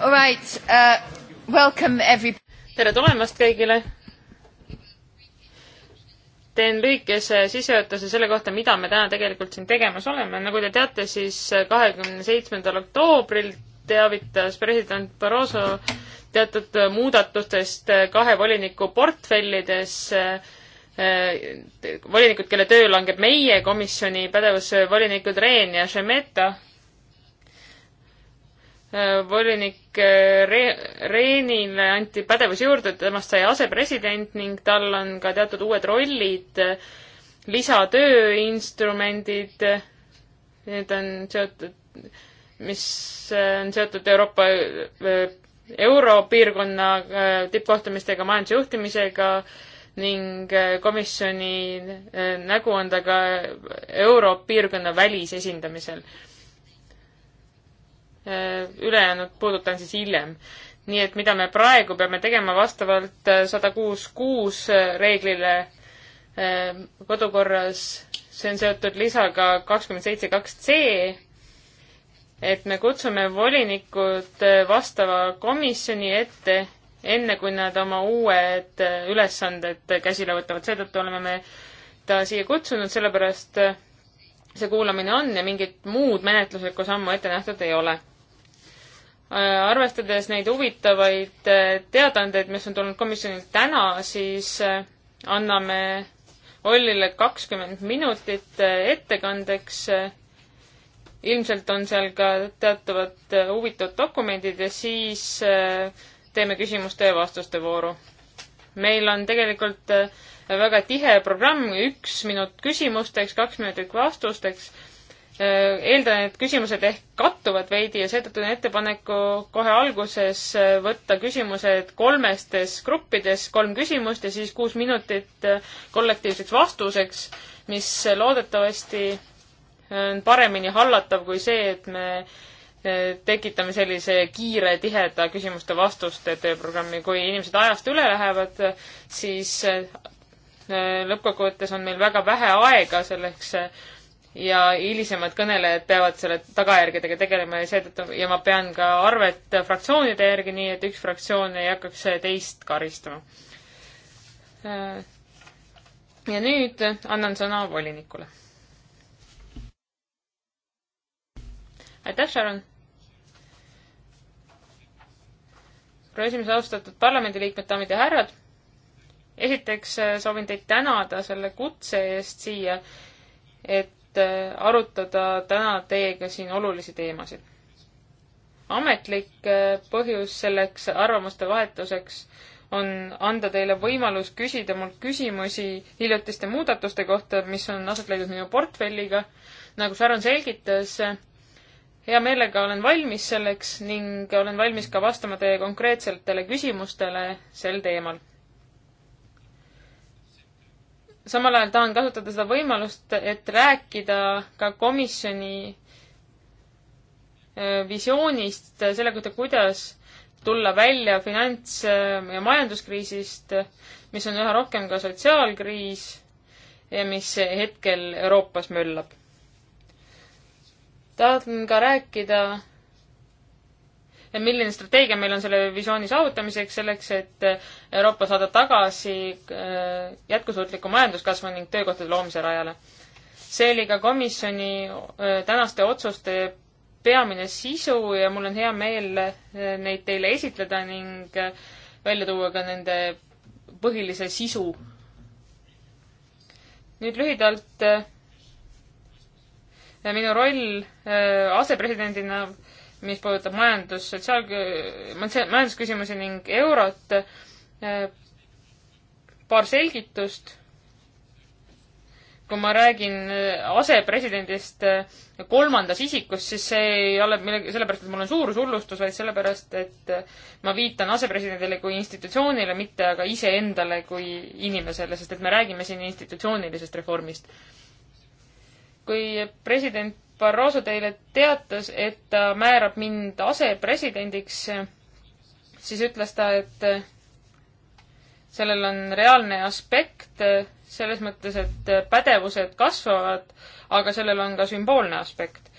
All right uh,, welcome every. tere tulemast kõigile. teen lühikese sissejuhatuse selle kohta, mida me täna tegelikult siin tegemas oleme. nagu te teate, siis kahekümne seitsmendal oktoobril teavitas president Barroso teatud muudatustest kahe voliniku portfellides volinikud, kelle töö langeb meie komisjoni pädevusse, volinikud Rehn ja Šemeta Äh, volinik äh, Re-, Reenile anti pädevus juurde, temast sai asepresident ning tal on ka teatud uued rollid, lisatööinstrumendid, need on seotud, mis äh, on seotud Euroopa, europiirkonna tippkohtumistega, majandusjuhtimisega ning komisjoni nägu on ta ka europiirkonna välisesindamisel Äh, ülejäänud puudutan siis hiljem. nii et mida me praegu peame tegema vastavalt äh, sada kuus kuus äh, reeglile kodukorras, see on seotud lisaga kakskümmend seitse kaks C, et me kutsume volinikud vastava komisjoni ette, enne kui nad oma uued ülesanded käsile võtavad, seetõttu oleme me ta siia kutsunud, sellepärast see kuulamine on ja mingit muud menetluslikku sammu ette nähtud ei ole. Äh, arvestades neid huvitavaid äh, teadaandeid, mis on tulnud komisjonilt täna, siis äh, anname Ollile kakskümmend minutit ettekandeks. ilmselt on seal ka teatavad huvitavad dokumendid ja siis teeme küsimuste ja vastuste vooru. meil on tegelikult väga tihe programm, üks minut küsimusteks, kaks minutit vastusteks Äh, eeldan, et küsimused ehk kattuvad veidi ja seetõttu teen ettepaneku kohe alguses äh, võtta küsimused kolmestes gruppides, kolm küsimust ja siis kuus minutit äh, kollektiivseks vastuseks, mis loodetavasti on paremini hallatav kui see, et me tekitame sellise kiire, tiheda küsimuste-vastuste tööprogrammi. kui inimesed ajast üle lähevad, siis lõppkokkuvõttes on meil väga vähe aega selleks ja hilisemad kõnelejad peavad selle tagajärgedega tegelema ja seetõttu ja ma pean ka arvet fraktsioonide järgi, nii et üks fraktsioon ei hakkaks teist karistama. ja nüüd annan sõna volinikule. aitäh, Sharon! proua esimees, austatud parlamendiliikmed, daamid ja härrad! esiteks soovin teid tänada selle kutse eest siia, et Äh, arutada täna teiega siin olulisi teemasid. ametlik äh, põhjus selleks arvamuste vahetuseks on anda teile võimalus küsida mult küsimusi hiljutiste muudatuste kohta, mis on aset leidnud minu portfelliga. nagu Sharon selgitas, hea meelega olen valmis selleks ning olen valmis ka vastama teie konkreetsetele küsimustele sel teemal samal ajal tahan kasutada seda võimalust, et rääkida ka komisjoni äh, visioonist selle kohta, kuidas tulla välja finants- ja majanduskriisist, mis on üha rohkem ka sotsiaalkriis ja mis hetkel Euroopas möllab. tahan ka rääkida milline strateegia meil on selle visiooni saavutamiseks, selleks et äh, Euroopa saada tagasi äh, jätkusuutliku majanduskasvu ning töökohtade loomise rajale. see oli ka komisjoni äh, tänaste otsuste peamine sisu ja mul on hea meel neid teile esitleda ning välja tuua ka nende põhilise sisu. nüüd lühidalt minu roll asepresidendina mis puudutab majandus, sotsiaal, majandusküsimusi ning eurot. Äh, paar selgitust. kui ma räägin äh, asepresidendist äh, kolmandas isikus, siis see ei ole millegi, sellepärast, et mul on suurushullustus, vaid sellepärast, et ma viitan asepresidendile kui institutsioonile, mitte aga iseendale kui inimesele, sest et me räägime siin institutsioonilisest reformist. kui president Barroso teile teatas, et ta määrab mind asepresidendiks, siis ütles ta, et sellel on reaalne aspekt selles mõttes, et pädevused kasvavad, aga sellel on ka sümboolne aspekt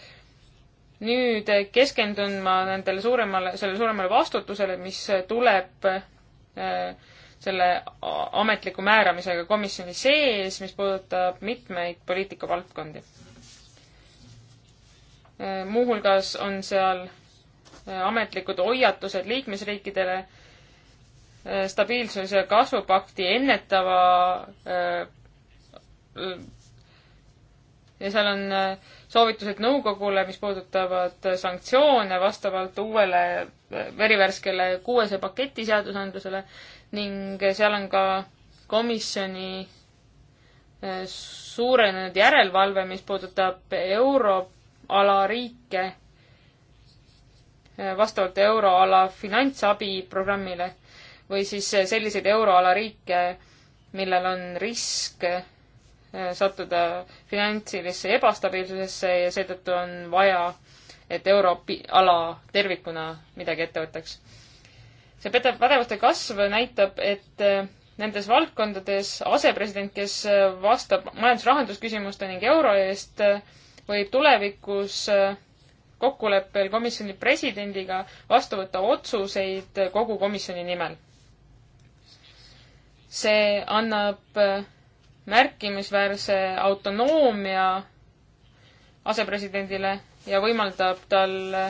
nüüd keskendun ma nendele suuremale, sellele suuremale vastutusele, mis tuleb äh, selle ametliku määramisega komisjoni sees, mis puudutab mitmeid poliitikavaldkondi muuhulgas on seal äh, ametlikud hoiatused liikmesriikidele äh, stabiilsuse ja kasvupakti ennetava äh, ja seal on soovitused nõukogule, mis puudutavad sanktsioone vastavalt uuele verivärskele kuuese paketi seadusandlusele ning seal on ka komisjoni suurenenud järelevalve, mis puudutab euro alariike eh, vastavalt euroala finantsabiprogrammile või siis eh, selliseid euroala riike, millel on risk eh, sattuda finantsilisse ebastabiilsusesse ja seetõttu on vaja, et euroala tervikuna midagi ette võtaks. see pädev, pädevuste kasv näitab, et nendes valdkondades asepresident, kes vastab majandus-rahandusküsimuste ning euro eest, võib tulevikus äh, kokkuleppel komisjoni presidendiga vastu võtta otsuseid kogu komisjoni nimel. see annab äh, märkimisväärse autonoomia asepresidendile ja võimaldab tal äh,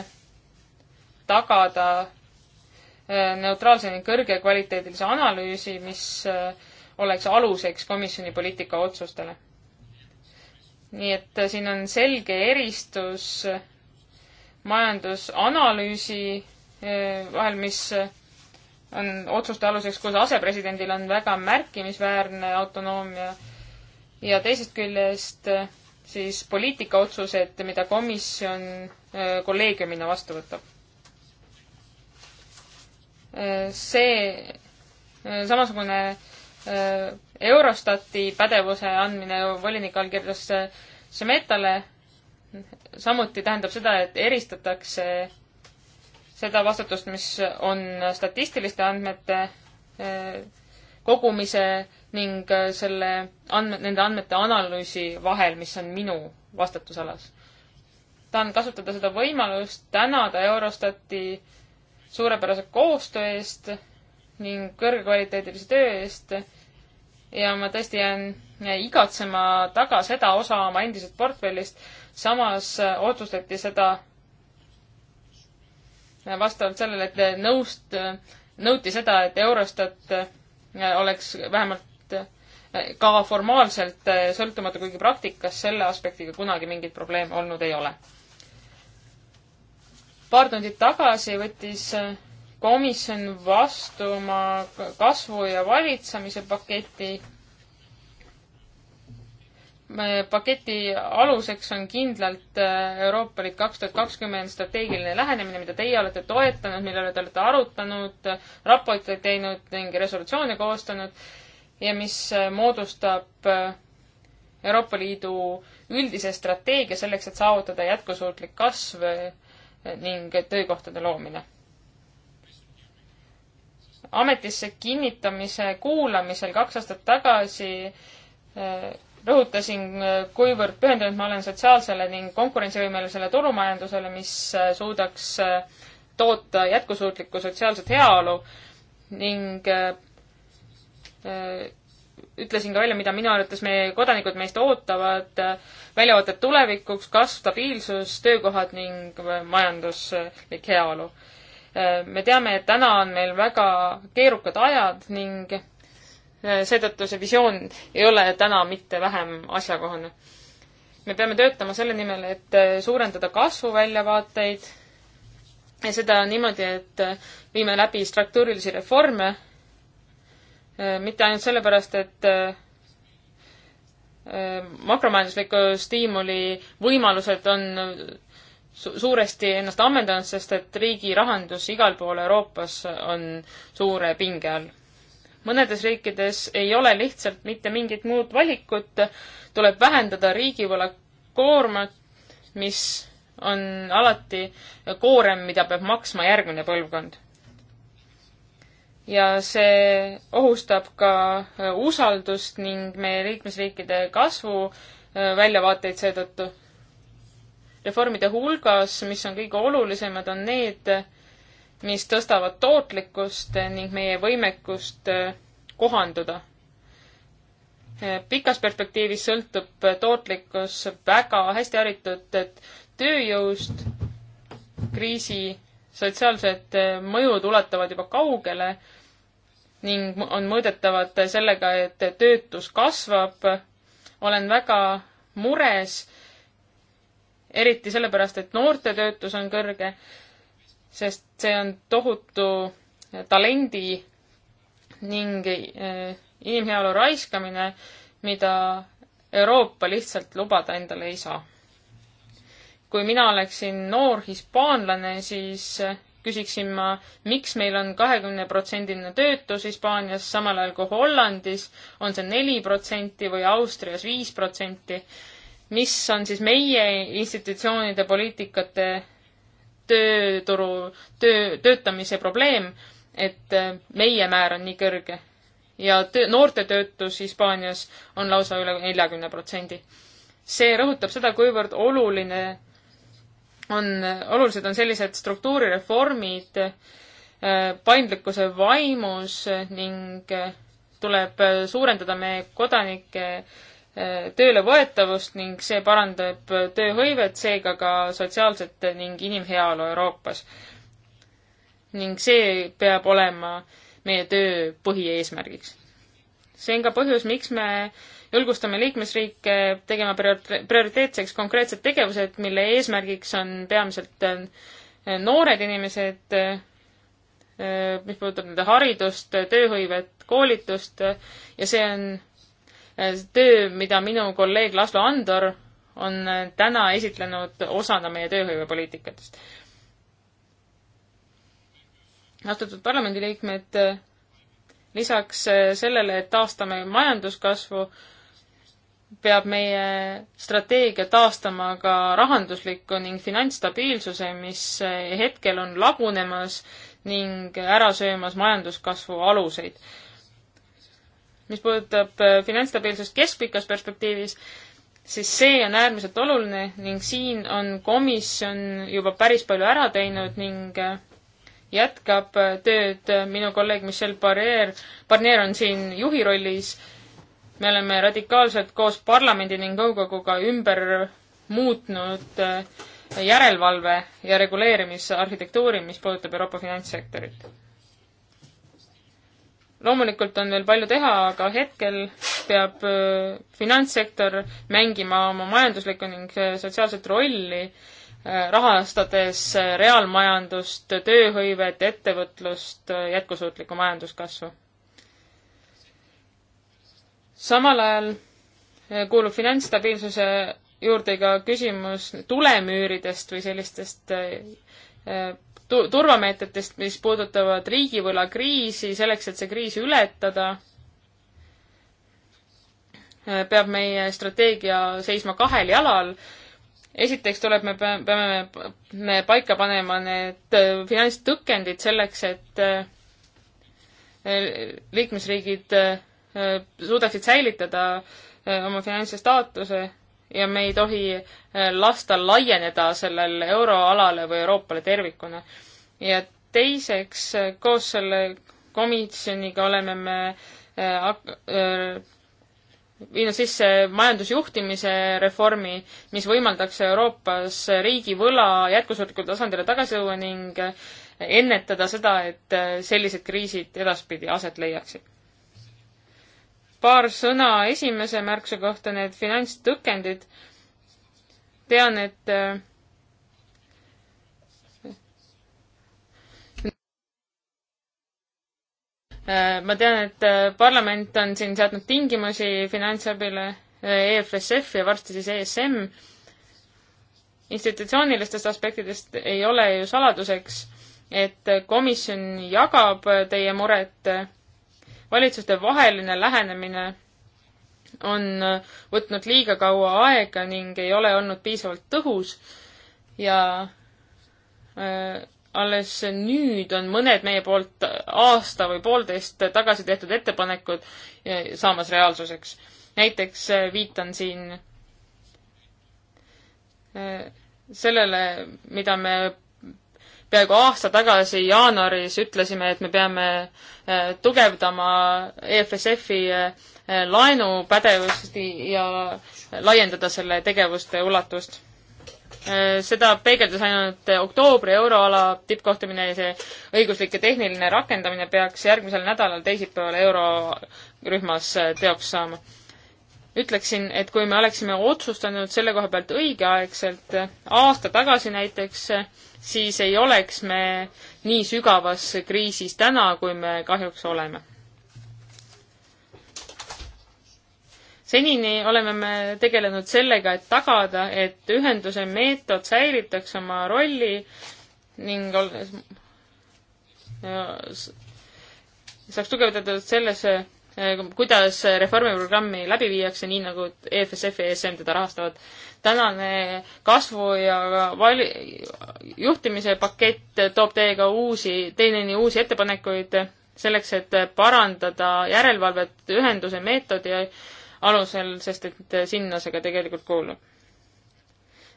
tagada neutraalse ning kõrgekvaliteedilise analüüsi, mis oleks aluseks komisjoni poliitika otsustele nii et äh, siin on selge eristus äh, majandusanalüüsi äh, vahel, mis on otsuste aluseks, kus asepresidendil on väga märkimisväärne autonoomia ja teisest küljest siis poliitikaotsused, mida komisjon kolleegiumina vastu võtab. see samasugune Eurostati pädevuse andmine volinik allkirjas Šemetale samuti tähendab seda, et eristatakse seda vastutust, mis on statistiliste andmete eh, kogumise ning eh, selle andme, nende andmete analüüsi vahel, mis on minu vastutusalas. tahan kasutada seda võimalust tänada Eurostati suurepärase koostöö eest ning kõrgekvaliteedilise töö eest ja ma tõesti jään igatsema taga seda osa oma endisest portfellist. samas äh, otsustati seda vastavalt sellele, et nõust, nõuti seda, et Eurostat äh, oleks vähemalt äh, ka formaalselt sõltumatu, kuigi praktikas selle aspektiga kunagi mingeid probleeme olnud ei ole. paar tundi tagasi võttis komisjon vastu oma kasvu ja valitsemise paketi. paketi aluseks on kindlalt äh, Euroopa Liit kaks tuhat kakskümmend strateegiline lähenemine, mida teie olete toetanud, mille üle te olete arutanud, raporteid teinud ning resolutsioone koostanud ja mis äh, moodustab äh, Euroopa Liidu üldise strateegia selleks, et saavutada jätkusuutlik kasv ning töökohtade loomine ametisse kinnitamise kuulamisel kaks aastat tagasi eh, rõhutasin, eh, kuivõrd pühendunud ma olen sotsiaalsele ning konkurentsivõimelisele turumajandusele, mis eh, suudaks toota jätkusuutlikku sotsiaalset heaolu ning ütlesin ka välja, mida minu arvates meie kodanikud meist ootavad, väljavaated tulevikuks, kasv, stabiilsus, töökohad ning majanduslik heaolu. Äh, me teame, et täna on meil väga keerukad ajad ning äh, seetõttu see visioon ei ole täna mitte vähem asjakohane. me peame töötama selle nimel, et äh, suurendada kasvuväljavaateid ja seda niimoodi, et viime läbi struktuurilisi reforme, mitte ainult sellepärast, et makromajandusliku stiimuli võimalused on su-, suuresti ennast ammendanud, sest et riigi rahandus igal pool Euroopas on suure pinge all. mõnedes riikides ei ole lihtsalt mitte mingit muud valikut, tuleb vähendada riigivõla koormat, mis on alati koorem, mida peab maksma järgmine põlvkond. ja see ohustab ka usaldust ning meie liikmesriikide kasvu äh, väljavaateid seetõttu reformide hulgas, mis on kõige olulisemad, on need, mis tõstavad tootlikkust ning meie võimekust äh, kohanduda. Äh, pikas perspektiivis sõltub äh, tootlikkus väga hästi haritud tööjõust, kriisi sotsiaalsed mõjud ulatuvad juba kaugele ning on mõõdetavad sellega, et töötus kasvab. olen väga mures eriti sellepärast, et noorte töötus on kõrge, sest see on tohutu talendi ning eh, inimheaolu raiskamine, mida Euroopa lihtsalt lubada endale ei saa. kui mina oleksin noor hispaanlane, siis küsiksin ma, miks meil on kahekümneprotsendiline töötus Hispaanias, samal ajal kui Hollandis on see neli protsenti või Austrias viis protsenti mis on siis meie institutsioonide poliitikate tööturu, töö, töötamise probleem, et äh, meie määr on nii kõrge. ja töö, noorte töötus Hispaanias on lausa üle neljakümne protsendi. see rõhutab seda, kuivõrd oluline on, olulised on sellised struktuurireformid äh, paindlikkuse vaimus ning äh, tuleb suurendada meie kodanike tööle võetavust ning see parandab tööhõivet, seega ka sotsiaalset ning inimheaolu Euroopas. ning see peab olema meie töö põhieesmärgiks. see on ka põhjus, miks me julgustame liikmesriike tegema prioriteetseks konkreetsed tegevused, mille eesmärgiks on peamiselt äh, noored inimesed, äh, mis puudutab nende haridust, tööhõivet, koolitust ja see on Eh, töö, mida minu kolleeg Laslo Andor on eh, täna esitlenud osana meie tööhõivepoliitikatest. austatud parlamendiliikmed, eh, lisaks sellele, et taastame majanduskasvu, peab meie strateegia taastama ka rahandusliku ning finantsstabiilsuse, mis hetkel on lagunemas ning ära söömas majanduskasvu aluseid mis puudutab äh, finantsstabiilsust keskpikas perspektiivis, siis see on äärmiselt oluline ning siin on komisjon juba päris palju ära teinud ning äh, jätkab äh, tööd. minu kolleeg Michel Barnier, Barnier on siin juhi rollis. me oleme radikaalselt koos parlamendi ning nõukoguga ümber muutnud järelevalve ja reguleerimisarhitektuuri, mis puudutab Euroopa finantssektorit loomulikult on veel palju teha, aga hetkel peab äh, finantssektor mängima oma majanduslikku ning äh, sotsiaalset rolli, äh, rahastades reaalmajandust, tööhõivet, ettevõtlust, jätkusuutlikku majanduskasvu. samal ajal kuulub finantsstabiilsuse juurde ka küsimus tulemüüridest või sellistest tu-, turvameetmetest, mis puudutavad riigivõlakriisi, selleks, et see kriis ületada, äh, peab meie strateegia seisma kahel jalal. esiteks tuleb, me peame, me paika panema need äh, finantstõkendid selleks, et äh, liikmesriigid suudaksid säilitada oma finantsstaatuse ja me ei tohi eh, lasta laieneda sellele euroalale või Euroopale tervikuna. ja teiseks, eh, koos selle komisjoniga oleme me eh, viinud sisse majandusjuhtimise reformi, mis võimaldaks Euroopas riigivõla jätkusuutlikule tasandile tagasi tuua ning ennetada seda, et sellised kriisid edaspidi aset leiaksid paar sõna esimese märkuse kohta, need finantstõkendid. tean, et äh, ma tean, et äh, parlament on siin seadnud tingimusi finantsabile äh, EFSF ja varsti siis ESM. institutsioonilistest aspektidest ei ole ju saladuseks, et komisjon jagab teie muret valitsuste vaheline lähenemine on võtnud liiga kaua aega ning ei ole olnud piisavalt tõhus ja äh, alles nüüd on mõned meie poolt aasta või poolteist tagasi tehtud ettepanekud saamas reaalsuseks. näiteks äh, viitan siin äh, sellele, mida me peaaegu aasta tagasi jaanuaris ütlesime, et me peame äh, tugevdama EFSF-i äh, laenupädevust ja laiendada selle tegevuste ulatust. Äh, seda peegeldas ainult oktoobri euroala tippkohtumine ja see õiguslik ja tehniline rakendamine peaks järgmisel nädalal teisipäeval eurorühmas teoks saama. ütleksin, et kui me oleksime otsustanud selle koha pealt õigeaegselt aasta tagasi näiteks, siis ei oleks me nii sügavas kriisis täna, kui me kahjuks oleme. senini oleme me tegelenud sellega, et tagada, et ühenduse meetod säilitaks oma rolli ning olles saaks tugevdatud selles Äh, kuidas reformiprogrammi läbi viiakse, nii nagu EFSF ja ESM teda rahastavad. tänane kasvu ja vali-, juhtimise pakett toob teiega uusi, teineni uusi ettepanekuid selleks, et parandada järelevalvet ühenduse meetodi alusel, sest et sinna see ka tegelikult kuulub.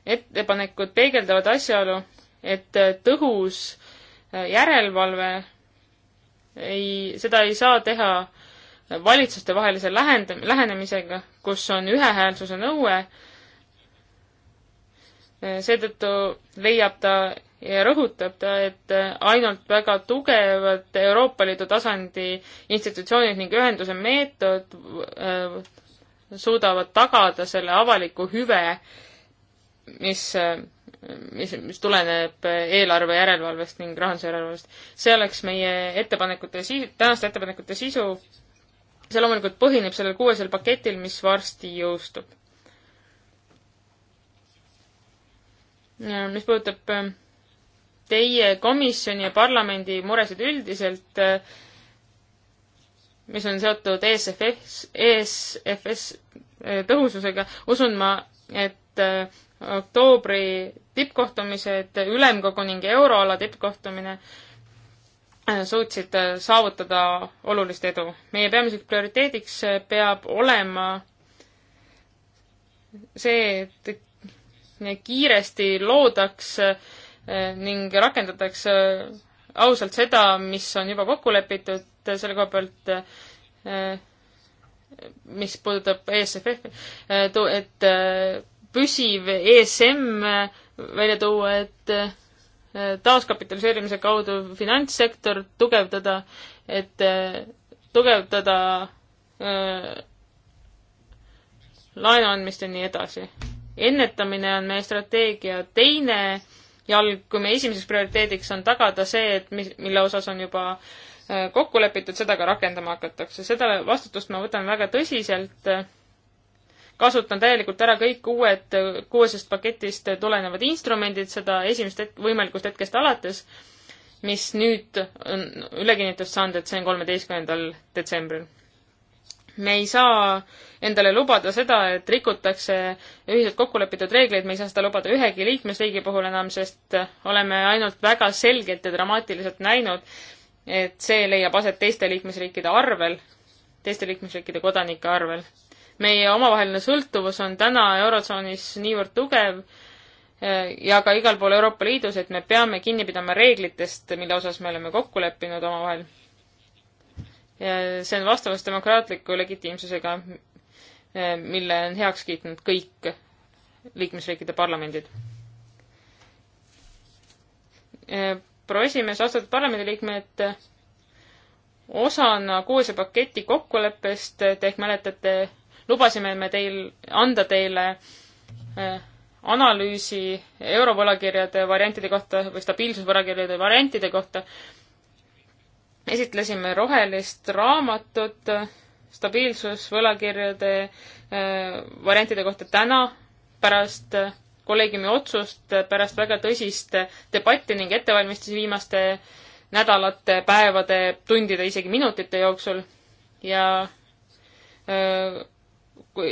ettepanekud peegeldavad asjaolu, et tõhus järelevalve ei, seda ei saa teha äh, valitsustevahelise lähend-, lähenemisega, kus on ühehäälsuse nõue, seetõttu leiab ta ja rõhutab ta, et ainult väga tugevad Euroopa Liidu tasandi institutsioonid ning ühenduse meetod äh, suudavad tagada selle avaliku hüve, mis, mis, mis tuleneb eelarve järelevalvest ning rahandusjärelevalvest. see oleks meie ettepanekute si-, tänaste ettepanekute sisu see loomulikult põhineb sellel kuuesel paketil, mis varsti jõustub. mis puudutab äh, teie komisjoni ja parlamendi muresid üldiselt, äh, mis on seotud ESFS, ESFS äh, tõhususega, usun ma, et oktoobri tippkohtumised, ülemkogu ning euroala tippkohtumine äh, suutsid äh, saavutada olulist edu. meie peamiseks prioriteediks äh, peab olema see, et kiiresti loodaks äh, ning rakendataks ausalt seda, mis on juba kokku lepitud selle koha pealt, mis puudutab ESFF-i, et püsiv ESM välja tuua, et taaskapitaliseerimise kaudu finantssektor tugevdada, et eh, tugevdada eh, laenu andmist ja nii edasi. ennetamine on meie strateegia teine jalg, kui meie esimeseks prioriteediks on tagada see, et mis, mille osas on juba eh, kokku lepitud, seda ka rakendama hakatakse. seda vastutust ma võtan väga tõsiselt kasutan täielikult ära kõik uued kuuesest paketist tulenevad instrumendid seda esimest et-, võimalikust hetkest alates, mis nüüd on ülekinnitust saanud, et see on kolmeteistkümnendal detsembril. me ei saa endale lubada seda, et rikutakse ühiselt kokku lepitud reegleid, me ei saa seda lubada ühegi liikmesriigi puhul enam, sest oleme ainult väga selgelt ja dramaatiliselt näinud, et see leiab aset teiste liikmesriikide arvel, teiste liikmesriikide kodanike arvel meie omavaheline sõltuvus on täna Eurotsoonis niivõrd tugev eh, ja ka igal pool Euroopa Liidus, et me peame kinni pidama reeglitest, mille osas me oleme kokku leppinud omavahel. see on vastavus demokraatliku legitiimsusega, eh, mille on heaks kiitnud kõik liikmesriikide parlamendid. Eh, proua esimees, austatud parlamendiliikmed, osana kuuse paketi kokkuleppest, te ehk mäletate, lubasime me teil, anda teile eh, analüüsi eurovõlakirjade variantide kohta või stabiilsusvõlakirjade variantide kohta. esitlesime rohelist raamatut stabiilsusvõlakirjade eh, variantide kohta täna pärast kolleegiumi otsust, pärast väga tõsist debatti ning ettevalmistusi viimaste nädalate, päevade, tundide, isegi minutite jooksul ja öö, eh, kui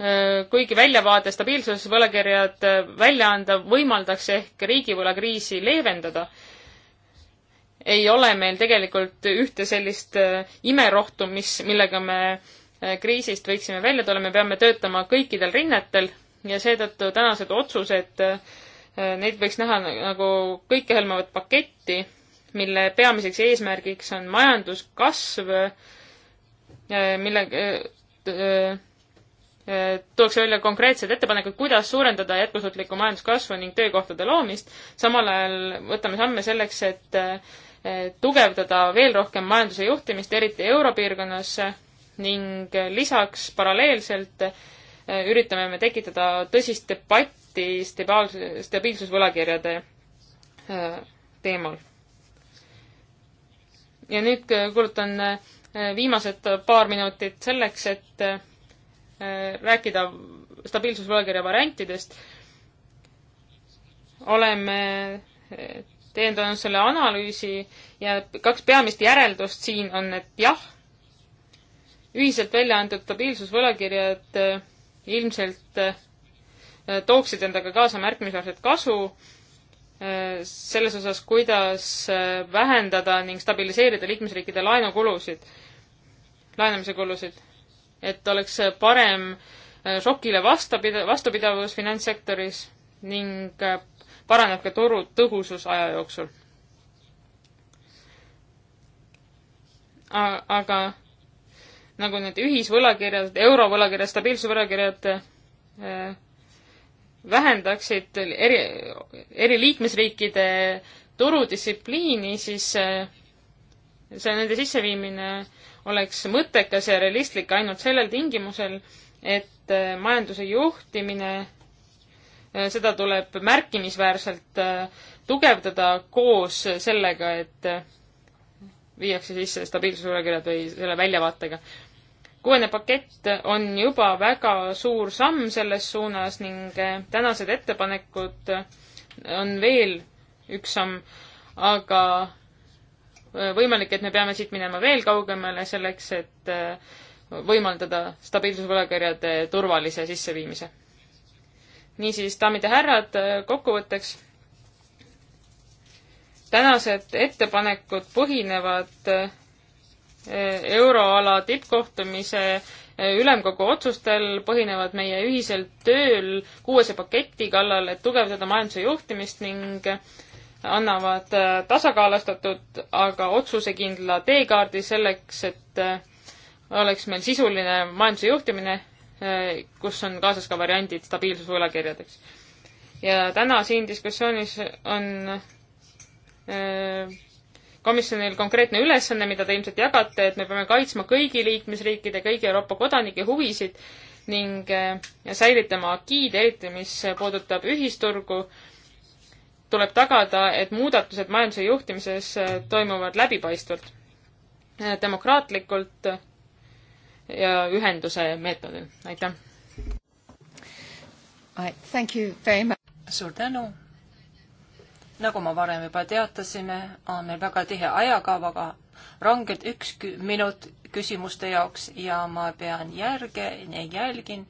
äh, kuigi väljavaade stabiilsusvõlakirjad äh, välja anda võimaldaks ehk riigivõlakriisi leevendada, ei ole meil tegelikult ühte sellist äh, imerohtu, mis, millega me kriisist võiksime välja tulla, me peame töötama kõikidel rinnetel ja seetõttu tänased otsused, neid võiks näha nagu kõikehõlmavat paketti, mille peamiseks eesmärgiks on majanduskasv, mille Eh, tuuakse välja konkreetsed ettepanekud, kuidas suurendada jätkusuutlikku majanduskasvu ning töökohtade loomist, samal ajal võtame samme selleks, et eh, tugevdada veel rohkem majanduse juhtimist, eriti Europiirkonnas ning lisaks paralleelselt eh, üritame me tekitada tõsist debatti stabiilsusvõlakirjade teemal. ja nüüd kuulutan viimased paar minutit selleks, et Äh, rääkida stabiilsusvõlakirja variantidest, oleme äh, teinud selle analüüsi ja kaks peamist järeldust siin on, et jah, ühiselt välja antud stabiilsusvõlakirjad äh, ilmselt tooksid endaga kaasa märkimisväärset kasu selles osas, kuidas vähendada ning stabiliseerida liikmesriikide laenukulusid, laenamise kulusid et oleks parem äh, šokile vastupida-, vastupidavus finantssektoris ning äh, paraneb ka turu tõhusus aja jooksul. aga nagu need ühisvõlakirjad, eurovõlakirjad, stabiilsusvõlakirjad äh, vähendaksid eri, eri liikmesriikide turudistsipliini, siis äh, see nende sisseviimine äh, oleks mõttekas ja realistlik ainult sellel tingimusel, et äh, majanduse juhtimine, äh, seda tuleb märkimisväärselt äh, tugevdada koos sellega, et viiakse sisse stabiilsusurekirjad või selle väljavaatega. kuuene pakett on juba väga suur samm selles suunas ning tänased ettepanekud on veel üks samm, aga võimalik, et me peame siit minema veel kaugemale selleks, et võimaldada stabiilsusvõlakirjade turvalise sisseviimise. niisiis, daamid ja härrad, kokkuvõtteks. tänased ettepanekud põhinevad euroala tippkohtumise ülemkogu otsustel põhinevad meie ühisel tööl kuuese paketi kallal, et tugevdada majanduse juhtimist ning annavad äh, tasakaalustatud, aga otsusekindla teekaardi selleks, et äh, oleks meil sisuline majanduse juhtimine, äh, kus on kaasas ka variandid stabiilsuse võlakirjadeks. ja täna siin diskussioonis on komisjonil konkreetne ülesanne, mida te ilmselt jagate, et me peame kaitsma kõigi liikmesriikide, kõigi Euroopa kodanike huvisid ning säilitama agiid, eriti mis puudutab ühisturgu tuleb tagada, et muudatused majanduse juhtimises äh, toimuvad läbipaistvalt, äh, demokraatlikult äh, ja ühenduse meetodil. aitäh! Thank you very much. suur tänu! nagu ma varem juba teatasime, on meil väga tihe ajakavaga, rangelt üks minut küsimuste jaoks ja ma pean järge ja jälgin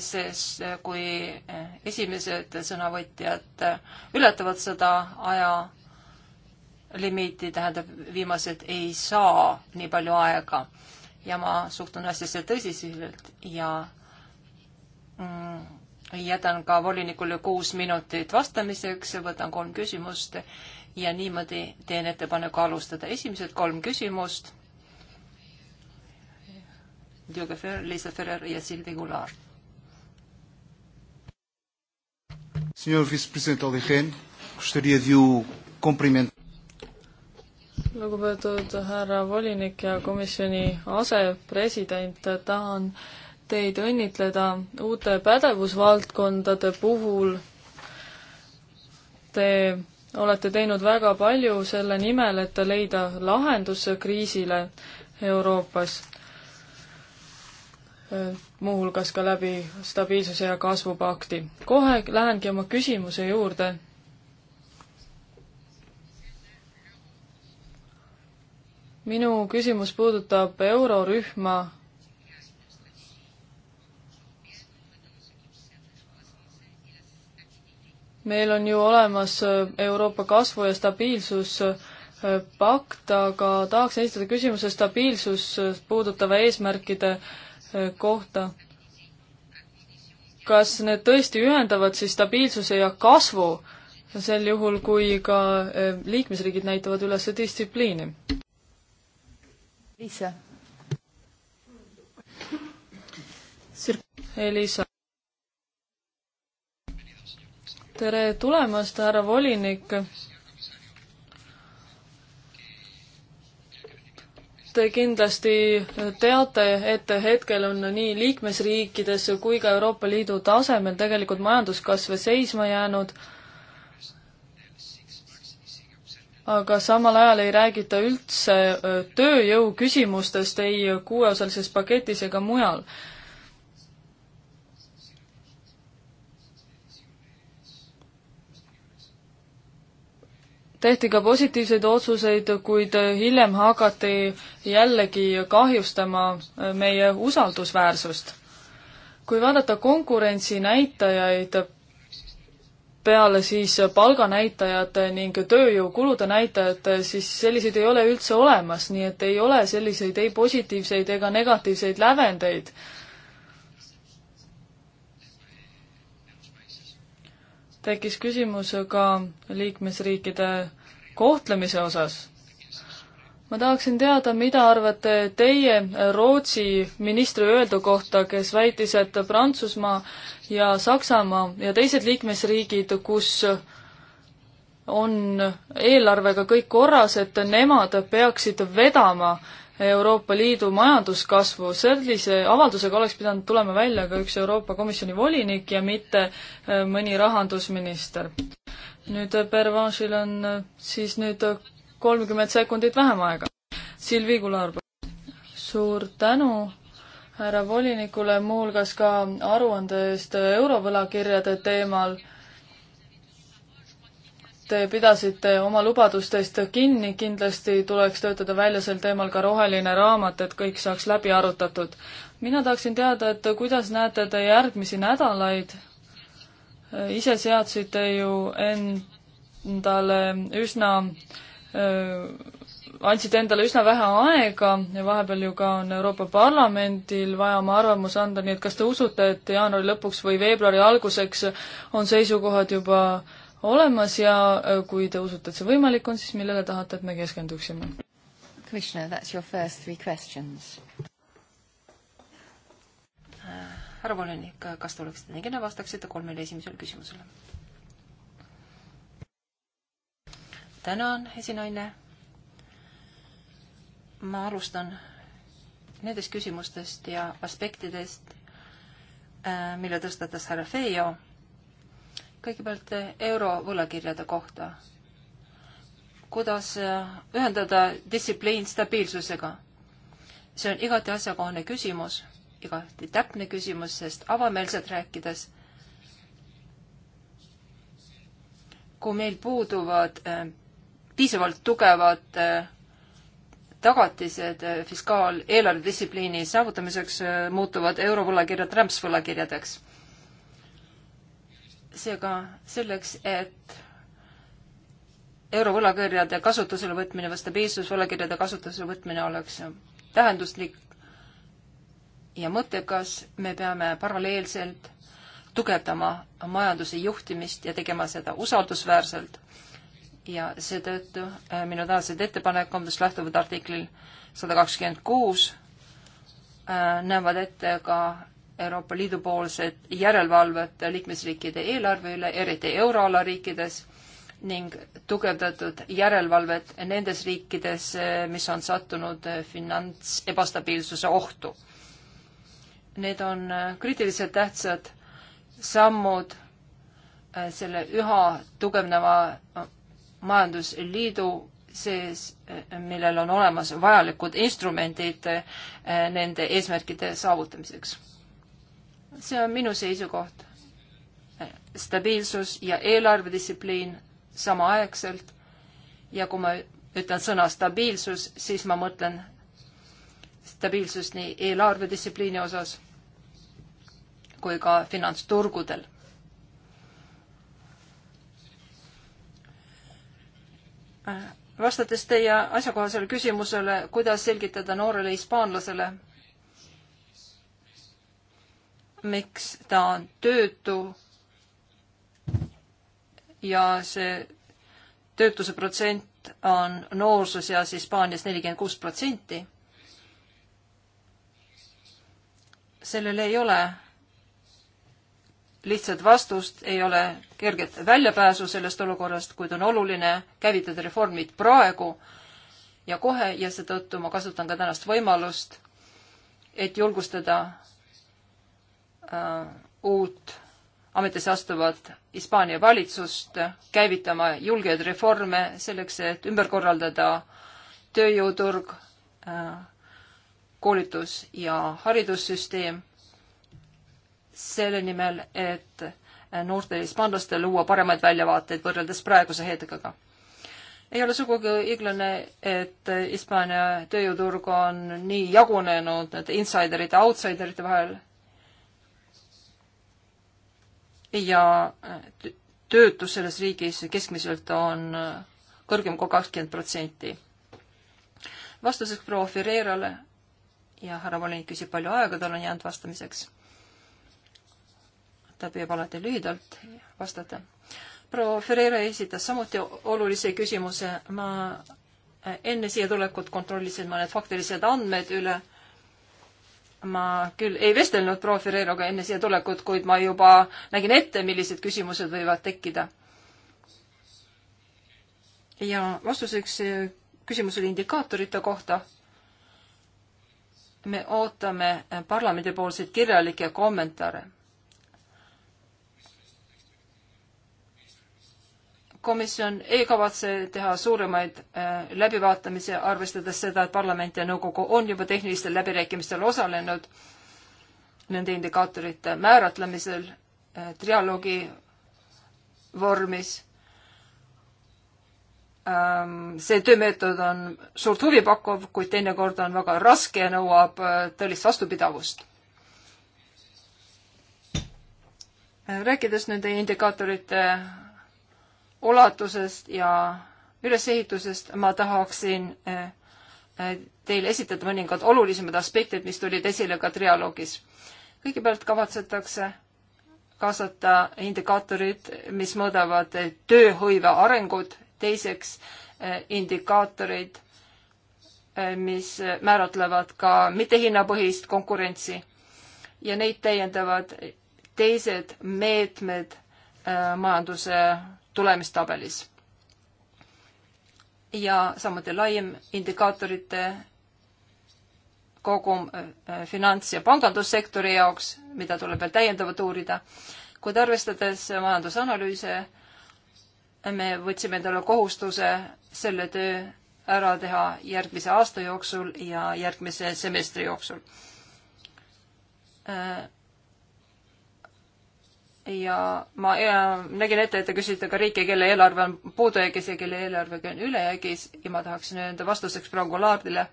sest eh, kui eh, esimesed sõnavõtjad eh, ületavad seda ajalimiiti, tähendab, viimased ei saa nii palju aega ja ma suhtun asjasse tõsiselt ja mm, jätan ka volinikule kuus minutit vastamiseks, võtan kolm küsimust ja niimoodi teen ettepaneku alustada. esimesed kolm küsimust. Diogo Fer, Liisa Ferrer ja Silvi Kular Senhor vice-president Olirhen, gostaria de o kompliment-. lugupeetud härra volinik ja komisjoni asepresident, tahan teid õnnitleda uute pädevusvaldkondade puhul. Te olete teinud väga palju selle nimel, et leida lahendus kriisile Euroopas muuhulgas ka läbi stabiilsuse ja kasvupakti. kohe lähengi oma küsimuse juurde. minu küsimus puudutab eurorühma meil on ju olemas Euroopa kasvu- ja stabiilsuspakt, aga tahaks esitada küsimuse stabiilsus puudutava eesmärkide äh, kohta. kas need tõesti ühendavad siis stabiilsuse ja kasvu sel juhul, kui ka eh, liikmesriigid näitavad üles distsipliini? Liisa. Elisa. tere tulemast, härra volinik Te kindlasti teate, et hetkel on nii liikmesriikides kui ka Euroopa Liidu tasemel tegelikult majanduskasv seisma jäänud, aga samal ajal ei räägita üldse tööjõu küsimustest ei kuueosalises paketis ega mujal tehti ka positiivseid otsuseid, kuid hiljem hakati jällegi kahjustama äh, meie usaldusväärsust. kui vaadata konkurentsinäitajaid peale siis palganäitajate ning tööjõukulude näitajate, siis selliseid ei ole üldse olemas, nii et ei ole selliseid ei positiivseid ega negatiivseid lävendeid tekkis küsimus ka liikmesriikide kohtlemise osas. ma tahaksin teada, mida arvate teie Rootsi ministri öeldu kohta, kes väitis, et Prantsusmaa ja Saksamaa ja teised liikmesriigid, kus on eelarvega kõik korras, et nemad peaksid vedama Euroopa Liidu majanduskasvu, sellise avaldusega oleks pidanud tulema välja ka üks Euroopa Komisjoni volinik ja mitte äh, mõni rahandusminister. nüüd äh, Pervanšil on äh, siis nüüd kolmkümmend sekundit vähem aega. Silvi Kular, suur tänu härra volinikule muuhulgas ka aruande eest eurovõlakirjade teemal te pidasite oma lubadustest kinni, kindlasti tuleks töötada välja sel teemal ka roheline raamat, et kõik saaks läbi arutatud. mina tahaksin teada, et kuidas näete te järgmisi nädalaid, ise seadsite ju endale üsna äh, andsite endale üsna vähe aega ja vahepeal ju ka on Euroopa Parlamendil vaja oma arvamus anda, nii et kas te usute, et jaanuari lõpuks või veebruari alguseks on seisukohad juba äh, olemas ja äh, kui te usute, et see võimalik on, siis millele tahate, et me keskenduksime? Commissioner, that's your first three questions. Äh, härra volinik, kas te oleksite nii kena, vastaksite kolmele esimesele küsimusele? tänan, esinaine. ma alustan nendest küsimustest ja aspektidest, äh, mille tõstatas härra Feio kõigepealt eh, eurovõlakirjade kohta. kuidas eh, ühendada distsipliin stabiilsusega? see on igati asjakohane küsimus, igati täpne küsimus, sest avameelselt rääkides kui meil puuduvad äh, piisavalt tugevad äh, tagatised äh, fiskaal- eelarvedistsipliini saavutamiseks, muutuvad eurovõlakirjad rämpsvõlakirjadeks seega selleks, et eurovõlakirjade kasutusele võtmine või stabiilsusvõlakirjade kasutusele võtmine oleks tähenduslik ja mõttekas, me peame paralleelselt tugevdama majanduse juhtimist ja tegema seda usaldusväärselt. ja seetõttu äh, minu tänased ettepanekud, mis lähtuvad artiklil sada kakskümmend kuus, näevad ette ka Euroopa Liidu poolset järelevalvet liikmesriikide eelarve üle, eriti euroala riikides ning tugevdatud järelevalvet nendes riikides, mis on sattunud finants ebastabiilsuse ohtu. Need on kriitiliselt tähtsad sammud äh, selle üha tugevneva äh, majandusliidu sees, äh, millel on olemas vajalikud instrumendid nende eesmärkide saavutamiseks see on minu seisukoht. stabiilsus ja eelarvedistsipliin samaaegselt ja kui ma ütlen sõna stabiilsus, siis ma mõtlen stabiilsust nii eelarvedistsipliini osas kui ka finantsturgudel. vastates teie asjakohasele küsimusele, kuidas selgitada noorele hispaanlasele, miks ta on töötu ja see töötuse protsent on noorsuseas Hispaanias nelikümmend kuus protsenti. sellel ei ole lihtsat vastust, ei ole kerget väljapääsu sellest olukorrast, kuid on oluline käivitada reformid praegu ja kohe ja seetõttu ma kasutan ka tänast võimalust, et julgustada äh, uut ametisse astuvat Hispaania valitsust käivitama julgeid reforme selleks, et ümber korraldada tööjõuturg äh,, koolitus- ja haridussüsteem selle nimel, et äh, noortel hispaanlastel luua paremaid väljavaateid võrreldes praeguse hetkega ei ole sugugi õiglane, et Hispaania tööjõuturg on nii jagunenud nende insiderite ja outsiderite vahel ja äh, töötus selles riigis keskmiselt on äh, kõrgem kui kakskümmend protsenti. vastuseks proua Ferreirale ja härra volinik küsib, palju aega tal on jäänud vastamiseks. ta püüab alati lühidalt vastata. proua Ferreira esitas samuti olulise küsimuse, ma äh, enne siia tulekut kontrollisin mõned faktilised andmed üle ma küll ei vestelnud proua Ferreiroga enne siia tulekut, kuid ma juba nägin ette, millised küsimused võivad tekkida. ja vastuseks küsimusele indikaatorite kohta. me ootame parlamendipoolseid kirjalikke kommentaare komisjon ei kavatse teha suuremaid äh, läbivaatamisi, arvestades seda, et parlament ja nõukogu on juba tehnilistel läbirääkimistel osalenud nende indikaatorite määratlemisel äh, trialoogi vormis ähm,. see töömeetod on suurt huvi pakkuv, kuid teinekord on väga raske ja nõuab äh, tõelist vastupidavust äh, rääkides nende indikaatorite ulatusest ja ülesehitusest ma tahaksin eh, eh, teile esitada mõningad olulisemad aspektid, mis tulid esile ka trialoogis. kõigepealt kavatsetakse kaasata indikaatorid, mis mõõdavad tööhõive arengut, teiseks eh, indikaatorid, mis määratlevad ka mittehinnapõhist konkurentsi ja neid täiendavad teised meetmed majanduse tulemistabelis. ja samuti laiem indikaatorite kogum äh, äh, finants- ja pangandussektori jaoks, mida tuleb veel täiendavalt uurida, kuid arvestades majandusanalüüse, me võtsime endale kohustuse selle töö ära teha järgmise aasta jooksul ja järgmise semestri jooksul äh, ja ma ja, nägin ette, et te küsite ka riike, kelle eelarve on puudujäägis ja kelle eelarvega on ülejäägis ja ma tahaksin öelda vastuseks praegu Laardile,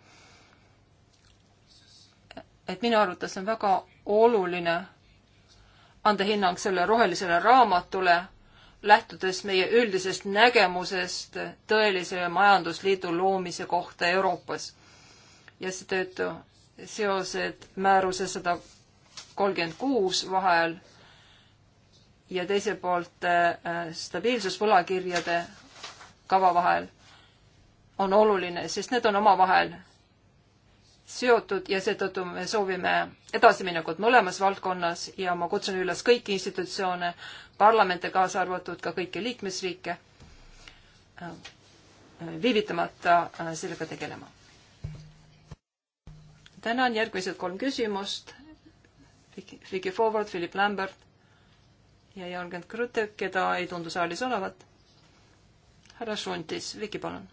et minu arvates on väga oluline anda hinnang selle rohelisele raamatule, lähtudes meie üldisest nägemusest tõelise majandusliidu loomise kohta Euroopas. ja seetõttu seosed määruse sada kolmkümmend kuus vahel ja teiselt poolt äh, stabiilsus võlakirjade kava vahel on oluline, sest need on omavahel seotud ja seetõttu me soovime edasiminekut mõlemas valdkonnas ja ma kutsun üles kõiki institutsioone, parlamente kaasa arvatud ka kõiki liikmesriike, äh, viivitamata äh, sellega tegelema. tänan, järgmised kolm küsimust. Vicky Forward, Philip Lambert ja Jörgen Krute, keda ei tundu saalis olevat. härra Šuntis, Viki, palun.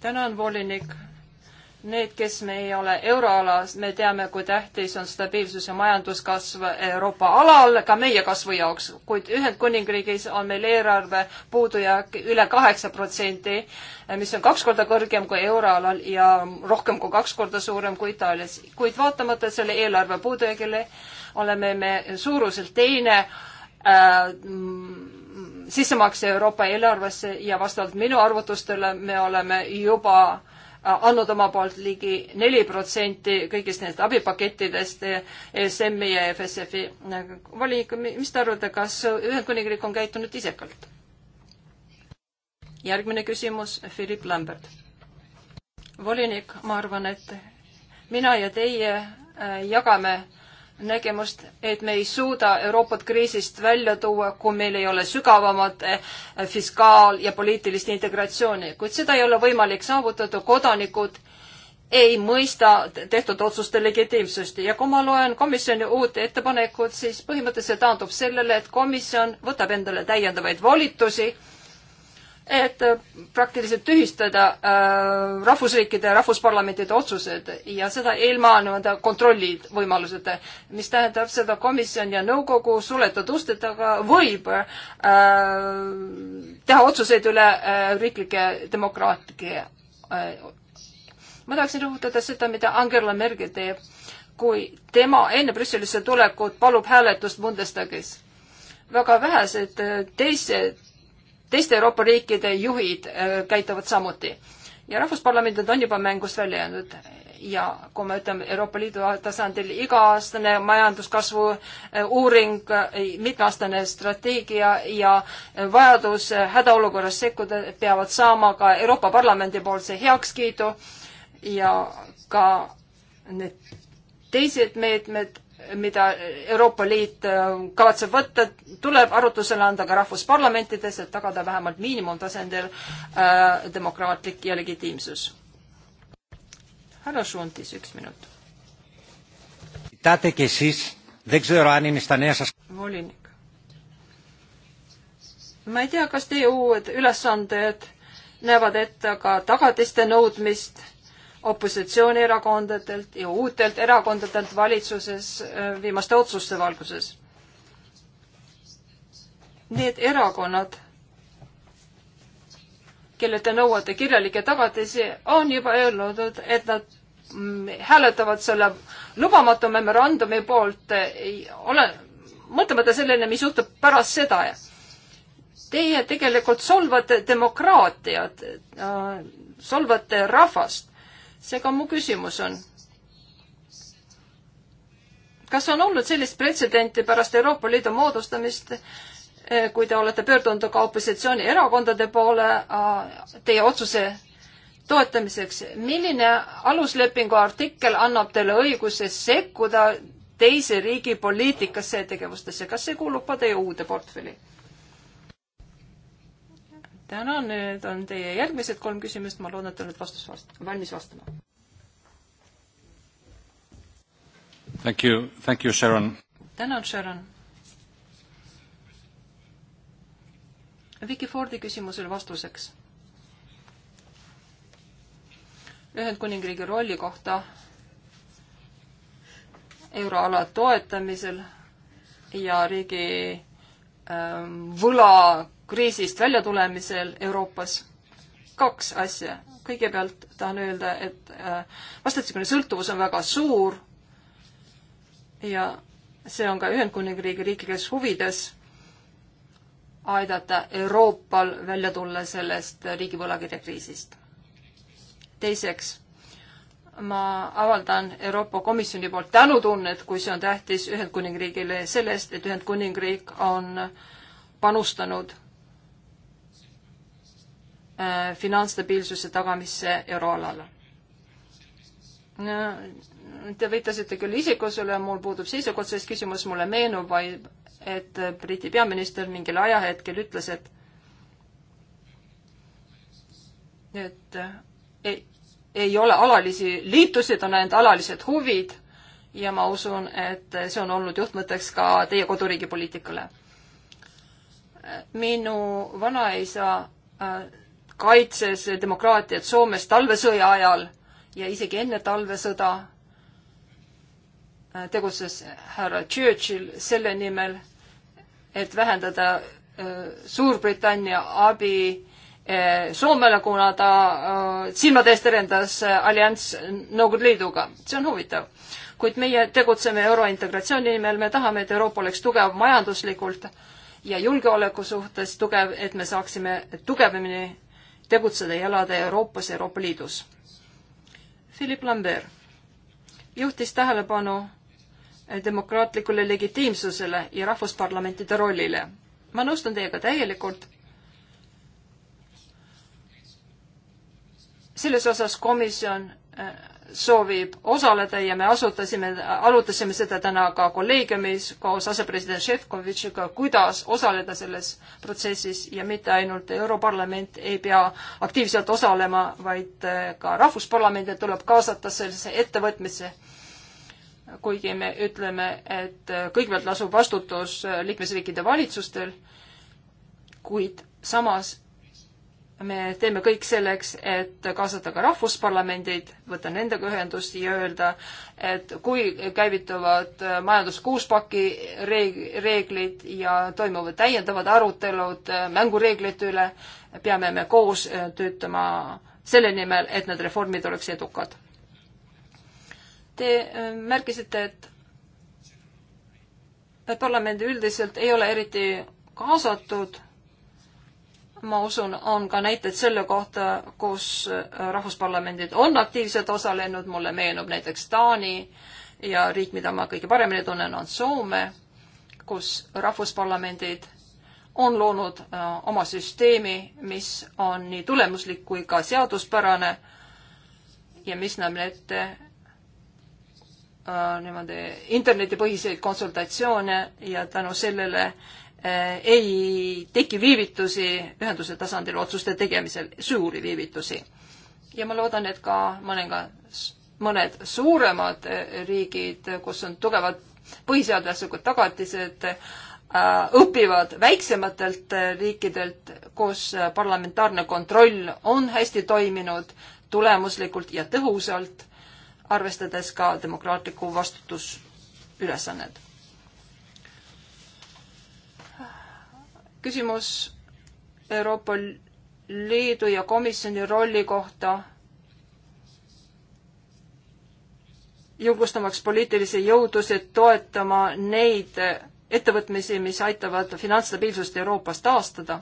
tänan, volinik. Need, kes me ei ole euroalas, me teame, kui tähtis on stabiilsus ja majanduskasv Euroopa alal ka meie kasvu jaoks, kuid Ühendkuningriigis on meil eelarve puudujääk üle kaheksa protsendi, mis on kaks korda kõrgem kui euroalal ja rohkem kui kaks korda suurem kui Itaalias. kuid vaatamata selle eelarve puudujäägile äh, oleme me suuruselt teine äh, mm, sissemakse Euroopa eelarvesse ja vastavalt minu arvutustele me oleme juba äh, andnud oma poolt ligi neli protsenti kõigist nendest abipakettidest ESM-i äh, ja FSF-i valik. mis te arvate, kas Ühendkuningriik on käitunud isekalt? järgmine küsimus, Philip Lambert. volinik, ma arvan, et mina ja teie äh, jagame nägemust, et me ei suuda Euroopat kriisist välja tuua, kui meil ei ole sügavamat eh, fiskaal- ja poliitilist integratsiooni, kuid seda ei ole võimalik saavutada, kodanikud ei mõista tehtud otsuste legitiimsust ja kui ma loen komisjoni uut ettepanekut, siis põhimõtteliselt taandub sellele, et komisjon võtab endale täiendavaid volitusi et äh, praktiliselt tühistada äh, rahvusriikide ja rahvusparlamentide otsused ja seda ilma nii-öelda kontrolli võimaluseta, mis tähendab seda komisjon ja nõukogu suletud uste taga võib äh, teha otsuseid üle äh, riiklike demokraatlike äh,. ma tahaksin rõhutada seda, mida Angela Merkel teeb, kui tema enne Brüsselisse tulekut palub hääletust Bundestagis väga vähesed äh, teised teiste Euroopa riikide juhid äh, käituvad samuti. ja rahvusparlamendid on juba mängust välja jäänud ja kui me ütleme Euroopa Liidu tasandil iga-aastane majanduskasvu äh, uuring, äh, mitmeaastane strateegia ja vajadus hädaolukorras sekkuda, peavad saama ka Euroopa Parlamendi poolse heakskiidu ja ka need teised meetmed mida Euroopa Liit äh, kavatseb võtta, tuleb arutlusele anda ka rahvusparlamentides, et tagada vähemalt miinimumtasandil äh, demokraatlik ja legitiimsus. härra Šuntis, üks minut. volinik. ma ei tea, kas teie uued ülesanded näevad ette ka tagatiste nõudmist opositsioonierakondadelt ja uutelt erakondadelt valitsuses äh, viimaste otsuste valguses. Need erakonnad, kelle te nõuate kirjalikke tagatisi, on juba öelnud, et nad mm, hääletavad selle lubamatu memorandumi poolt, ole, mõtlemata sellele, mis juhtub pärast seda. Teie tegelikult solvate demokraatiat, äh, solvate rahvast seega mu küsimus on, kas on olnud sellist pretsedenti pärast Euroopa Liidu moodustamist, eh, kui te olete pöördunud ka opositsioonierakondade poole teie otsuse toetamiseks, milline aluslepingu artikkel annab teile õiguse sekkuda teise riigi poliitikasse ja tegevustesse, kas see kuulub ka teie uude portfelli? tänan, nüüd on teie järgmised kolm küsimust, ma loodan, et olete vastus vast-, valmis vastama. Thank you, thank you, Sharon. tänan, Sharon. Vicky Fordi küsimusele vastuseks. Ühendkuningriigi rolli kohta euroala toetamisel ja riigi ähm, võla kriisist väljatulemisel Euroopas kaks asja. kõigepealt tahan öelda, et äh, vastastikune sõltuvus on väga suur ja see on ka Ühendkuningriigi riiklikes huvides aidata Euroopal välja tulla sellest riigivõlakirja kriisist. teiseks, ma avaldan Euroopa Komisjoni poolt tänutunnet, kui see on tähtis Ühendkuningriigile sellest, et Ühendkuningriik on panustanud Äh, finantsstabiilsuse tagamisse euroalal. Te viitasite küll isikusele, mul puudub seisukoht, sest küsimus mulle meenub vaid, et Briti peaminister mingil ajahetkel ütles, et et äh, ei, ei ole alalisi liitusid, on ainult alalised huvid ja ma usun, et see on olnud juhtmõtteks ka teie koduriigi poliitikale. minu vanaisa äh, kaitses demokraatiat Soomes talvesõja ajal ja isegi enne talvesõda äh, tegutses härra Churchill selle nimel, et vähendada äh, Suurbritannia abi äh, Soomele, kuna ta silmade eest erendas allianss Nõukogude Liiduga. see on huvitav. kuid meie tegutseme eurointegratsiooni nimel, me tahame, et Euroopa oleks tugev majanduslikult ja julgeoleku suhtes tugev, et me saaksime tugevamini tegutseda ja elada Euroopas, Euroopa Liidus. Philip Lambert juhtis tähelepanu demokraatlikule legitiimsusele ja rahvusparlamentide rollile. ma nõustun teiega täielikult. selles osas komisjon äh, soovib osaleda ja me asutasime, arutasime seda täna ka kolleegiumis koos asepresident Šefkovitšiga, kuidas osaleda selles protsessis ja mitte ainult Europarlament ei pea aktiivselt osalema, vaid äh, ka rahvusparlamente tuleb kaasata sellesse ettevõtmisse. kuigi me ütleme, et äh, kõigepealt lasub vastutus äh, liikmesriikide valitsustel, kuid samas me teeme kõik selleks, et kaasata ka rahvusparlamendid, võtta nendega ühendust ja öelda, et kui käivituvad majandus kuuspaki reeglid ja toimuvad täiendavad arutelud mängureeglite üle, peame me koos äh, töötama selle nimel, et need reformid oleks edukad. Te äh, märkisite, et et parlamendi üldiselt ei ole eriti kaasatud ma usun, on ka näiteid selle kohta, kus äh, rahvusparlamendid on aktiivselt osalenud, mulle meenub näiteks Taani ja riik, mida ma kõige paremini tunnen, on Soome, kus rahvusparlamendid on loonud äh, oma süsteemi, mis on nii tulemuslik kui ka seaduspärane ja mis näeb ette äh, niimoodi internetipõhiseid konsultatsioone ja tänu sellele Äh, ei teki viivitusi ühenduse tasandil otsuste tegemisel, suuri viivitusi. ja ma loodan, et ka mõnega, mõned suuremad äh, riigid, kus on tugevad põhiseaduslikud tagatised, äh, õpivad väiksematelt riikidelt, kus parlamentaarne kontroll on hästi toiminud tulemuslikult ja tõhusalt, arvestades ka demokraatlikku vastutusülesannet küsimus Euroopa Liidu ja komisjoni rolli kohta julgustamaks poliitilisi jõudusid toetama neid ettevõtmisi, mis aitavad finantsstabiilsust Euroopas taastada.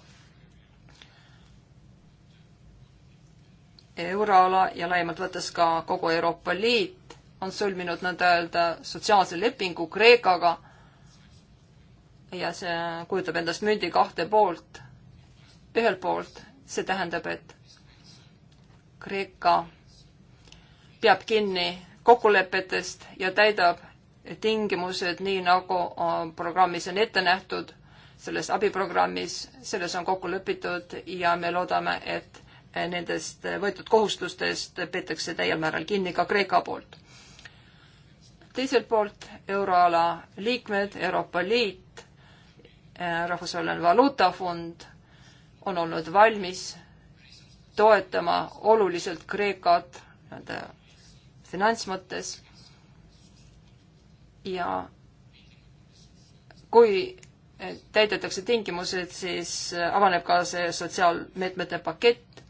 euroala ja laiemalt võttes ka kogu Euroopa Liit on sõlminud nõnda öelda sotsiaalse lepingu Kreekaga ja see kujutab endast mündi kahte poolt. ühelt poolt see tähendab, et Kreeka peab kinni kokkulepetest ja täidab tingimused nii, nagu on programmis on ette nähtud, selles abiprogrammis, selles on kokku lepitud ja me loodame, et nendest võetud kohustustest peetakse täiel määral kinni ka Kreeka poolt. teiselt poolt euroala liikmed, Euroopa Liit Eh, rahvusvaheline valuutafond on olnud valmis toetama oluliselt Kreekat nii-öelda finants mõttes ja kui eh, täidetakse tingimused, siis eh, avaneb ka see sotsiaalmeetmete pakett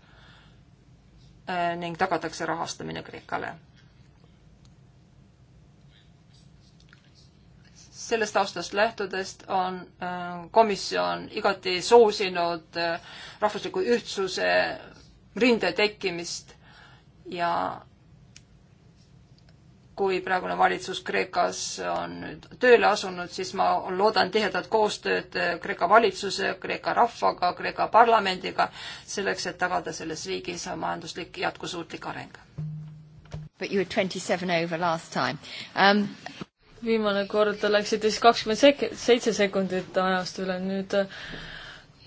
ning tagatakse rahastamine Kreekale sellest taustast lähtudest on äh, komisjon igati soosinud äh, rahvusliku ühtsuse rinde tekkimist ja kui praegune valitsus Kreekas on nüüd tööle asunud, siis ma loodan tihedat koostööd äh, Kreeka valitsuse, Kreeka rahvaga, Kreeka parlamendiga, selleks et tagada selles riigis majanduslik jätkusuutlik areng. But you were 27 over last time. Um, viimane kord läksid siis kakskümmend sek-, seitse sekundit ajast üle, nüüd äh,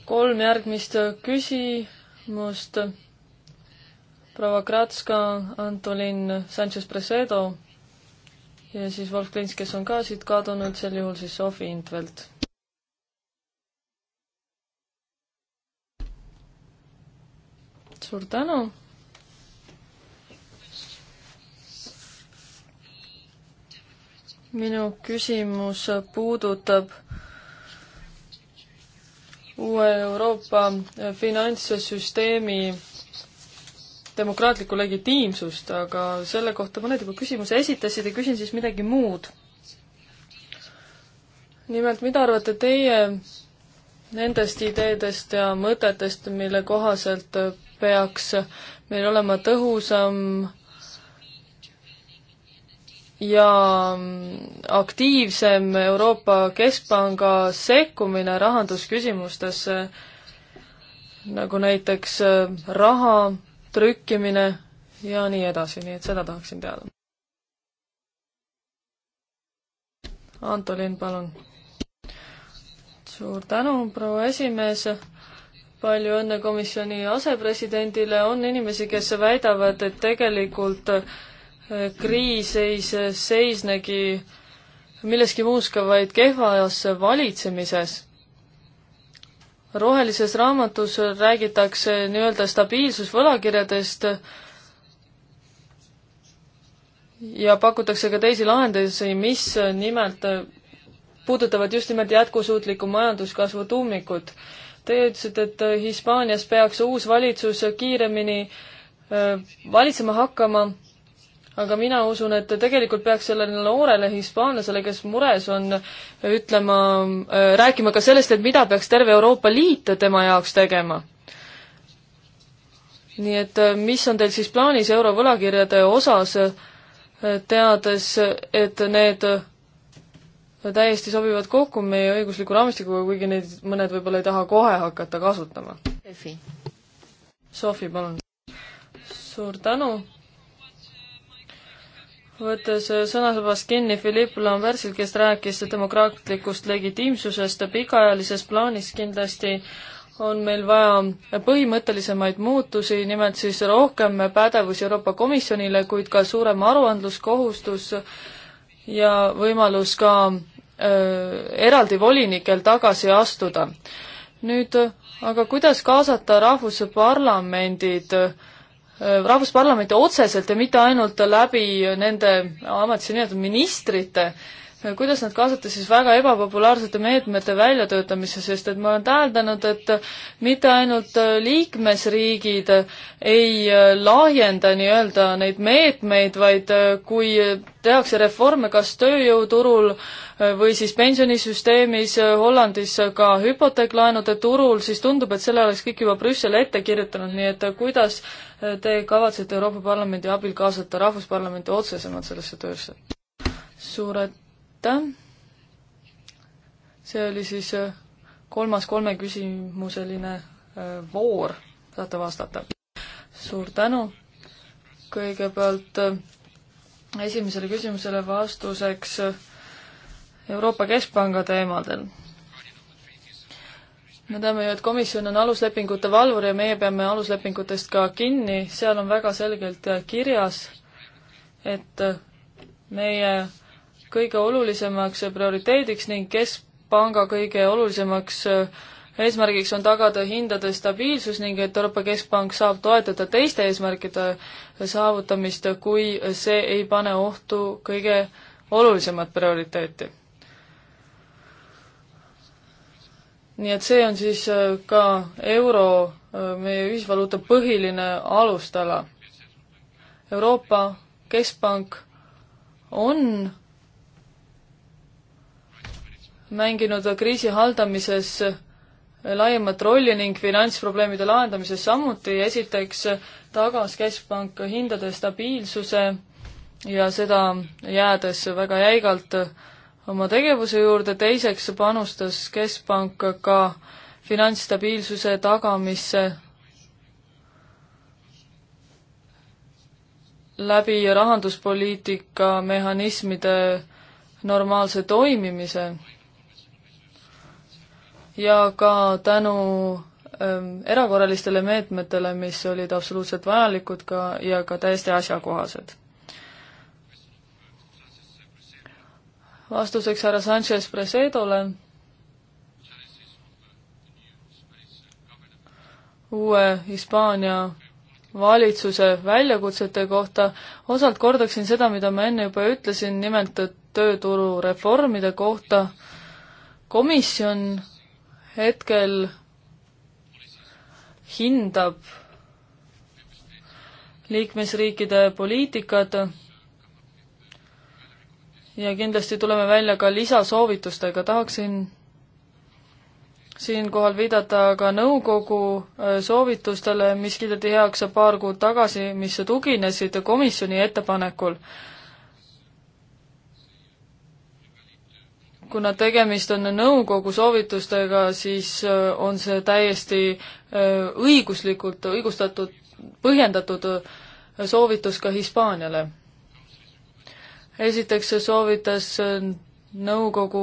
kolm järgmist äh, küsimust. proua Kratska, Antolin Sanchez-Presedo ja siis Wolf Klints, kes on ka siit kadunud, sel juhul siis Sofi Intvelt. suur tänu minu küsimus puudutab uue Euroopa finantssüsteemi demokraatlikku legitiimsust, aga selle kohta mõned juba küsimuse esitasid ja küsin siis midagi muud. nimelt, mida arvate teie nendest ideedest ja mõtetest, mille kohaselt peaks meil olema tõhusam äh, ja aktiivsem Euroopa Keskpanga sekkumine rahandusküsimustesse, nagu näiteks äh, raha trükkimine ja nii edasi, nii et seda tahaksin teada. Anto Lind, palun. suur tänu, proua esimees palju õnne komisjoni asepresidendile, on inimesi, kes väidavad, et tegelikult kriis ei seisnegi milleski muus ka vaid kehvas valitsemises. rohelises raamatus räägitakse nii-öelda stabiilsusvõlakirjadest ja pakutakse ka teisi lahendusi, mis nimelt puudutavad just nimelt jätkusuutliku majanduskasvu tuumikut. Teie ütlesite, et Hispaanias peaks uus valitsus kiiremini äh, valitsema hakkama aga mina usun, et tegelikult peaks sellele noorele hispaanlasele, kes mures on, ütlema, äh, rääkima ka sellest, et mida peaks terve Euroopa Liit tema jaoks tegema. nii et äh, mis on teil siis plaanis eurovõlakirjade osas, äh, teades, et need täiesti sobivad kokku meie õigusliku raamistikuga, kuigi neid mõned võib-olla ei taha kohe hakata kasutama. Sofi, palun. suur tänu võttes äh, sõnasabast kinni Philippe Lambertsil, kes rääkis demokraatlikust legitiimsusest pikaajalises plaanis kindlasti on meil vaja põhimõttelisemaid muutusi, nimelt siis rohkem pädevusi Euroopa Komisjonile, kuid ka suurem aruandluskohustus ja võimalus ka öö, äh, eraldi volinikel tagasi astuda. nüüd aga kuidas kaasata rahvusparlamendid öö, rahvusparlamente otseselt ja mitte ainult läbi nende ametisse nimetatud ministrite, kuidas nad kaasati siis väga ebapopulaarsete meetmete väljatöötamisse, sest et ma olen täheldanud, et mitte ainult liikmesriigid ei laienda nii-öelda neid meetmeid, vaid kui tehakse reforme kas tööjõuturul või siis pensionisüsteemis Hollandis ka hüpoteeklaenude turul, siis tundub, et selle oleks kõik juba Brüssel ette kirjutanud, nii et kuidas te kavatsete Euroopa Parlamendi abil kaasata Rahvusparlamente otsesemalt sellesse töösse? suur aitäh! see oli siis äh, kolmas kolmeküsimuseline äh, voor, saate vastata. suur tänu! kõigepealt äh, esimesele küsimusele vastuseks Euroopa Keskpanga teemadel me teame ju, et komisjon on aluslepingute valvur ja meie peame aluslepingutest ka kinni, seal on väga selgelt kirjas, et meie kõige olulisemaks prioriteediks ning keskpanga kõige olulisemaks eesmärgiks on tagada hindade stabiilsus ning et Euroopa Keskpank saab toetada teiste eesmärkide saavutamist, kui see ei pane ohtu kõige olulisemat prioriteeti nii et see on siis äh, ka euro, äh, meie ühisvaluuta põhiline alustala. Euroopa Keskpank on mänginud kriisi haldamises äh, laiemat rolli ning finantsprobleemide lahendamises samuti, esiteks tagas Keskpank hindade stabiilsuse ja seda jäädes väga jäigalt äh, oma tegevuse juurde, teiseks panustas Keskpank ka finantsstabiilsuse tagamisse läbi rahanduspoliitika mehhanismide normaalse toimimise ja ka tänu ähm, erakorralistele meetmetele, mis olid absoluutselt vajalikud ka ja ka täiesti asjakohased. vastuseks härra Sanchez Presedole uue Hispaania valitsuse väljakutsete kohta. osalt kordaksin seda, mida ma enne juba ütlesin, nimelt tööturu reformide kohta. komisjon hetkel hindab liikmesriikide poliitikat ja kindlasti tuleme välja ka lisasoovitustega, tahaksin siinkohal viidata ka nõukogu äh, soovitustele, mis kiideti heaks paar kuud tagasi, mis tuginesid komisjoni ettepanekul. kuna tegemist on nõukogu soovitustega, siis äh, on see täiesti äh, õiguslikult õigustatud, põhjendatud soovitus ka Hispaaniale esiteks soovitas äh, nõukogu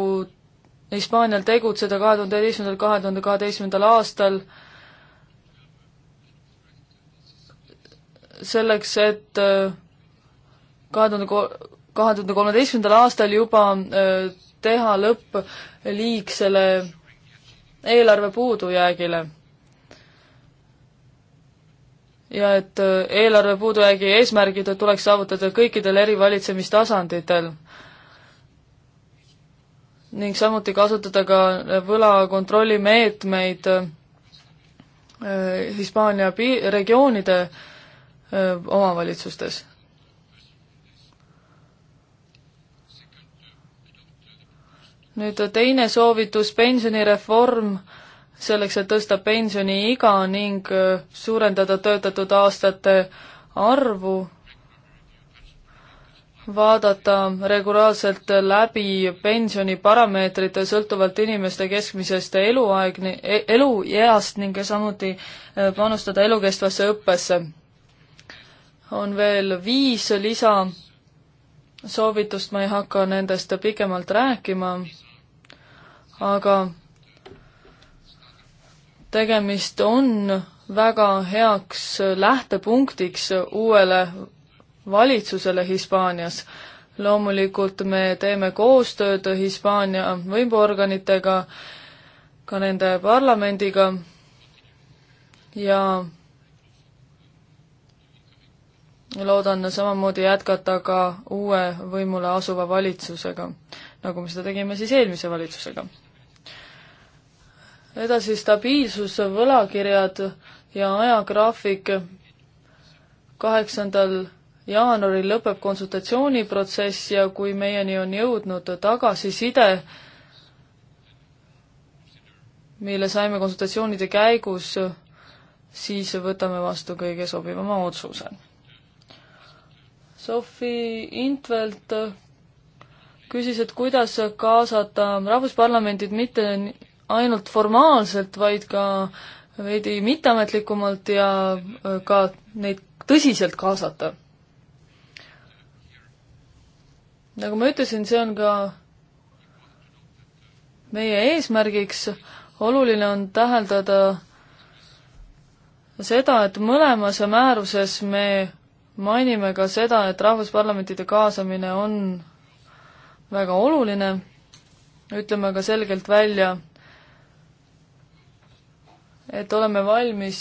Hispaanial tegutseda kahe tuhande üheteistkümnendal, kahe tuhande kaheteistkümnendal aastal selleks, et äh, kahe tuhande kahe tuhande kolmeteistkümnendal aastal juba äh, teha lõpp liigsele eelarve puudujäägile ja et äh, eelarve puudujäägi eesmärgid tuleks saavutada kõikidel erivalitsemistasa-nditel ning samuti kasutada ka võlakontrolli meetmeid äh, Hispaania pi-, regioonide äh, omavalitsustes. nüüd teine soovitus, pensionireform selleks, et tõsta pensioniiga ning äh, suurendada töötatud aastate arvu, vaadata regulaarselt läbi pensioniparameetrid sõltuvalt inimeste keskmisest eluaeg, e-, elueast ning samuti äh, panustada elukestvasse õppesse. on veel viis lisa soovitust, ma ei hakka nendest pikemalt rääkima, aga tegemist on väga heaks lähtepunktiks uuele valitsusele Hispaanias. loomulikult me teeme koostööd Hispaania võimuorganitega, ka nende parlamendiga ja loodan samamoodi jätkata ka uue võimule asuva valitsusega, nagu me seda tegime siis eelmise valitsusega edasi stabiilsus, võlakirjad ja ajagraafik. kaheksandal jaanuaril lõpeb konsultatsiooniprotsess ja kui meieni on jõudnud tagasiside, mille saime konsultatsioonide käigus, siis võtame vastu kõige sobivama otsuse. Sofi Intvelt küsis, et kuidas kaasata rahvusparlamendid mitte ainult formaalselt, vaid ka veidi mitteametlikumalt ja äh, ka neid tõsiselt kaasata. nagu ma ütlesin, see on ka meie eesmärgiks, oluline on täheldada seda, et mõlemas määruses me mainime ka seda, et rahvusparlamentide kaasamine on väga oluline, ütleme ka selgelt välja et oleme valmis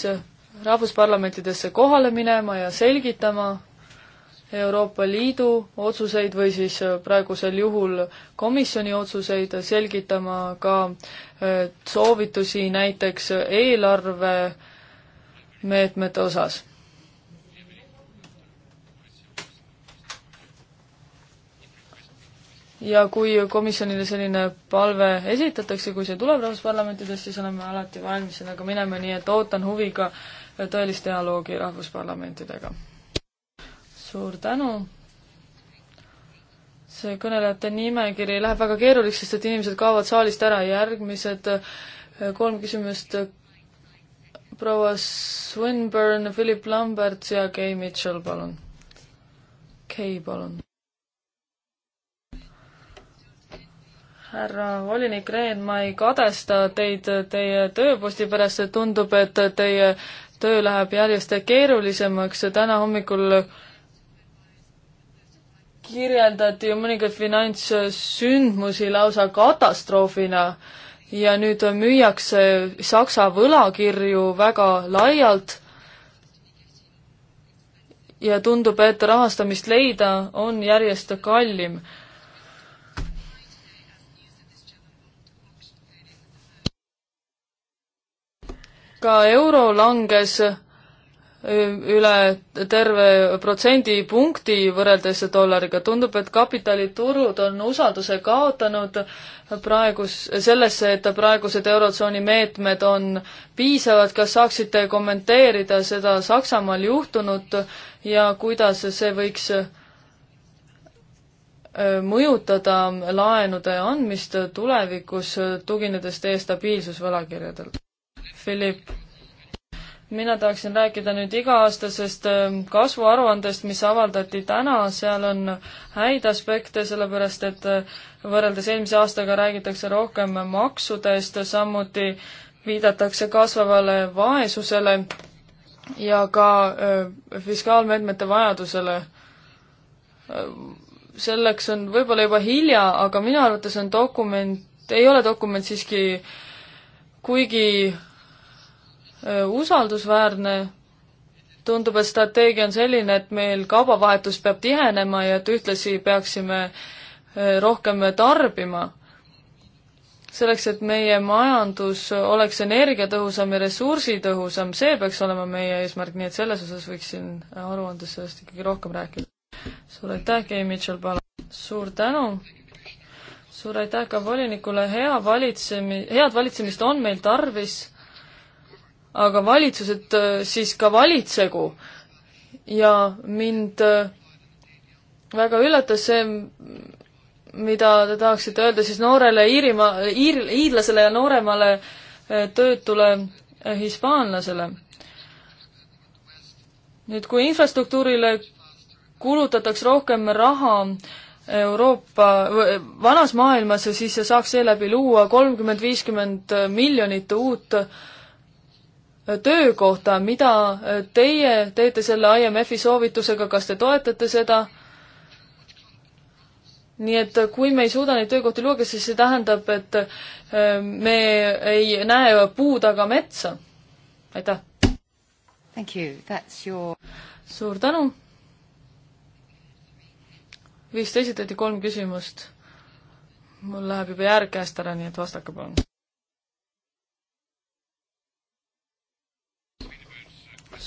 rahvusparlamentidesse kohale minema ja selgitama Euroopa Liidu otsuseid või siis äh, praegusel juhul komisjoni otsuseid, selgitama ka äh, soovitusi näiteks eelarve meetmete osas ja kui komisjonile selline palve esitatakse, kui see tuleb rahvusparlamentidest, siis oleme alati valmis sellega minema, nii et ootan huviga tõelist dialoogi rahvusparlamentidega. suur tänu! see kõnelejate nimekiri läheb väga keeruliseks, sest et inimesed kaovad saalist ära, järgmised eh, kolm küsimust proua Swinburne, Philip Lambert ja Kay Mitchell, palun. Kay, palun. härra volinik Rehn, ma ei kadesta teid teie tööposti pärast, tundub, et teie töö läheb järjest keerulisemaks ja täna hommikul kirjeldati ju mõningaid finantssündmusi lausa katastroofina ja nüüd müüakse Saksa võlakirju väga laialt ja tundub, et rahastamist leida on järjest kallim ka euro langes üle terve protsendipunkti võrreldes dollariga. tundub, et kapitaliturud on usalduse kaotanud praegus, sellesse, et praegused Eurotsooni meetmed on piisavad. kas saaksite kommenteerida seda Saksamaal juhtunut ja kuidas see võiks mõjutada laenude andmist tulevikus, tuginedes teie stabiilsusvõlakirjadele? Philipp. mina tahaksin rääkida nüüd iga-aastasest ähm, kasvuaruandest, mis avaldati täna, seal on häid aspekte, sellepärast et äh, võrreldes eelmise aastaga räägitakse rohkem maksudest, samuti viidatakse kasvavale vaesusele ja ka äh, fiskaalmeetmete vajadusele äh, selleks on võib-olla juba hilja, aga minu arvates on dokument, ei ole dokument siiski kuigi Äh, usaldusväärne. tundub, et strateegia on selline, et meil kaubavahetus peab tihenema ja et ühtlasi peaksime äh, rohkem tarbima. selleks, et meie majandus oleks energiatõhusam ja ressursitõhusam, see peaks olema meie eesmärk, nii et selles osas võiksin aruandes sellest ikkagi rohkem rääkida. suur aitäh, Kei Mitchell, palun! suur tänu! suur aitäh ka volinikule, hea valitsemi-, head valitsemist on meil tarvis aga valitsused äh, siis ka valitsegu. ja mind äh, väga üllatas see, mida te tahaksite öelda siis noorele Iirimaa, iir-, iirlasele ja nooremale äh, töötule hispaanlasele. nüüd, kui infrastruktuurile kulutatakse rohkem raha Euroopa, vanas maailmas, siis see saaks seeläbi luua kolmkümmend, viiskümmend miljonit uut äh, töökohta, mida teie teete selle IMF-i soovitusega, kas te toetate seda? nii et kui me ei suuda neid töökohti luua, siis see tähendab, et äh, me ei näe puu taga metsa. aitäh! Your... suur tänu! vist esitati kolm küsimust. mul läheb juba järg käest ära, nii et vastake palun.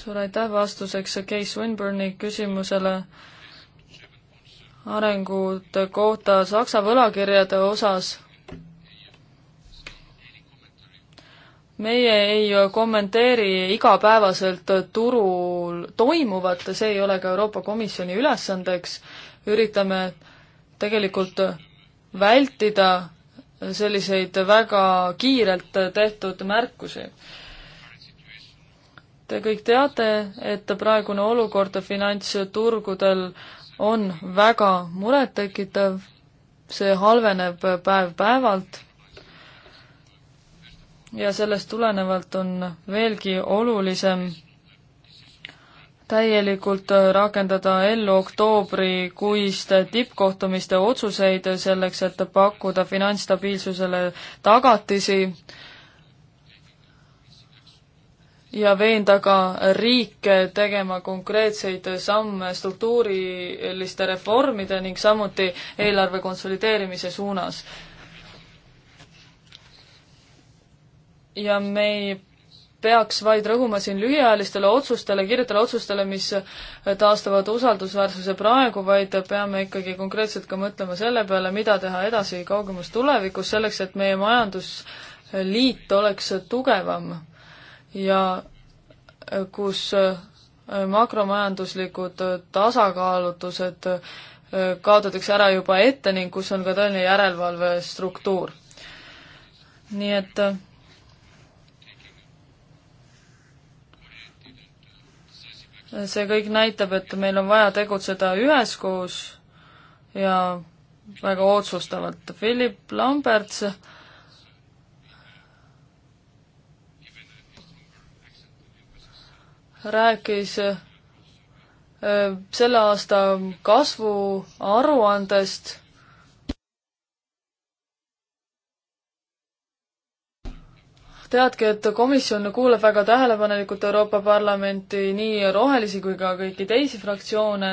suur aitäh vastuseks Keis Winburni küsimusele arengute kohta Saksa võlakirjade osas. meie ei kommenteeri igapäevaselt turul toimuvat, see ei ole ka Euroopa Komisjoni ülesandeks, üritame tegelikult vältida selliseid väga kiirelt tehtud märkusi Te kõik teate, et praegune olukord finantsturgudel on väga murettekitav, see halveneb päev-päevalt ja sellest tulenevalt on veelgi olulisem täielikult rakendada ellu oktoobrikuiste tippkohtumiste otsuseid selleks, et pakkuda finantsstabiilsusele tagatisi ja veenda ka riike tegema konkreetseid samme struktuuriliste reformide ning samuti eelarve konsolideerimise suunas. ja me ei peaks vaid rõhuma siin lühiajalistele otsustele, kiiretele otsustele, mis taastavad usaldusväärsuse praegu, vaid peame ikkagi konkreetselt ka mõtlema selle peale, mida teha edasi kaugemas tulevikus, selleks et meie majandusliit oleks tugevam ja kus äh, makromajanduslikud äh, tasakaalutused äh, kaotatakse ära juba ette ning kus on ka tõeline järelevalvestruktuur. nii et see kõik näitab, et meil on vaja tegutseda üheskoos ja väga otsustavalt. Philip Lamberts rääkis äh, selle aasta kasvuaruandest. teadki, et komisjon kuulab väga tähelepanelikult Euroopa Parlamenti nii rohelisi kui ka kõiki teisi fraktsioone.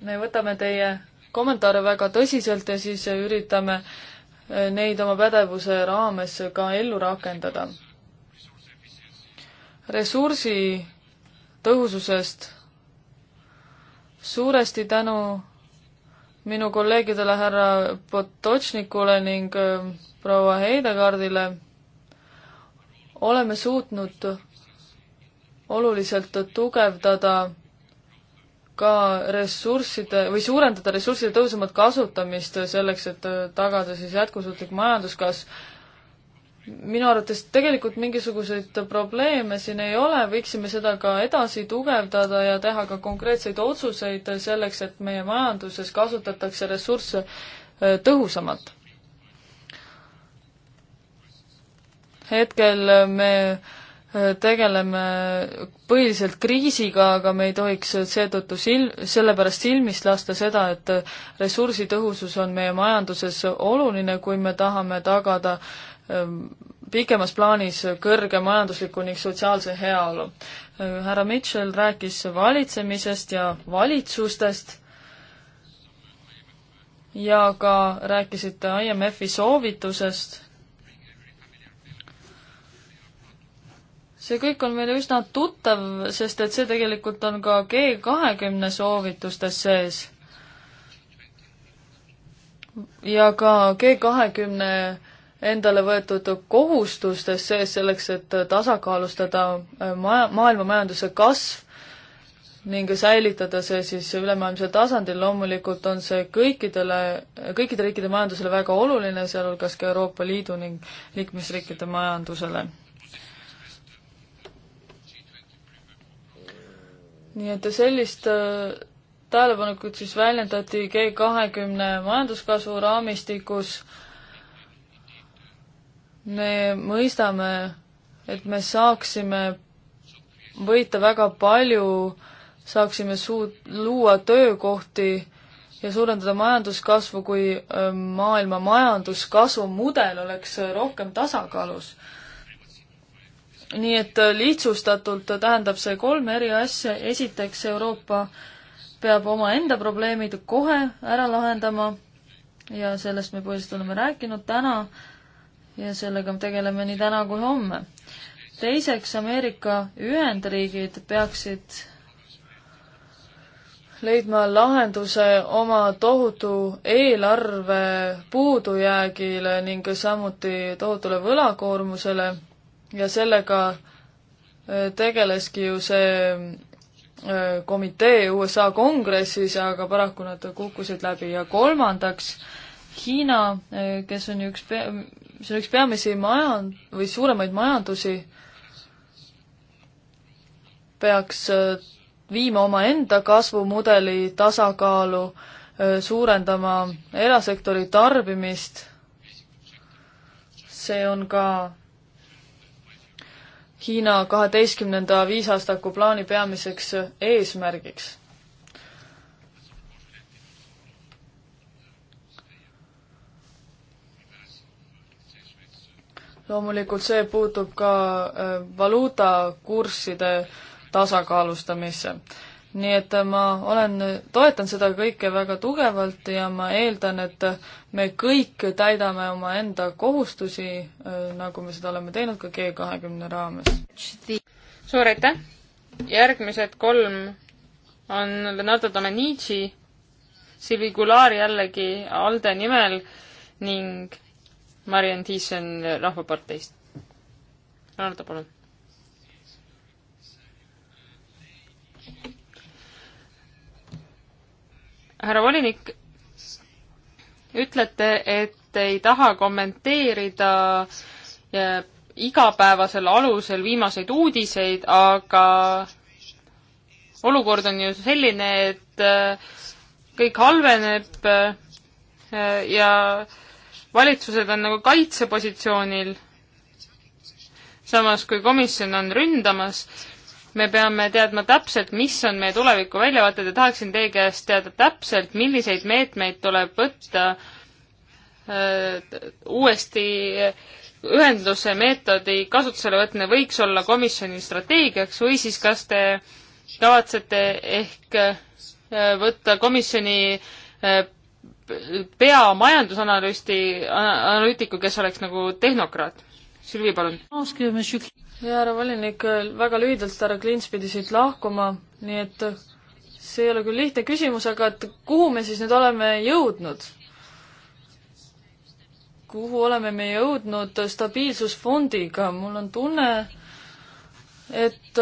me võtame teie kommentaare väga tõsiselt ja siis üritame äh, neid oma pädevuse raames ka ellu rakendada ressursi tõhususest suuresti tänu minu kolleegidele härra Potočnikule ning äh, proua Heidekaardile oleme suutnud oluliselt tugevdada ka ressursside või suurendada ressursside tõhusamat kasutamist selleks, et äh, tagada siis jätkusuutlik majanduskasv minu arvates tegelikult mingisuguseid probleeme siin ei ole, võiksime seda ka edasi tugevdada ja teha ka konkreetseid otsuseid selleks, et meie majanduses kasutatakse ressursse äh, tõhusamalt. hetkel äh, me äh, tegeleme põhiliselt kriisiga, aga me ei tohiks seetõttu sil-, sellepärast silmist lasta seda, et ressursitõhusus on meie majanduses oluline, kui me tahame tagada äh, Ehm, pikemas plaanis kõrge majandusliku ning sotsiaalse heaolu. Ehm, härra Mitchell rääkis valitsemisest ja valitsustest ja ka rääkisite IMF-i soovitusest. see kõik on meile üsna tuttav, sest et see tegelikult on ka G kahekümne soovitustes sees. ja ka G kahekümne 20 endale võetud kohustustes sees selleks, et tasakaalustada maja, maailma majanduse kasv ning säilitada see siis ülemaailmsel tasandil, loomulikult on see kõikidele, kõikide riikide majandusele väga oluline, sealhulgas ka Euroopa Liidu ning liikmesriikide majandusele. nii et sellist äh, tähelepanekut siis väljendati G kahekümne majanduskasvu raamistikus äh, me mõistame, et me saaksime võita väga palju, saaksime suu-, luua töökohti ja suurendada majanduskasvu, kui maailma majanduskasvu mudel oleks rohkem tasakaalus. nii et lihtsustatult tähendab see kolme eri asja, esiteks Euroopa peab omaenda probleemid kohe ära lahendama ja sellest me põhiliselt oleme rääkinud täna, ja sellega me tegeleme nii täna kui homme. teiseks, Ameerika Ühendriigid peaksid leidma lahenduse oma tohutu eelarve puudujäägile ning samuti tohutule võlakoormusele ja sellega äh, tegeleski ju see äh, komitee USA kongressis, aga paraku nad kukkusid läbi ja kolmandaks Hiina, äh, kes on ju üks pea-, see on üks peamisi majand- või suuremaid majandusi, peaks äh, viima omaenda kasvumudeli tasakaalu, äh, suurendama erasektori tarbimist, see on ka Hiina kaheteistkümnenda viisaastaku plaani peamiseks äh, eesmärgiks loomulikult see puutub ka äh, valuutakursside tasakaalustamisse. nii et äh, ma olen, toetan seda kõike väga tugevalt ja ma eeldan, et äh, me kõik täidame omaenda kohustusi, nagu me seda oleme teinud ka G kahekümne raames. suur aitäh! järgmised kolm on Leonardo Domenici, Silvi Goulart jällegi ALDE nimel ning Mariann Thiessen Rahvaparteist. Ardo, palun. härra volinik, ütlete, et ei taha kommenteerida igapäevasel alusel viimaseid uudiseid, aga olukord on ju selline, et äh, kõik halveneb äh, ja äh, valitsused on nagu kaitsepositsioonil, samas kui komisjon on ründamas, me peame teadma täpselt, mis on meie tuleviku väljavaated ja tahaksin teie käest teada täpselt, milliseid meetmeid tuleb võtta öö, äh, uuesti äh, ühenduse meetodi kasutusele võtmine võiks olla komisjoni strateegiaks või siis kas te kavatsete ehk äh, võtta komisjoni pea majandusanalüüsti, analüütiku, kes oleks nagu tehnokraat. Sylvi, palun. jaa, härra volinik, väga lühidalt, härra Klints pidi siit lahkuma, nii et see ei ole küll lihtne küsimus, aga et kuhu me siis nüüd oleme jõudnud? kuhu oleme me jõudnud stabiilsusfondiga, mul on tunne, et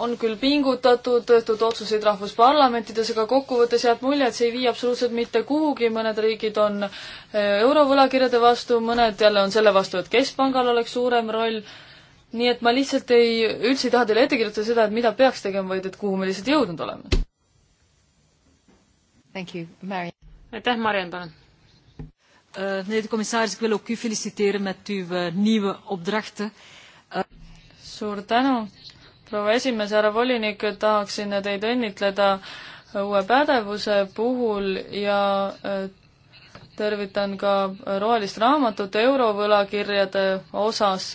on küll pingutatud, tehtud otsuseid rahvusparlamentides, aga kokkuvõttes jääb mulje, et see ei vii absoluutselt mitte kuhugi, mõned riigid on äh, eurovõlakirjade vastu, mõned jälle on selle vastu, et keskpangal oleks suurem roll, nii et ma lihtsalt ei, üldse ei taha teile ette kirjutada seda, et mida peaks tegema, vaid et kuhu me lihtsalt jõudnud oleme. aitäh, Mariann, palun! Eh, meneer de commissaris, ik wil ook u feliciteren met uw eh, nieuwe opdrachten. Eh, Suur tänu proua esimees, härra volinik, tahaksin teid õnnitleda uue pädevuse puhul ja äh, tervitan ka rohelist raamatut eurovõlakirjade osas.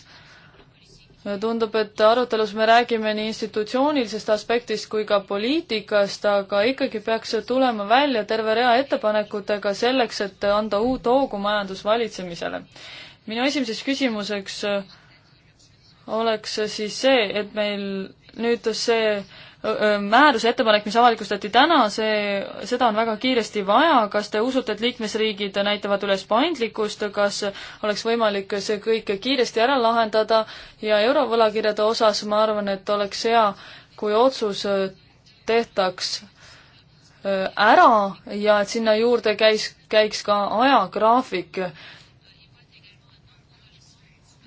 tundub, et arutelus me räägime nii institutsioonilisest aspektist kui ka poliitikast, aga ikkagi peaks tulema välja terve rea ettepanekutega selleks, et anda uut hoogu majandusvalitsemisele. minu esimeseks küsimuseks äh, oleks siis see, et meil nüüd see määruse ettepanek, mis avalikustati täna, see, seda on väga kiiresti vaja, kas te usute, et liikmesriigid näitavad üles paindlikkust, kas oleks võimalik see kõik kiiresti ära lahendada ja eurovõlakirjade osas ma arvan, et oleks hea, kui otsus tehtaks ära ja et sinna juurde käis, käiks ka ajagraafik,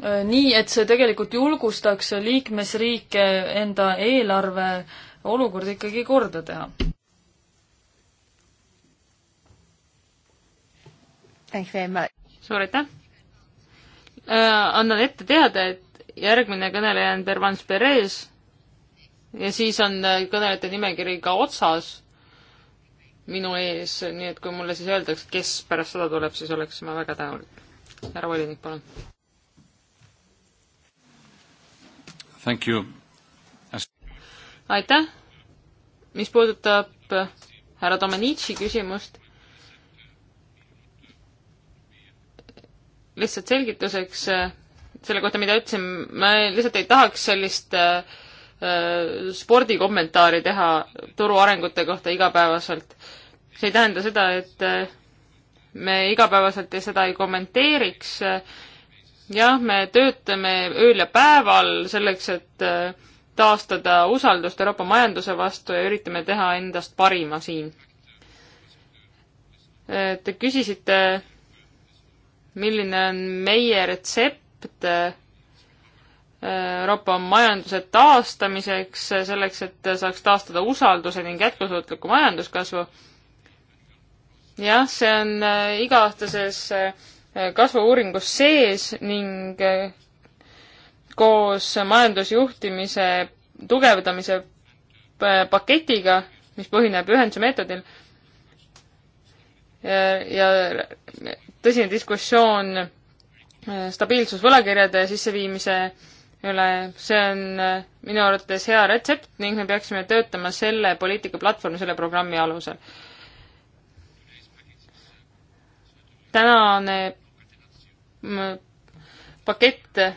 Äh, nii, et see tegelikult julgustaks liikmesriike enda eelarve olukord ikkagi korda teha. suur aitäh! Äh, annan ette teada, et järgmine kõneleja on Pervans Perez ja siis on äh, kõnelejate nimekiri ka otsas minu ees, nii et kui mulle siis öeldakse, kes pärast seda tuleb, siis oleks ma väga tänulik. härra volinik, palun! aitäh! mis puudutab äh, härra Domenici küsimust, lihtsalt selgituseks äh, selle kohta, mida ütlesin, ma lihtsalt ei tahaks sellist äh, äh spordikommentaari teha turu arengute kohta igapäevaselt. see ei tähenda seda, et me igapäevaselt seda ei kommenteeriks äh,, jah, me töötame ööl ja päeval selleks, et äh, taastada usaldust Euroopa majanduse vastu ja üritame teha endast parima siin. Äh, te küsisite, milline on meie retsept äh, Euroopa majanduse taastamiseks, selleks, et saaks taastada usalduse ning jätkusuutliku majanduskasvu. jah, see on iga-aastases kasvu-uuringus sees ning eh, koos majandusjuhtimise tugevdamise eh, paketiga, mis põhineb ühenduse meetodil, eh, ja tõsine diskussioon stabiilsusvõlakirjade sisseviimise üle, see on minu arvates hea retsept ning me peaksime töötama selle poliitikaplatvormi, selle programmi alusel. tänane pakett äh,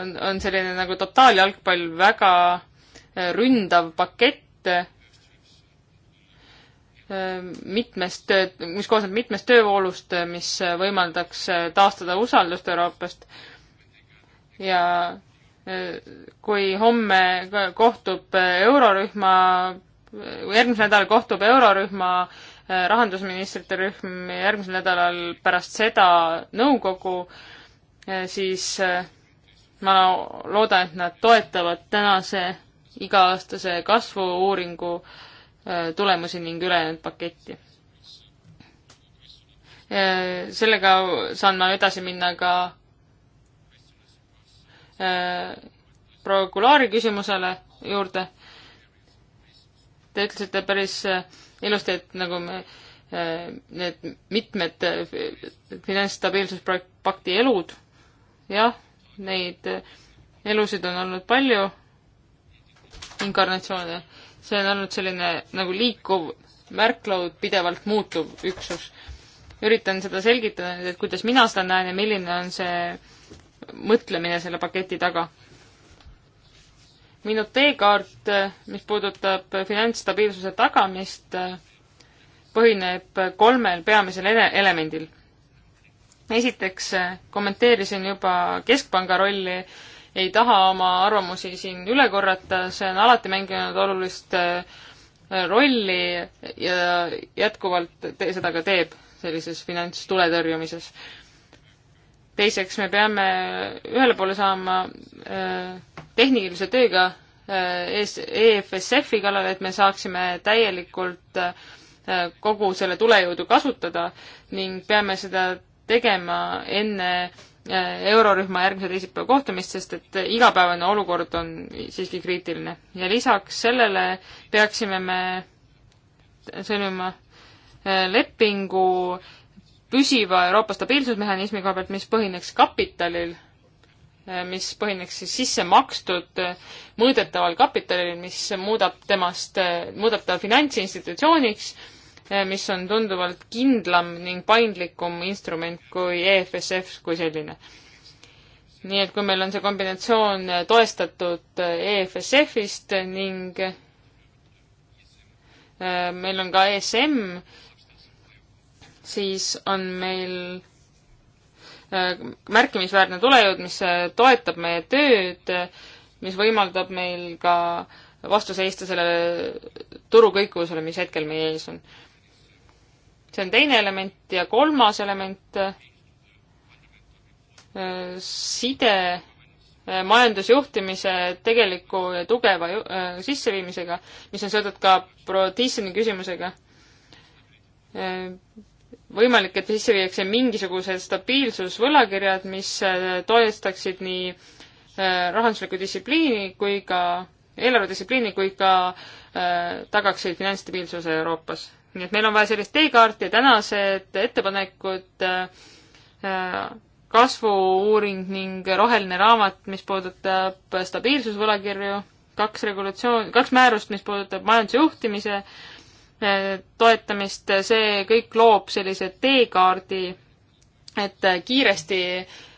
on, on selline nagu totaaljalgpall, väga äh, ründav pakett äh, mitmest, mis koosneb mitmest töövoolust, mis võimaldaks taastada usaldust Euroopast. ja kui homme kohtub eurorühma, järgmisel nädalal kohtub eurorühma äh, Äh, rahandusministrite rühm järgmisel nädalal pärast seda nõukogu, äh, siis äh, ma loodan, et nad toetavad tänase iga-aastase kasvu-uuringu tulemusi ning ülejäänud paketti. sellega saan ma edasi minna ka proua Kulaari küsimusele juurde. Te ütlesite päris ilusti, et nagu me äh, need mitmed äh, finantsstabiilsuspakti elud, jah, neid äh, elusid on olnud palju, inkarnatsioone, see on olnud selline nagu liikuv märklaud, pidevalt muutuv üksus. üritan seda selgitada nüüd, et kuidas mina seda näen ja milline on see mõtlemine selle paketi taga minu teekaart, mis puudutab finantsstabiilsuse tagamist, põhineb kolmel peamisel ele-, elemendil. esiteks kommenteerisin juba Keskpanga rolli, ei taha oma arvamusi siin üle korrata, see on alati mänginud olulist äh, rolli ja jätkuvalt te seda ka teeb sellises finantstule tõrjumises teiseks, me peame ühele poole saama äh, tehnilise tööga äh, EFSF-i kallal, et me saaksime täielikult äh, kogu selle tulejõudu kasutada ning peame seda tegema enne eurorühma järgmise teisipäeva kohtumist, sest et igapäevane olukord on siiski kriitiline. ja lisaks sellele peaksime me sõlmima lepingu püsiva Euroopa stabiilsusmehhanismi koha pealt, mis põhineks kapitalil, eh, mis põhineks siis sisse makstud eh, mõõdetaval kapitalil, mis muudab temast, eh, muudab ta finantsinstitutsiooniks, mis on tunduvalt kindlam ning paindlikum instrument kui EFSF kui selline. nii et kui meil on see kombinatsioon toestatud EFSF-ist e ning meil on ka ESM, siis on meil äh, märkimisväärne tulejõud, mis äh, toetab meie tööd, mis võimaldab meil ka vastu seista sellele turukõikuvusele, mis hetkel meie ees on. see on teine element ja kolmas element, äh, side majandusjuhtimise tegeliku ja tugeva sisseviimisega, mis on seotud ka pro-decent'i küsimusega võimalik, et sisse viiakse mingisugused stabiilsusvõlakirjad, mis äh, toestaksid nii äh, rahanduslikku distsipliini kui ka, eelarvedistsipliini kui ka äh, tagaksid finantsstabiilsuse Euroopas. nii et meil on vaja sellist teekaarti ja tänased ettepanekud äh,, äh kasvu-uuring ning roheline raamat, mis puudutab stabiilsusvõlakirju, kaks regulatsioon, kaks määrust, mis puudutab majanduse juhtimise äh, toetamist, see kõik loob sellise teekaardi, et kiiresti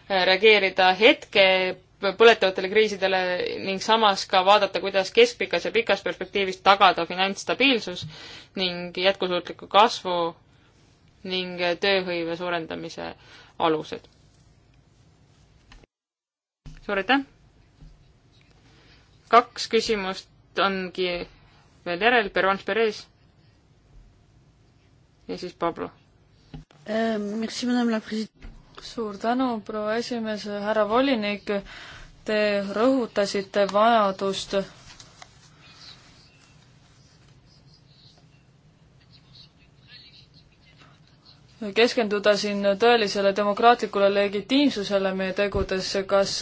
reageerida hetke põletavatele kriisidele ning samas ka vaadata, kuidas keskpikas ja pikas perspektiivis tagada finantsstabiilsus ning jätkusuutliku kasvu ning tööhõive suurendamise alused. suur aitäh! kaks küsimust ongi veel järel, Pervanš Perez ja siis Pablo. Ähm, suur tänu, proua esimees, härra volinik. Te rõhutasite vajadust keskenduda siin tõelisele demokraatlikule legitiimsusele meie tegudes, kas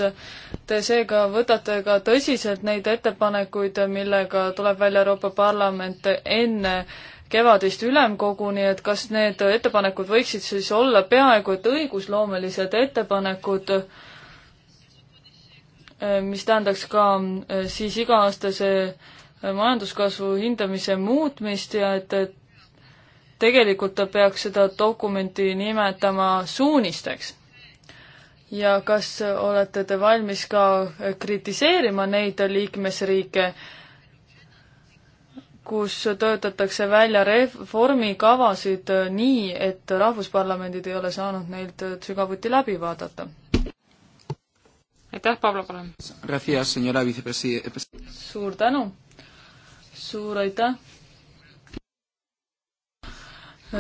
te seega võtate ka tõsiselt neid ettepanekuid, millega tuleb välja Euroopa Parlament enne kevadist ülemkoguni, et kas need ettepanekud võiksid siis olla peaaegu et õigusloomelised ettepanekud, mis tähendaks ka eh, siis iga-aastase eh, majanduskasvu hindamise muutmist ja et, et tegelikult ta peaks seda dokumenti nimetama suunisteks. ja kas olete te valmis ka kritiseerima neid liikmesriike, kus töötatakse välja reformikavasid äh, nii, et rahvusparlamendid ei ole saanud neilt äh, sügavuti läbi vaadata. aitäh, Pablo, palun! suur tänu! suur aitäh!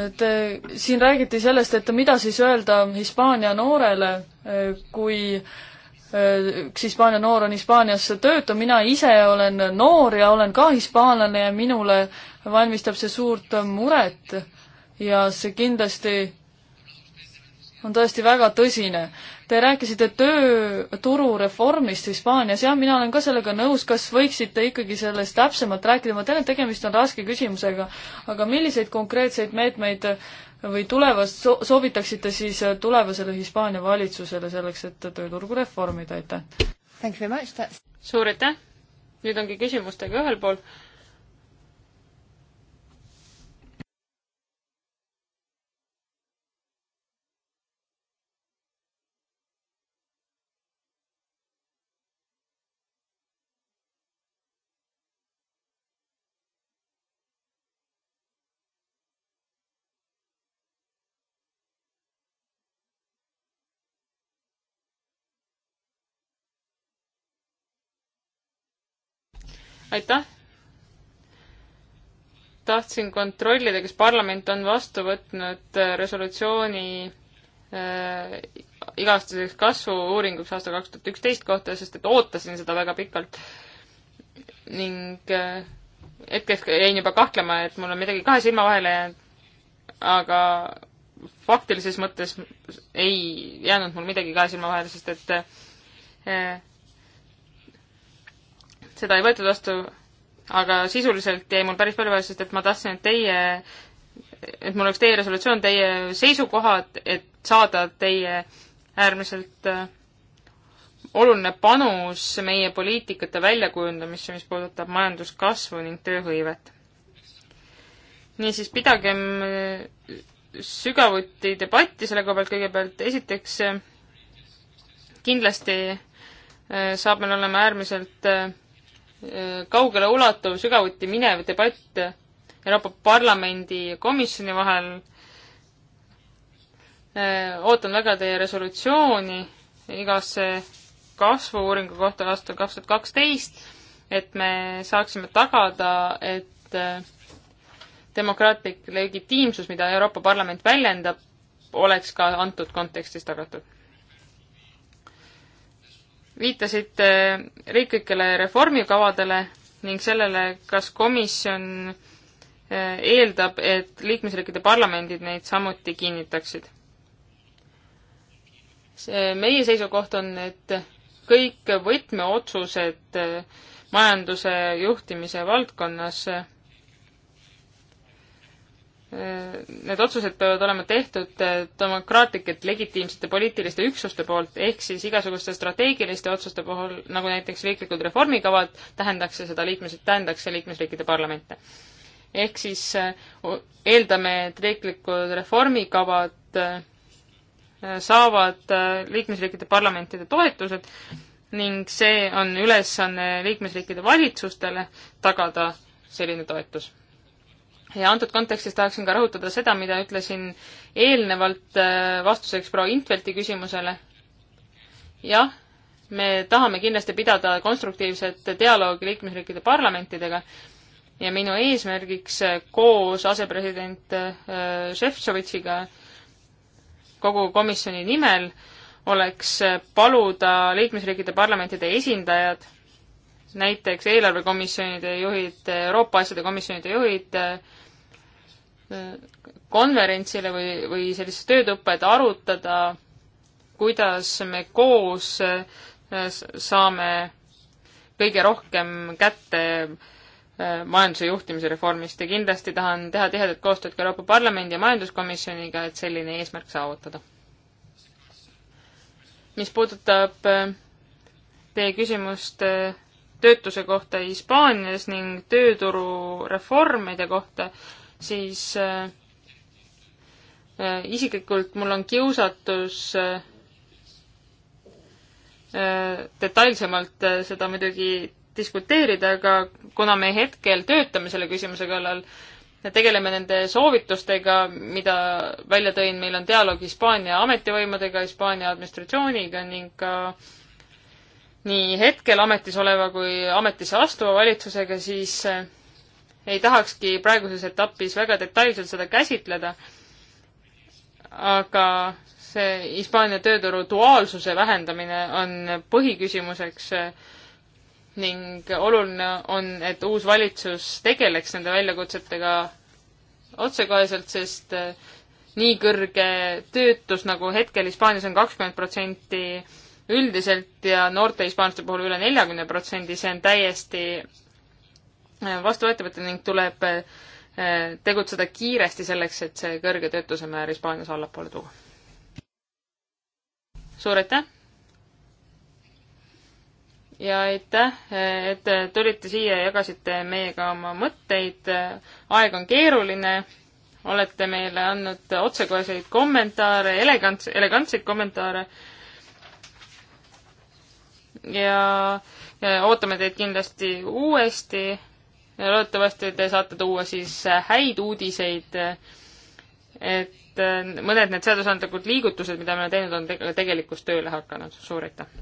et siin räägiti sellest, et mida siis öelda Hispaania noorele, äh, kui Äh, üks Hispaania noor on Hispaanias töötu, mina ise olen noor ja olen ka hispaanlane ja minule valmistab see suurt muret ja see kindlasti on tõesti väga tõsine. Te rääkisite tööturu reformist Hispaanias, jah, mina olen ka sellega nõus, kas võiksite ikkagi sellest täpsemalt rääkida, ma tean, et tegemist on raske küsimusega, aga milliseid konkreetseid meetmeid või tulevast so-, soovitaksite siis äh, tulevasele Hispaania valitsusele selleks, et tööturgu reformida, aitäh! suur aitäh! nüüd ongi küsimustega ühel pool aitäh! tahtsin kontrollida, kas parlament on vastu võtnud äh, resolutsiooni äh, igastuseks kasvu-uuringuks aasta kaks tuhat üksteist kohta, sest et ootasin seda väga pikalt. ning äh, hetkeks jäin juba kahtlema, et mul on midagi kahe silma vahele jäänud, aga faktilises mõttes ei jäänud mul midagi kahe silma vahele, sest et äh, seda ei võetud vastu, aga sisuliselt jäi mul päris palju vaja, sest et ma tahtsin, et teie, et mul oleks teie resolutsioon, teie seisukohad, et saada teie äärmiselt äh, oluline panus meie poliitikate väljakujundamisse, mis puudutab majanduskasvu ning tööhõivet. niisiis, pidagem äh, sügavuti debatti selle koha pealt kõigepealt, esiteks äh, kindlasti saab meil olema äärmiselt kaugele ulatuv, sügavuti minev debatt Euroopa Parlamendi ja komisjoni vahel. Äh, ootan väga teie resolutsiooni igasse kasvu-uuringu kohta aastal kaks tuhat kaksteist, et me saaksime tagada, et äh, demokraatlik legitiimsus, mida Euroopa Parlament väljendab, oleks ka antud kontekstis tagatud viitasite eh, riiklikele reformikavadele ning sellele, kas komisjon eh, eeldab, et liikmesriikide parlamendid neid samuti kinnitaksid. see meie seisukoht on, et kõik võtmeotsused eh, majanduse juhtimise valdkonnas need otsused peavad olema tehtud äh, demokraatlikelt legitiimsete poliitiliste üksuste poolt, ehk siis igasuguste strateegiliste otsuste puhul, nagu näiteks riiklikud reformikavad, tähendaks see seda liikmes, tähendaks see liikmesriikide parlamente. ehk siis äh, eeldame, et riiklikud reformikavad äh, saavad liikmesriikide parlamentide toetused ning see on ülesanne liikmesriikide valitsustele tagada selline toetus ja antud kontekstis tahaksin ka rõhutada seda, mida ütlesin eelnevalt äh, vastuseks proua Intvelti küsimusele. jah, me tahame kindlasti pidada konstruktiivset dialoogi liikmesriikide parlamentidega ja minu eesmärgiks äh, koos asepresident äh, Šefčovitšiga kogu komisjoni nimel oleks paluda liikmesriikide parlamentide esindajad näiteks eelarvekomisjonide juhid, Euroopa asjade komisjonide juhid, konverentsile või, või sellisesse töötõppe, et arutada, kuidas me koos äh, saame kõige rohkem kätte äh, majanduse juhtimise reformist ja kindlasti tahan teha tihedat koostööd ka Euroopa Parlamendi ja Majanduskomisjoniga, et selline eesmärk saavutada. mis puudutab äh, teie küsimust töötuse kohta Hispaanias ning tööturureformide kohta, siis äh, äh, isiklikult mul on kiusatus äh, detailsemalt seda muidugi diskuteerida, aga kuna me hetkel töötame selle küsimuse kallal, tegeleme nende soovitustega, mida välja tõin, meil on dialoog Hispaania ametivõimudega, Hispaania administratsiooniga ning ka nii hetkel ametis oleva kui ametisse astuva valitsusega, siis ei tahakski praeguses etapis väga detailselt seda käsitleda, aga see Hispaania tööturu duaalsuse vähendamine on põhiküsimuseks eh, ning oluline on, et uus valitsus tegeleks nende väljakutsetega otsekoheselt, sest eh, nii kõrge töötus, nagu hetkel Hispaanias on kakskümmend protsenti üldiselt ja noorte hispaanlaste puhul üle neljakümne protsendi, see on täiesti vastuvõetamata ning tuleb eh, tegutseda kiiresti selleks, et see kõrge töötuse määr Hispaanias allapoole tuua. suur aitäh! ja aitäh, eh, et tulite siia ja jagasite meiega oma mõtteid. aeg on keeruline, olete meile andnud otsekoheseid kommentaare, elegants, elegantseid kommentaare. ja ootame teid kindlasti uuesti loodetavasti te saate tuua siis häid uudiseid, et mõned need seadusandlikud liigutused, mida me oleme teinud, on tegelikult tööle hakanud. suur aitäh!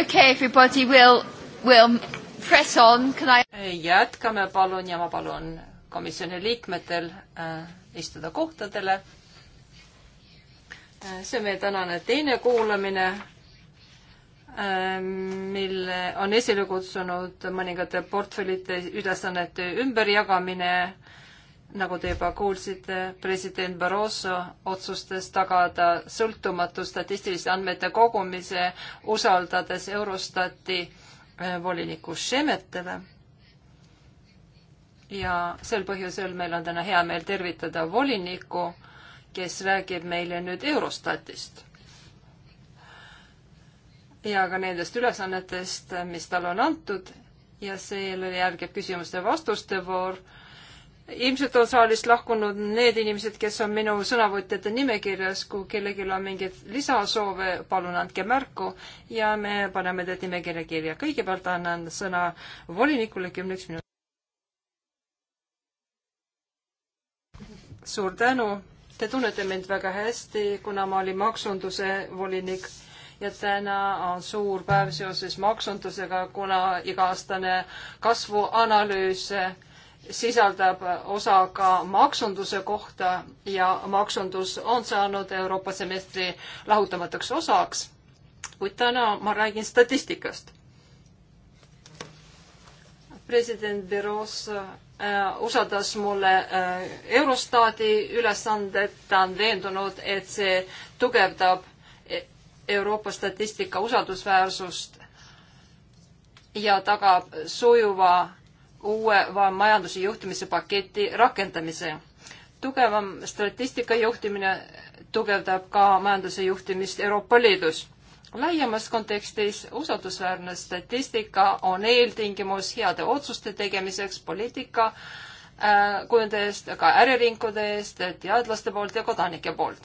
okay, everybody will, will press on, can I? jätkame palun ja ma palun komisjoni liikmetel äh, istuda kohtadele. Äh, see on meie tänane teine kuulamine äh,, mille on esile kutsunud mõningate portfellite ülesannete ümberjagamine nagu te juba kuulsite, president Barroso otsustas tagada sõltumatu statistiliste andmete kogumise, usaldades Eurostati äh, voliniku Šemetele. ja sel põhjusel meil on täna hea meel tervitada volinikku, kes räägib meile nüüd Eurostatist. ja ka nendest ülesannetest, mis talle on antud ja seejärel järgib küsimuste-vastuste voor ilmselt on saalist lahkunud need inimesed, kes on minu sõnavõtjate nimekirjas, kui kellelgi on mingeid lisasoove, palun andke märku ja me paneme teid nimekirja kirja. kõigepealt annan sõna volinikule kümneks minutiks. suur tänu, te tunnete mind väga hästi, kuna ma olin maksunduse volinik ja täna on suur päev seoses maksundusega, kuna iga-aastane kasvuanalüüs sisaldab osa ka maksunduse kohta ja maksundus on saanud Euroopa semestri lahutamatuks osaks. kuid täna ma räägin statistikast. president büroos äh, usaldas mulle äh, Eurostaadi ülesanded, ta on veendunud, et see tugevdab e-, Euroopa statistika usaldusväärsust ja tagab sujuva uue majanduse juhtimise paketi rakendamise. tugevam statistika juhtimine tugevdab ka majanduse juhtimist Euroopa Liidus. laiemas kontekstis usaldusväärne statistika on eeltingimus heade otsuste tegemiseks poliitika äh, kujunde eest, ka äriringkude eest, teadlaste poolt ja kodanike poolt.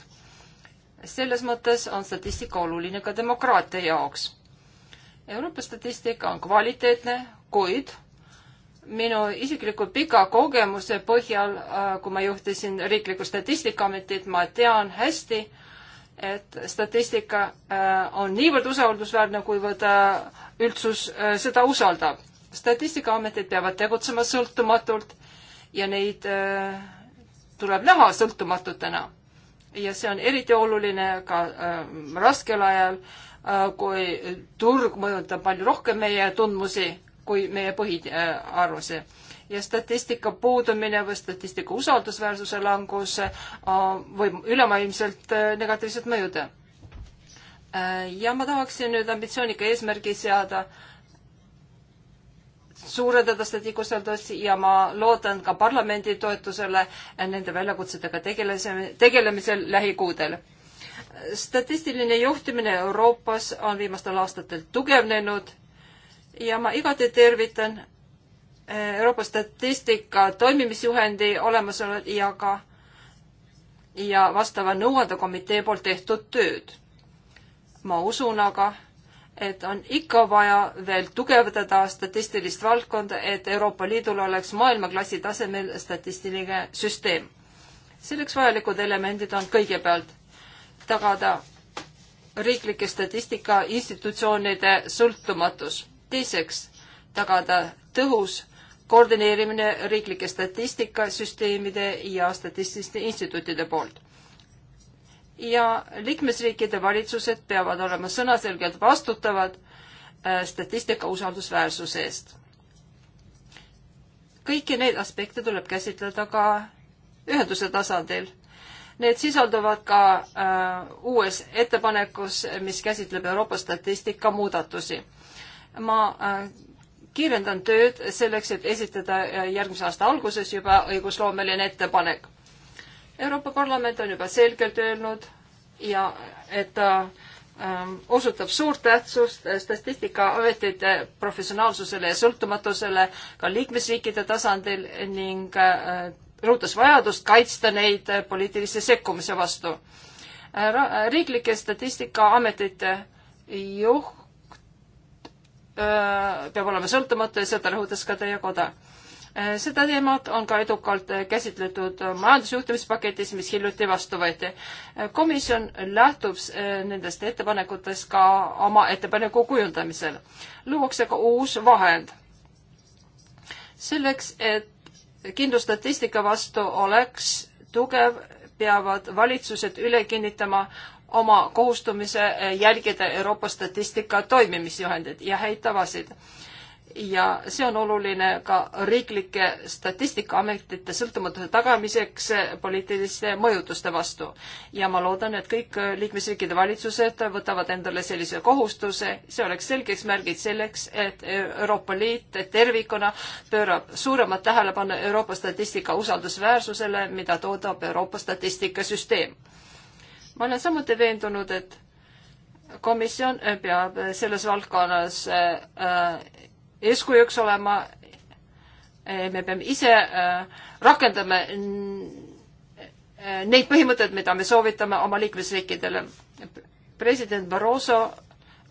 selles mõttes on statistika oluline ka demokraatia jaoks. Euroopa statistika on kvaliteetne, kuid minu isikliku pika kogemuse põhjal, äh, kui ma juhtisin Riiklikku Statistikaametit, ma tean hästi, et statistika äh, on niivõrd usaldusväärne, kuivõrd äh, üldsus seda usaldab. statistikaametid peavad tegutsema sõltumatult ja neid tuleb näha sõltumatutena. ja see on eriti oluline ka raskel ajal, kui turg mõjutab palju rohkem meie tundmusi kui meie põhiarvuse. ja statistika puudumine või statistika usaldusväärsuse langus äh, võib ülemaailmselt äh, negatiivselt mõjuda. Äh, ja ma tahaksin nüüd ambitsioonika eesmärgi seada suurendada statistikusaldust ja ma loodan ka parlamendi toetusele nende väljakutsetega tegelemise, tegelemisel lähikuudel. statistiline juhtimine Euroopas on viimastel aastatel tugevnenud ja ma igati tervitan eh, Euroopa statistika toimimisjuhendi olemasolu ja ka ja vastava nõuandekomitee poolt tehtud tööd. ma usun aga, et on ikka vaja veel tugevdada statistilist valdkonda, et Euroopa Liidul oleks maailmaklassi tasemel statistiline süsteem. selleks vajalikud elemendid on kõigepealt tagada riiklike statistikainstitutsioonide sõltumatus teiseks, tagada tõhus koordineerimine riiklike statistikasüsteemide ja statistiliste instituutide poolt. ja liikmesriikide valitsused peavad olema sõnaselgelt vastutavad äh, statistika usaldusväärsuse eest. kõiki neid aspekte tuleb käsitleda ka ühenduse tasandil. Need sisalduvad ka äh, uues ettepanekus, mis käsitleb Euroopa statistika muudatusi ma äh, kiirendan tööd selleks, et esitada äh, järgmise aasta alguses juba õigusloomeline ettepanek. Euroopa Parlament on juba selgelt öelnud ja et ta äh, ähm, osutab suurt tähtsust statistikaametite professionaalsusele ja sõltumatusele ka liikmesriikide tasandil ning rõhutas vajadust kaitsta neid poliitilise sekkumise vastu. riiklike statistikaametite juht Äh, peab olema sõltumatu ja seda rõhutas ka teie koda. Äh, seda teemat on ka edukalt äh, käsitletud majandusjuhtimispaketis, mis hiljuti vastu võeti. komisjon lähtub nendest ettepanekutest ka oma ettepaneku kujundamisel. luuakse ka uus vahend. selleks, et kindlustatistika vastu oleks tugev, peavad valitsused üle kinnitama oma kohustumise eh, jälgida Euroopa statistika toimimisjuhendit ja häid tavasid. ja see on oluline ka riiklike statistikaametite sõltumatuse tagamiseks eh, poliitiliste mõjutuste vastu. ja ma loodan, et kõik eh, liikmesriikide valitsused võtavad endale sellise kohustuse, see oleks selgeks märgid selleks, et Euroopa Liit tervikuna pöörab suuremat tähelepanu Euroopa statistika usaldusväärsusele, mida toodab Euroopa statistikasüsteem ma olen samuti veendunud, et komisjon peab selles valdkonnas äh, eeskujuks olema. Äh, me peame ise äh, rakendama neid põhimõtteid, mida me soovitame oma liikmesriikidele. president Barroso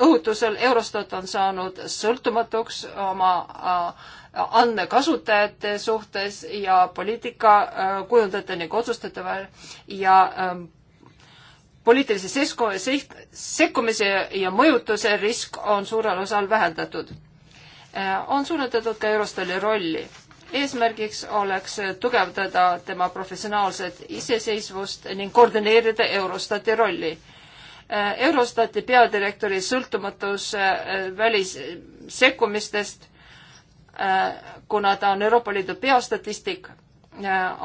õhutusel Eurostat on saanud sõltumatuks oma andmekasutajate suhtes ja poliitika kujundajate ning otsustajate vahel ja ähm, poliitilise sesku, siht, sekkumise ja mõjutuse risk on suurel osal vähendatud. Äh, on suurendatud ka Eurostali rolli. eesmärgiks oleks tugevdada tema professionaalset iseseisvust ning koordineerida Eurostati rolli. Äh, Eurostati peadirektori sõltumatus äh, välissekkumistest, kuna ta on Euroopa Liidu peastatistik,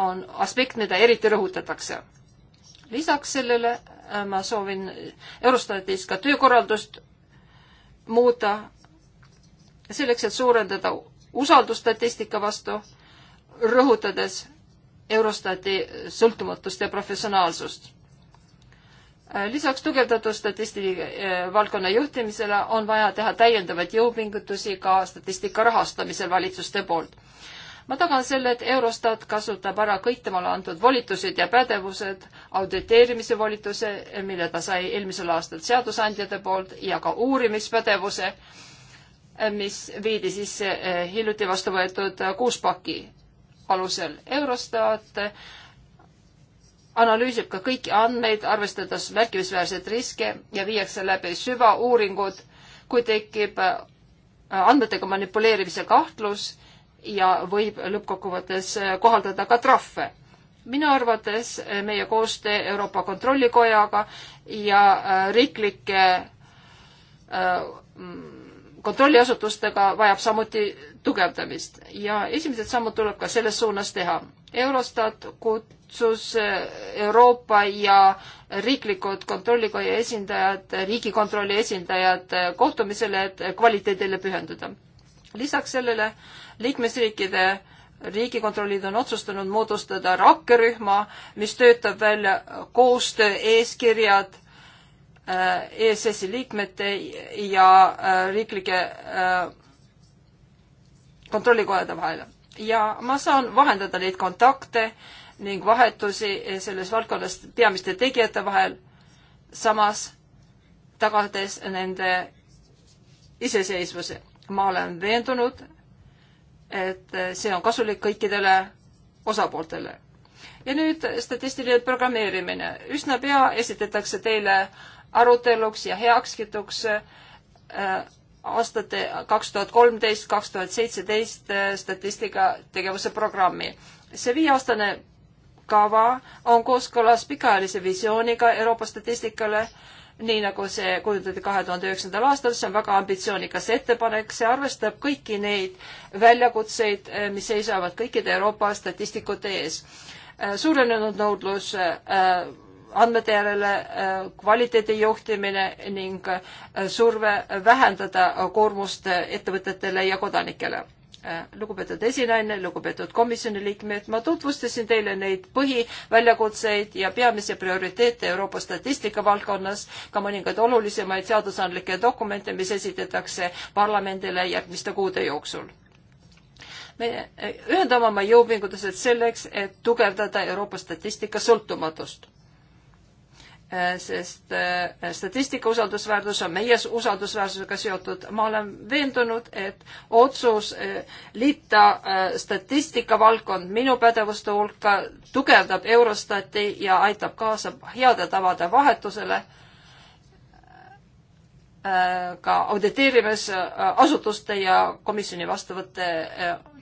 on aspekt, mida eriti rõhutatakse lisaks sellele ma soovin Eurostatis ka töökorraldust muuta selleks, et suurendada usaldust statistika vastu, rõhutades Eurostati sõltumatust ja professionaalsust. lisaks tugevdatud statistika eh, valdkonna juhtimisele on vaja teha täiendavaid jõupingutusi ka statistika rahastamisel valitsuste poolt ma tagan selle, et Eurostat kasutab ära kõik temale antud volitused ja pädevused, auditeerimise volituse, mille ta sai eelmisel aastal seadusandjate poolt ja ka uurimispädevuse, mis viidi sisse eh, hiljuti vastu võetud kuuspaki alusel. Eurostat eh, analüüsib ka kõiki andmeid, arvestades märkimisväärseid riske ja viiakse läbi süvauuringud, kui tekib eh, andmetega manipuleerimise kahtlus ja võib lõppkokkuvõttes äh, kohaldada ka trahve. minu arvates äh, meie koostöö Euroopa Kontrollikojaga ja äh, riiklike mm, kontrolliasutustega vajab samuti tugevdamist ja esimesed sammud tuleb ka selles suunas teha. Eurostat kutsus Euroopa ja riiklikud kontrollikoja esindajad, riigikontrolli esindajad kohtumisele, et kvaliteedile pühenduda. lisaks sellele äh, liikmesriikide riigikontrollid on otsustanud moodustada rakkerühma, mis töötab välja koostööeeskirjad äh, ESS-i liikmete ja äh, riiklike äh, kontrollikojade vahel. ja ma saan vahendada neid kontakte ning vahetusi selles valdkonnas peamiste tegijate vahel, samas tagades nende iseseisvuse. ma olen veendunud, et see on kasulik kõikidele osapooltele. ja nüüd statistiline programmeerimine. üsna pea esitatakse teile aruteluks ja heakskiduks äh, aastate kaks tuhat kolmteist, kaks tuhat seitseteist äh, statistika tegevuse programmi. see viieaastane kava on kooskõlas pikaajalise visiooniga Euroopa statistikale nii nagu see kujundati kahe tuhande üheksandal aastal, see on väga ambitsioonikas ettepanek, see arvestab kõiki neid väljakutseid, eh, mis seisavad kõikide Euroopa statistikute ees. Eh, suurenenud nõudlus eh, andmete järele, kvaliteedi juhtimine ning surve vähendada koormust ettevõtetele ja kodanikele Äh, lugupeetud esinaine, lugupeetud komisjoni liikmed, ma tutvustasin teile neid põhiväljakutseid ja peamisi prioriteete Euroopa statistika valdkonnas, ka mõningaid olulisemaid seadusandlikke dokumente, mis esitatakse parlamendile järgmiste kuude jooksul. me äh, ühendame oma jõupingutused selleks, et tugevdada Euroopa statistika sõltumatust Äh, sest äh, statistika usaldusväärsus on meie usaldusväärsusega seotud. ma olen veendunud, et otsus äh, liita statistikavaldkond minu pädevuste hulka tugevdab Eurostati ja aitab kaasa heade tavade vahetusele ka auditeerimisasutuste ja komisjoni vastuvõtte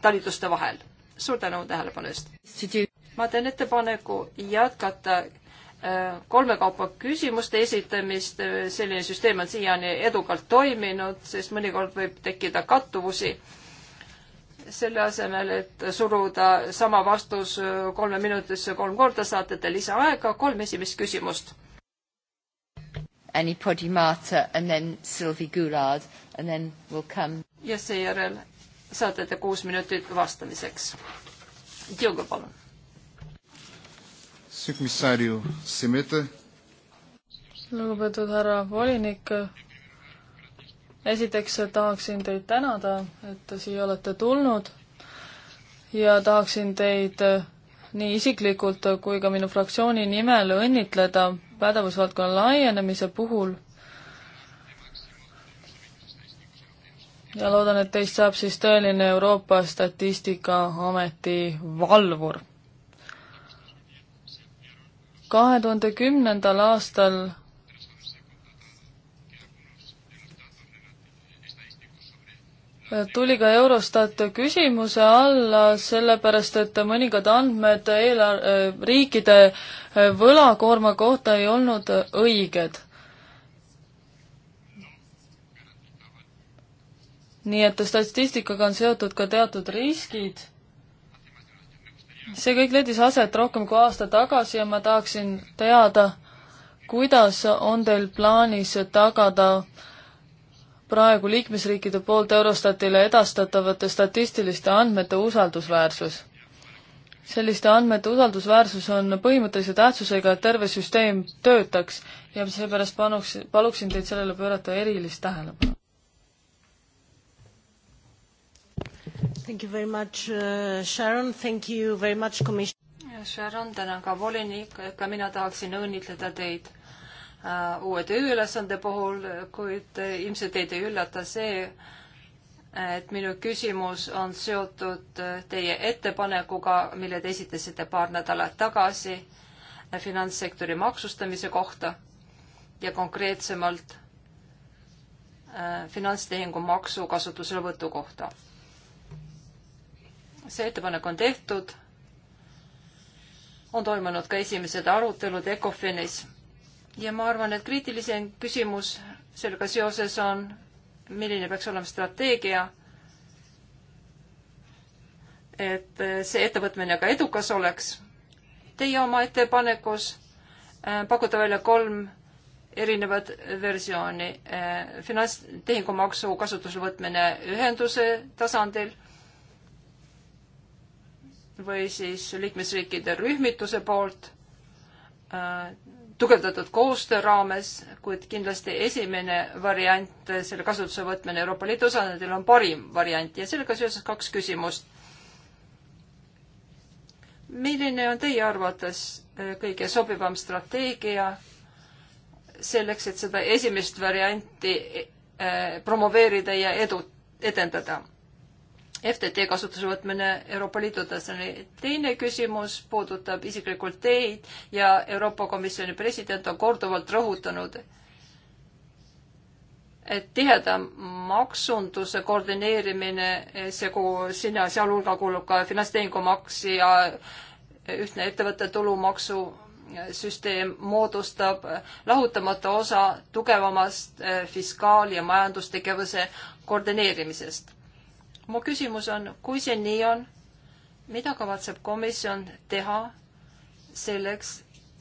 talituste vahel. suur tänu tähelepanu eest! ma teen ettepaneku jätkata kolme kaupa küsimuste esitamist, selline süsteem on siiani edukalt toiminud, sest mõnikord võib tekkida kattuvusi. selle asemel, et suruda sama vastus kolme minutisse kolm korda, saate te lisaaega, kolm esimest küsimust. Anni Podimata and then Sylvie Goulard and then we will come. ja seejärel saate te kuus minutit vastamiseks. Diogo, palun Sr. Comissário Semeta. lugupeetud härra volinik, esiteks tahaksin teid tänada, et te siia olete tulnud ja tahaksin teid nii isiklikult kui ka minu fraktsiooni nimel õnnitleda pädevusvaldkonna laienemise puhul. ja loodan, et teist saab siis tõeline Euroopa Statistikaameti valvur kahe tuhande kümnendal aastal tuli ka Eurostat küsimuse alla, sellepärast et mõningad andmed eelar-, riikide võlakoorma kohta ei olnud õiged. nii et statistikaga on seotud ka teatud riskid see kõik leidis aset rohkem kui aasta tagasi ja ma tahaksin teada, kuidas on teil plaanis tagada praegu liikmesriikide poolt Eurostatile edastatavate statistiliste andmete usaldusväärsus? selliste andmete usaldusväärsus on põhimõttelise tähtsusega, et terve süsteem töötaks ja seepärast panuks, paluksin teid sellele pöörata erilist tähelepanu. Thank you very much, uh, Sharon. Thank you very much, commission. Sharon, tänan ka volinik, ka mina tahaksin õnnitleda teid uh, uue tööülesande puhul, kuid uh, ilmselt teid ei üllata see, et minu küsimus on seotud teie ettepanekuga, mille te esitasite paar nädalat tagasi finantssektori maksustamise kohta ja konkreetsemalt finantstehingu maksu kasutuselevõtu kohta see ettepanek on tehtud, on toimunud ka esimesed arutelud ECOFINis ja ma arvan, et kriitilisem küsimus sellega seoses on, milline peaks olema strateegia, et see ettevõtmine ka edukas oleks. Teie oma ettepanekus äh, pakute välja kolm erinevat versiooni. Äh, finantstehingumaksu kasutusele võtmine ühenduse tasandil või siis liikmesriikide rühmituse poolt äh, tugevdatud koostöö raames, kuid kindlasti esimene variant, selle kasutuse võtmine Euroopa Liidu tasandil on parim variant ja sellega seoses kaks küsimust. milline on teie arvates äh, kõige sobivam strateegia selleks, et seda esimest varianti äh, promoveerida ja edu, edendada? FTT kasutuse võtmine Euroopa Liidu tasandil. teine küsimus puudutab isiklikult teid ja Euroopa Komisjoni president on korduvalt rõhutanud, et tiheda maksunduse koordineerimine, see kuhu sinna, sealhulga kuulub ka finantstehingumaks ja ühtne ettevõtte tulumaksu süsteem moodustab lahutamata osa tugevamast eh, fiskaal- ja majandustegevuse koordineerimisest mu küsimus on, kui see nii on, mida kavatseb komisjon teha selleks,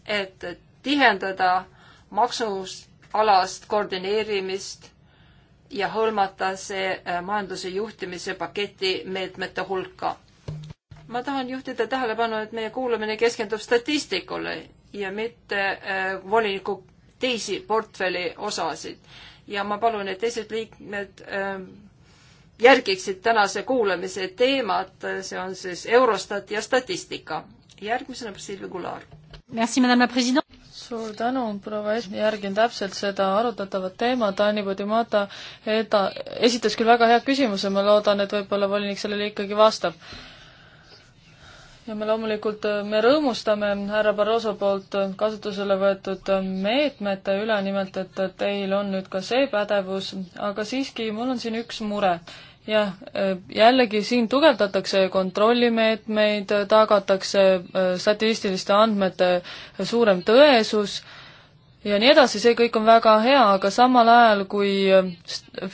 et tihendada maksualast koordineerimist ja hõlmata see äh, majanduse juhtimise paketi meetmete hulka. ma tahan juhtida tähelepanu, et meie kuulamine keskendub statistikule ja mitte äh, voliniku teisi portfelli osasid ja ma palun, et teised liikmed ähm, järgiksid tänase kuulamise teemat, see on siis Eurostat ja statistika. järgmisena Silvi Kular. suur tänu, proua Esmi, järgin täpselt seda arutatavat teemat, Anni Podimata eda-, esitas küll väga hea küsimuse, ma loodan, et võib-olla volinik sellele ikkagi vastab ja me loomulikult, äh, me rõõmustame härra Barroso poolt kasutusele võetud äh, meetmete üle, nimelt et äh, teil on nüüd ka see pädevus, aga siiski mul on siin üks mure jah, äh, jällegi siin tugevdatakse kontrollimeetmeid, tagatakse äh, statistiliste andmete äh, suurem tõesus ja nii edasi, see kõik on väga hea, aga samal ajal, kui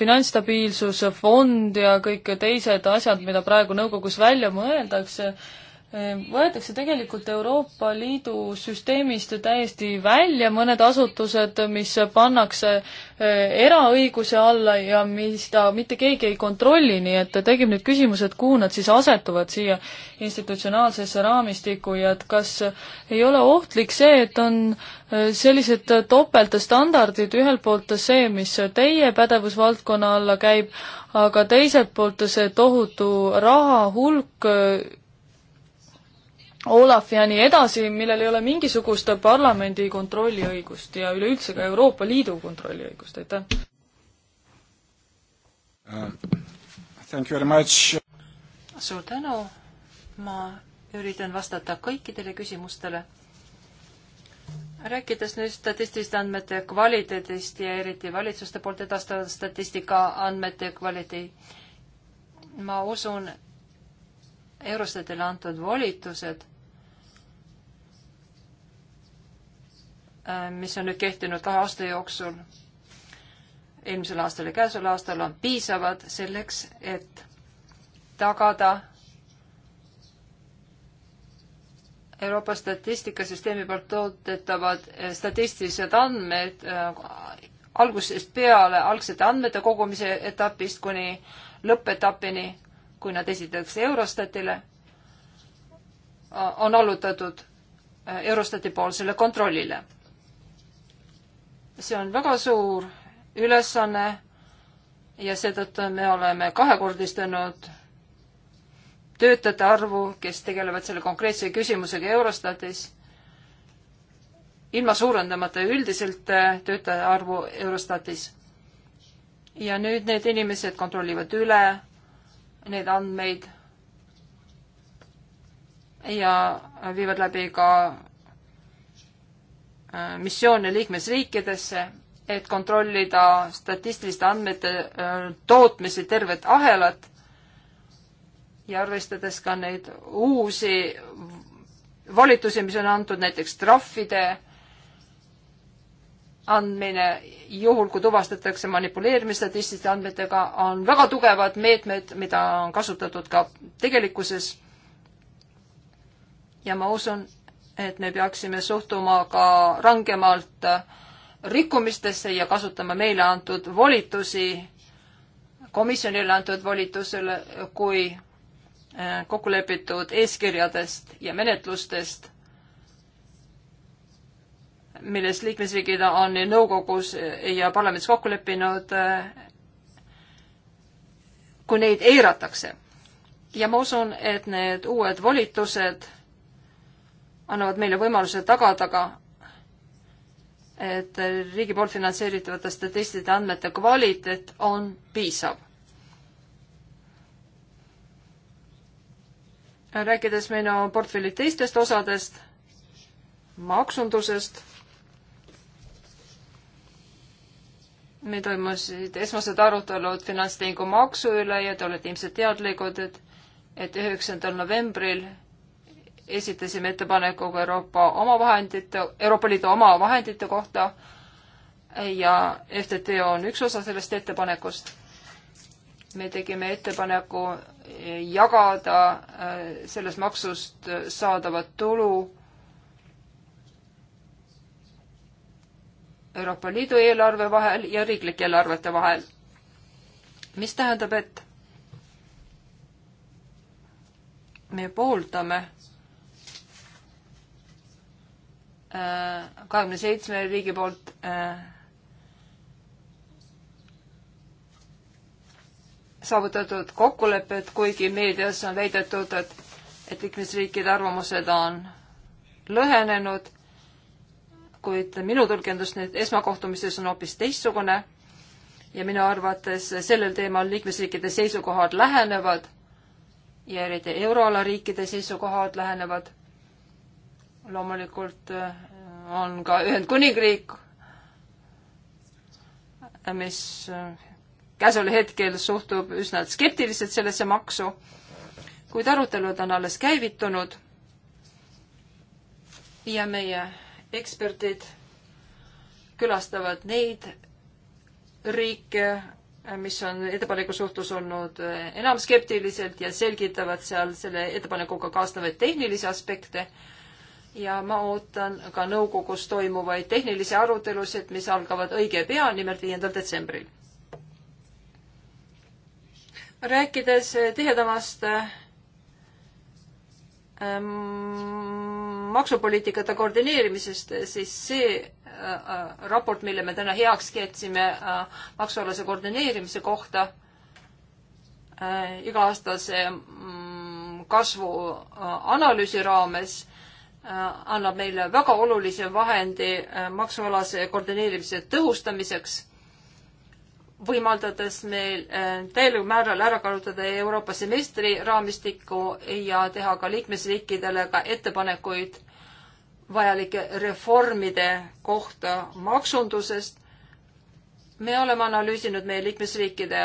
finantsstabiilsusfond ja kõik teised asjad, mida praegu nõukogus välja mõeldakse, Ehm, võetakse tegelikult Euroopa Liidu süsteemist täiesti välja mõned asutused, mis pannakse eh, eraõiguse alla ja mis ta mitte keegi ei kontrolli, nii et tekib nüüd küsimus, et kuhu nad siis asetuvad siia institutsionaalsesse raamistikku ja et kas ei ole ohtlik see, et on eh, sellised topeltstandardid, ühelt poolt see, mis teie pädevusvaldkonna alla käib, aga teiselt poolt see tohutu raha hulk eh, Olaf ja nii edasi, millel ei ole mingisugust parlamendi kontrolliõigust ja üleüldse ka Euroopa Liidu kontrolliõigust, aitäh uh,! Thank you very much! suur tänu, ma üritan vastata kõikidele küsimustele. rääkides nüüd statistiliste andmete kvaliteedist ja eriti valitsuste poolt edastatud statistika andmete kvaliteedi, ma usun, Eurostatile antud volitused, äh, mis on nüüd kehtinud kahe aasta jooksul, eelmisel aastal ja käesoleval aastal, on piisavad selleks, et tagada Euroopa statistikasüsteemi poolt toodetavad äh, statistilised andmed äh, algusest peale algsete andmete kogumise etapist kuni lõppetapini kui nad esitatakse Eurostatile, on allutatud äh, Eurostati poolsele kontrollile. see on väga suur ülesanne ja seetõttu me oleme kahekordistanud töötajate arvu, kes tegelevad selle konkreetse küsimusega Eurostatis, ilma suurendamata üldiselt äh, töötaja arvu Eurostatis. ja nüüd need inimesed kontrollivad üle neid andmeid ja viivad läbi ka äh, missioone liikmesriikidesse, et kontrollida statistiliste andmete äh, tootmise tervet ahelat ja arvestades ka neid uusi volitusi, mis on antud näiteks trahvide andmine, juhul kui tuvastatakse manipuleerimist statististe andmetega, on väga tugevad meetmed, mida on kasutatud ka tegelikkuses. ja ma usun, et me peaksime suhtuma ka rangemalt rikkumistesse ja kasutama meile antud volitusi, komisjonile antud volitusele, kui eh, kokku lepitud eeskirjadest ja menetlustest milles liikmesriigid on nii nõukogus ja parlamendis kokku leppinud, kui neid eiratakse. ja ma usun, et need uued volitused annavad meile võimaluse tagada ka, et riigi poolt finantseeritavate statistide andmete kvaliteet on piisav. rääkides minu portfelli teistest osadest, maksundusest meil toimusid esmased arutelud finantstehingu maksu üle ja te olete ilmselt teadlikud, et, et üheksandal novembril esitasime ettepaneku ka Euroopa omavahendite, Euroopa Liidu omavahendite kohta ja FTT on üks osa sellest ettepanekust. me tegime ettepaneku jagada äh, sellest maksust saadavat tulu Euroopa Liidu eelarve vahel ja riiklike eelarvete vahel. mis tähendab, et me pooldame äh, kahekümne seitsme riigi poolt äh, saavutatud kokkulepped, kuigi meedias on väidetud, et, et liikmesriikide arvamused on lõhenenud kuid minu tõlgendus nüüd esmakohtumises on hoopis teistsugune ja minu arvates sellel teemal liikmesriikide seisukohad lähenevad ja eriti euroala riikide seisukohad lähenevad. loomulikult äh, on ka Ühendkuningriik, mis äh, käesoleval hetkel suhtub üsna skeptiliselt sellesse maksu, kuid arutelud on alles käivitunud ja meie eksperdid külastavad neid riike, mis on ettepaneku suhtes olnud enam skeptiliselt ja selgitavad seal selle ettepanekuga kaasnevaid tehnilisi aspekte. ja ma ootan ka nõukogus toimuvaid tehnilisi arutelusid, mis algavad õige pea, nimelt viiendal detsembril. rääkides tihedamast Ähm, maksupoliitikate koordineerimisest, siis see äh, äh, raport, mille me täna heaks kiitsime äh, maksualase koordineerimise kohta, iga-aastase mm, kasvu analüüsi raames, annab meile väga olulise vahendi maksualase koordineerimise tõhustamiseks võimaldades meil äh, täielikul määral ära kasutada Euroopa semestri raamistikku ja teha ka liikmesriikidele ka ettepanekuid vajalike reformide kohta maksundusest. me oleme analüüsinud meie liikmesriikide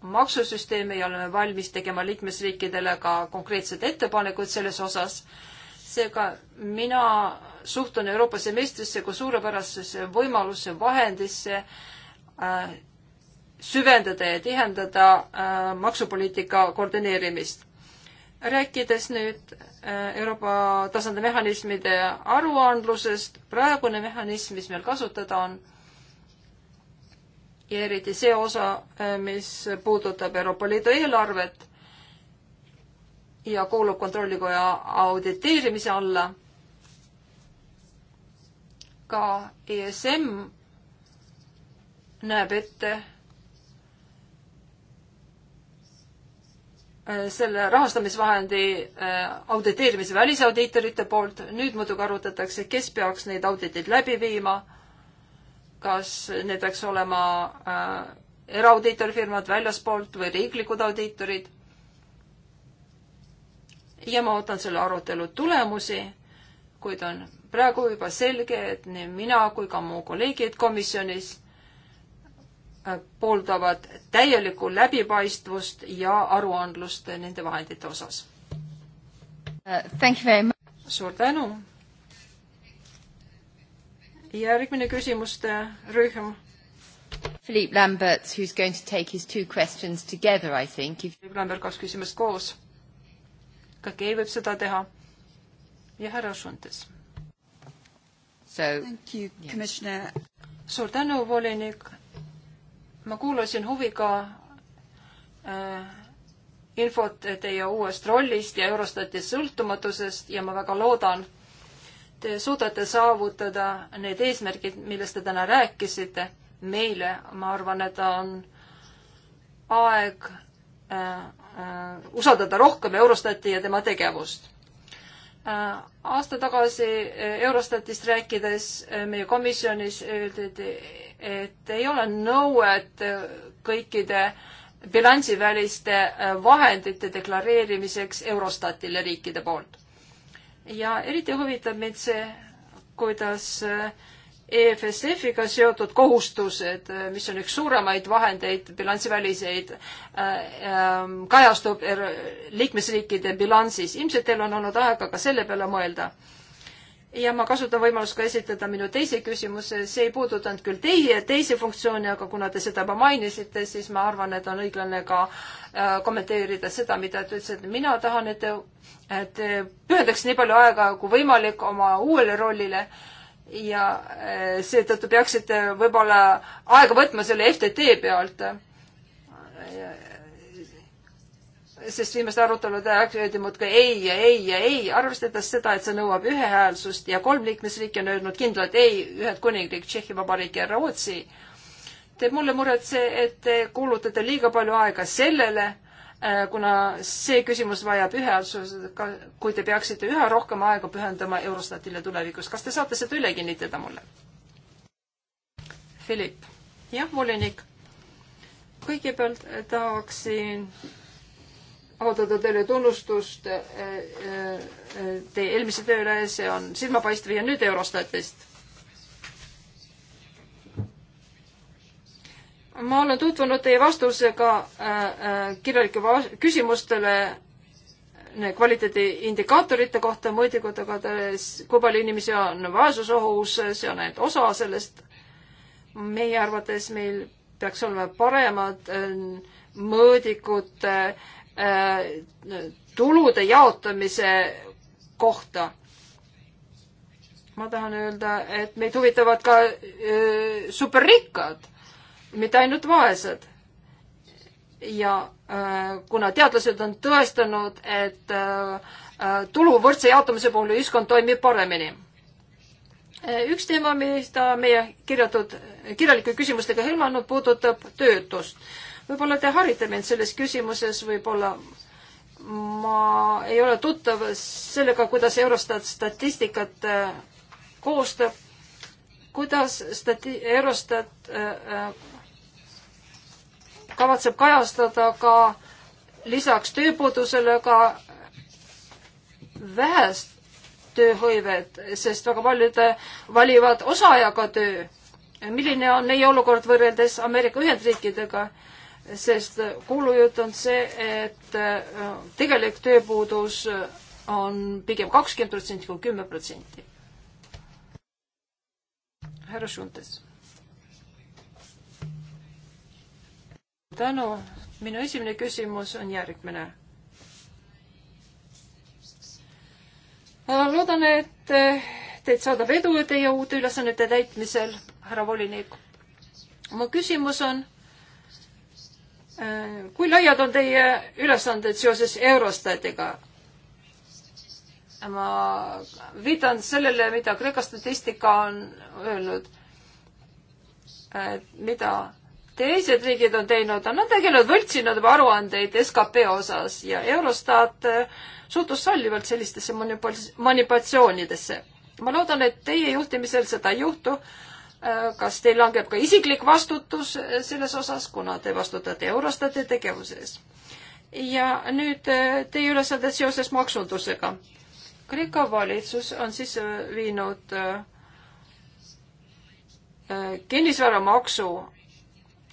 maksusüsteemi ja oleme valmis tegema liikmesriikidele ka konkreetsed ettepanekud selles osas. seega mina suhtun Euroopa semestrisse kui suurepärasesse võimalusse, vahendisse äh, süvendada ja tihendada äh, maksupoliitika koordineerimist. rääkides nüüd äh, Euroopa tasandi mehhanismide aruandlusest, praegune mehhanism, mis meil kasutada on, ja eriti see osa, äh, mis puudutab Euroopa Liidu eelarvet ja kuulub Kontrollikoja auditeerimise alla, ka ESM näeb ette selle rahastamisvahendi äh, auditeerimise välisaudiitorite poolt, nüüd muidugi arutatakse, kes peaks neid auditeid läbi viima, kas need peaks olema äh, eraaudiitorfirmad väljaspoolt või riiklikud audiitorid. ja ma ootan selle arutelu tulemusi, kuid on praegu juba selge, et nii mina kui ka mu kolleegid komisjonis pooldavad täielikku läbipaistvust ja aruandlust nende vahendite osas uh,. suur tänu. järgmine küsimuste rühm. Philippe Lambert, who's going to take his two questions together, I think. Philippe Lambert, kaks küsimust koos. ka Kei võib seda teha. ja härra Šuntes. So, Thank you, Commissioner. suur tänu, volinik ma kuulasin huviga äh, infot teie uuest rollist ja Eurostati sõltumatusest ja ma väga loodan, te suudate saavutada need eesmärgid, millest te täna rääkisite meile. ma arvan, et on aeg äh, äh, usaldada rohkem Eurostati ja tema tegevust äh, aasta tagasi eh, Eurostatist rääkides eh, meie komisjonis öeldi, et ei ole nõuet eh, kõikide bilansiväliste vahendite deklareerimiseks Eurostatile riikide poolt. ja eriti huvitab mind see, kuidas EFSF-iga seotud kohustused, mis on üks suuremaid vahendeid, bilansiväliseid äh,, ähm, kajastub er, liikmesriikide bilansis. ilmselt teil on olnud aega ka selle peale mõelda. ja ma kasutan võimalust ka esitada minu teise küsimuse, see ei puudutanud küll teie teisi funktsioone, aga kuna te seda juba mainisite, siis ma arvan, et on õiglane ka äh, kommenteerida seda, mida te ütlesite, mina tahan, et te, et te pühendaks nii palju aega kui võimalik oma uuele rollile äh, ja eh, seetõttu peaksite võib-olla aega võtma selle FTT pealt. sest viimaste arutelude ajal öeldi muudkui ei ja ei ja ei, arvestades seda, et see nõuab ühehäälsust ja kolm liikmesriiki on öelnud kindlalt ei, Ühendkuningriik, Tšehhi Vabariik ja Rootsi, teeb mulle muret see, et te kulutate liiga palju aega sellele Äh, kuna see küsimus vajab üheaastast, kui te peaksite üha rohkem aega pühendama Eurostatile tulevikus, kas te saate seda üle kinnitada mulle? Philipp. jah, volinik. kõigepealt äh, tahaksin avaldada teile tunnustust äh, teie eelmise töö üle, see on silmapaistev ja nüüd Eurostatist ma olen tutvunud teie vastusega äh, äh, kirjalike vas küsimustele kvaliteediindikaatorite kohta, muidugi aga kui palju inimesi on vaesusohus, see on ainult osa sellest. meie arvates meil peaks olema paremad äh, mõõdikud tulude jaotamise kohta ma tahan öelda, et meid huvitavad ka superrikkad mitte ainult vaesed. ja äh, kuna teadlased on tõestanud, et äh, äh, tulu võrdse jaotamise puhul ühiskond toimib paremini. üks teema, mis ta meie kirjatud, kirjalike küsimustega hõlmanud, puudutab töötust. võib-olla te harite mind selles küsimuses, võib-olla ma ei ole tuttav sellega, kuidas Eurostat statistikat koostab, kuidas stati-, Eurostat kavatseb kajastada ka lisaks tööpuudusele ka vähest tööhõivet, sest väga paljud valivad osaajaga töö. milline on meie olukord võrreldes Ameerika Ühendriikidega? sest kuulujutt on see, et äh, tegelik tööpuudus on pigem kakskümmend protsenti kui kümme protsenti. härra Šuntes tänu. minu esimene küsimus on järgmine. loodan, et eh, teid saadab edu teie uute ülesannete täitmisel, härra volinik. mu küsimus on, eh, kui laiad on teie ülesanded seoses Eurostatiga? ma viitan sellele, mida Kreeka statistika on öelnud, eh, mida teised riigid on teinud, nad on tegelikult võltsinud juba aruandeid skp osas ja Eurostat äh, suhtus sallivalt sellistesse manipulatsioonidesse. ma loodan, et teie juhtimisel seda ei juhtu. Äh, kas teil langeb ka isiklik vastutus äh, selles osas, kuna te vastutate Eurostati tegevuse eest? ja nüüd teie ülesanded seoses maksundusega. Kreeka valitsus on sisse viinud kinnisvaramaksu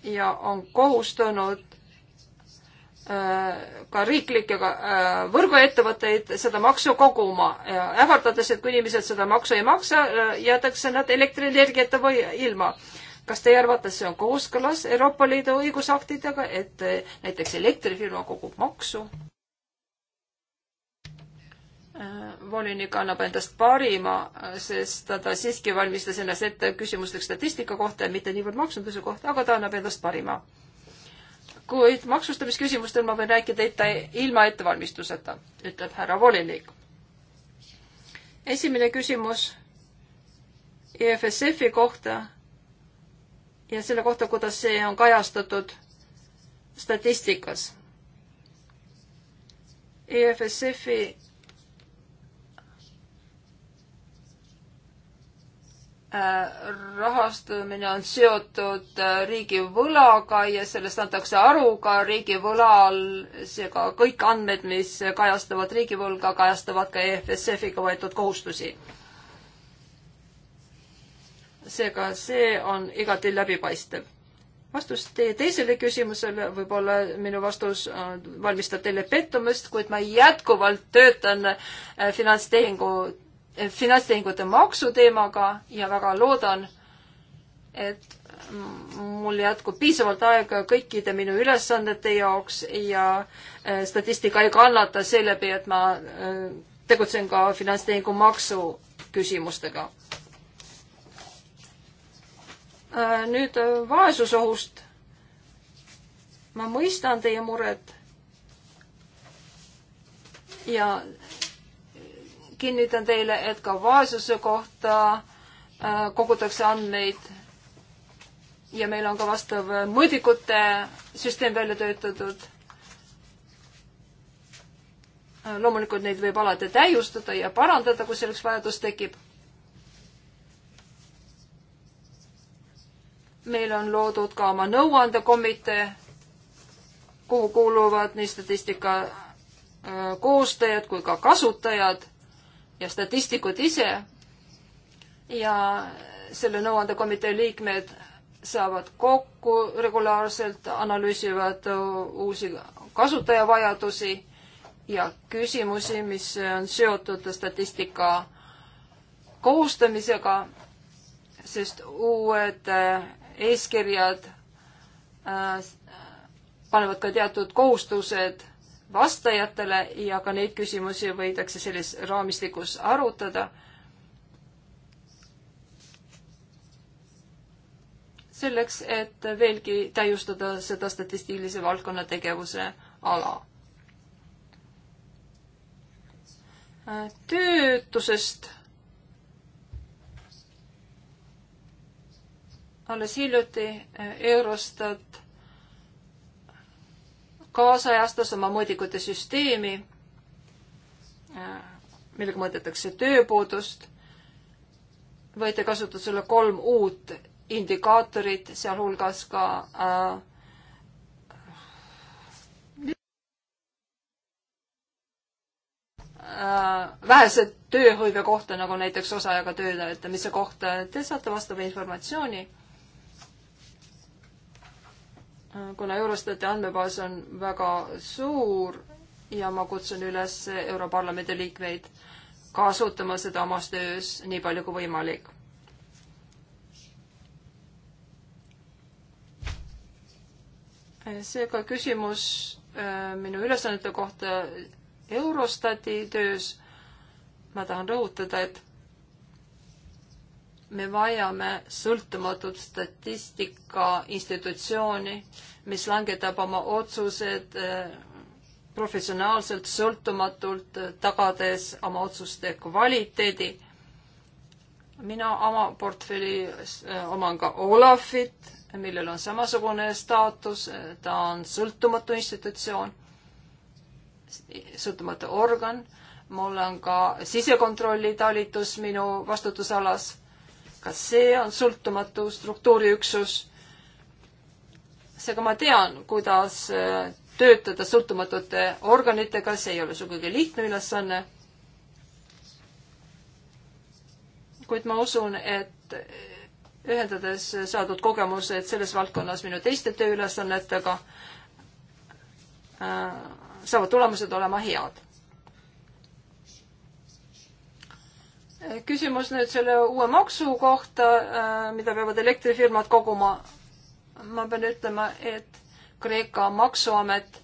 ja on kohustunud äh, ka riiklikke äh, võrguettevõtteid seda maksu koguma, ähvardades, et kui inimesed seda maksu ei maksa, äh, jäetakse nad elektrienergiata või ilma. kas teie arvates see on kooskõlas Euroopa Liidu õigusaktidega, et näiteks elektrifirma kogub maksu? Äh, volinik annab endast parima, äh, sest ta, ta siiski valmistas ennast ette küsimusteks statistika kohta ja mitte niivõrd maksunduse kohta, aga ta annab endast parima. kuid maksustamisküsimustel ma võin rääkida ette, ilma ettevalmistuseta, ütleb härra volinik. esimene küsimus EFSF-i kohta ja selle kohta, kuidas see on kajastatud statistikas. EFSF-i rahastamine on seotud äh, riigivõlaga ja sellest antakse aru ka riigivõla all, seega kõik andmed, mis kajastavad riigivõlga, kajastavad ka EFSF-iga võetud kohustusi. seega see on igati läbipaistev. vastus teie teisele küsimusele, võib-olla minu vastus äh, valmistab teile pettumust, kuid ma jätkuvalt töötan äh, finantstehingu finantstehingute maksu teemaga ja väga loodan, et mul jätkub piisavalt aega kõikide minu ülesannete jaoks ja äh, statistika ei kannata seeläbi, et ma äh, tegutsen ka finantstehingu maksu küsimustega. Äh, nüüd vaesusohust. ma mõistan teie muret ja kinnitan teile, et ka vaesuse kohta äh, kogutakse andmeid ja meil on ka vastav mõõdikute süsteem välja töötatud. Äh, loomulikult neid võib alati täiustada ja parandada, kui selleks vajadus tekib. meil on loodud ka oma nõuandekomitee, kuhu kuuluvad nii statistika äh, koostajad kui ka kasutajad ja statistikud ise ja selle nõuandekomitee liikmed saavad kokku regulaarselt, analüüsivad uusi kasutajavajadusi ja küsimusi, mis on seotud statistika koostamisega, sest uued äh, eeskirjad äh, panevad ka teatud kohustused vastajatele ja ka neid küsimusi võidakse selles raamistikus arutada. selleks, et veelgi täiustada seda statistilise valdkonna tegevuse ala. töötusest alles hiljuti Eurostat kaasajastas oma mõõdikute süsteemi, millega mõõdetakse tööpuudust, võeti kasutusele kolm uut indikaatorit, sealhulgas ka äh, äh, vähese tööhõive kohta, nagu näiteks osaajaga töötajate, mis see koht, te saate vastava informatsiooni Äh, kuna Eurostati andmebaas on väga suur ja ma kutsun üles Europarlamendi liikmeid kasutama seda omas töös nii palju kui võimalik. Äh, seega küsimus äh, minu ülesannete kohta Eurostati töös. ma tahan rõhutada, et me vajame sõltumatut statistika institutsiooni, mis langetab oma otsused eh, professionaalselt, sõltumatult, eh, tagades oma otsuste kvaliteedi. mina oma portfellis eh, oman ka Olafit, millel on samasugune staatus, ta on sõltumatu institutsioon, sõltumatu organ, mul on ka sisekontrolli talitus minu vastutusalas ka see on sõltumatu struktuuriüksus. seega ma tean, kuidas äh, töötada sõltumatute organitega, see ei ole sugugi lihtne ülesanne. kuid ma usun, et äh, ühendades saadud kogemused selles valdkonnas minu teiste tööülesannetega, äh, saavad tulemused olema head küsimus nüüd selle uue maksu kohta, äh, mida peavad elektrifirmad koguma. ma pean ütlema, et Kreeka maksuamet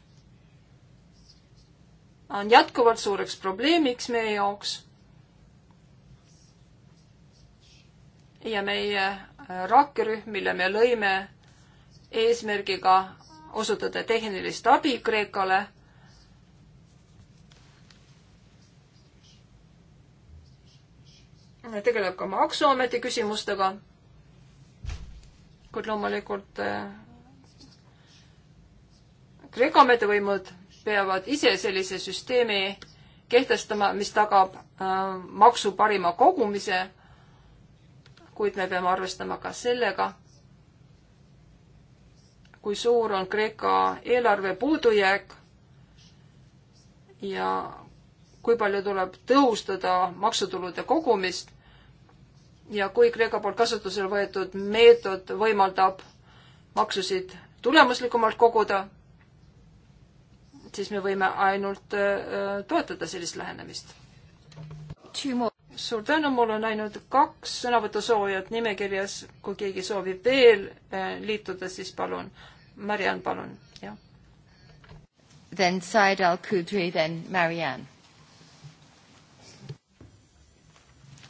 on jätkuvalt suureks probleemiks meie jaoks ja meie äh, rakkerühm, mille me lõime eesmärgiga osutada tehnilist abi Kreekale tegeleb ka Maksuameti küsimustega, kuid loomulikult eh, Kreeka ametivõimud peavad ise sellise süsteemi kehtestama, mis tagab äh, maksu parima kogumise, kuid me peame arvestama ka sellega, kui suur on Kreeka eelarve puudujääk ja kui palju tuleb tõhustada maksutulude kogumist ja kui Kreeka poolt kasutusele võetud meetod võimaldab maksusid tulemuslikumalt koguda, siis me võime ainult äh, toetada sellist lähenemist. suur tänu, mul on ainult kaks sõnavõtusoojat nimekirjas, kui keegi soovib veel äh, liituda, siis palun. Mariann, palun, jah. Then Said Al-Qudri, then Marianne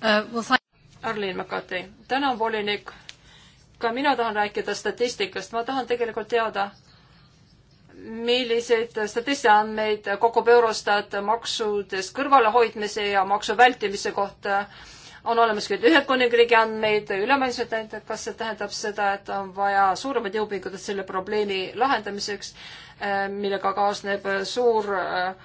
uh,. Well, Arlene McCarthy. tänan, volinik. ka mina tahan rääkida statistikast. ma tahan tegelikult teada, milliseid statistikaandmeid kogub Eurostat maksudest kõrvalehoidmise ja maksu vältimise kohta. on olemas küll Ühendkuningriigi andmeid, ülemaailmsed näitajad, kas see tähendab seda, et on vaja suuremaid jõupingutusi selle probleemi lahendamiseks, millega kaasneb suur äh,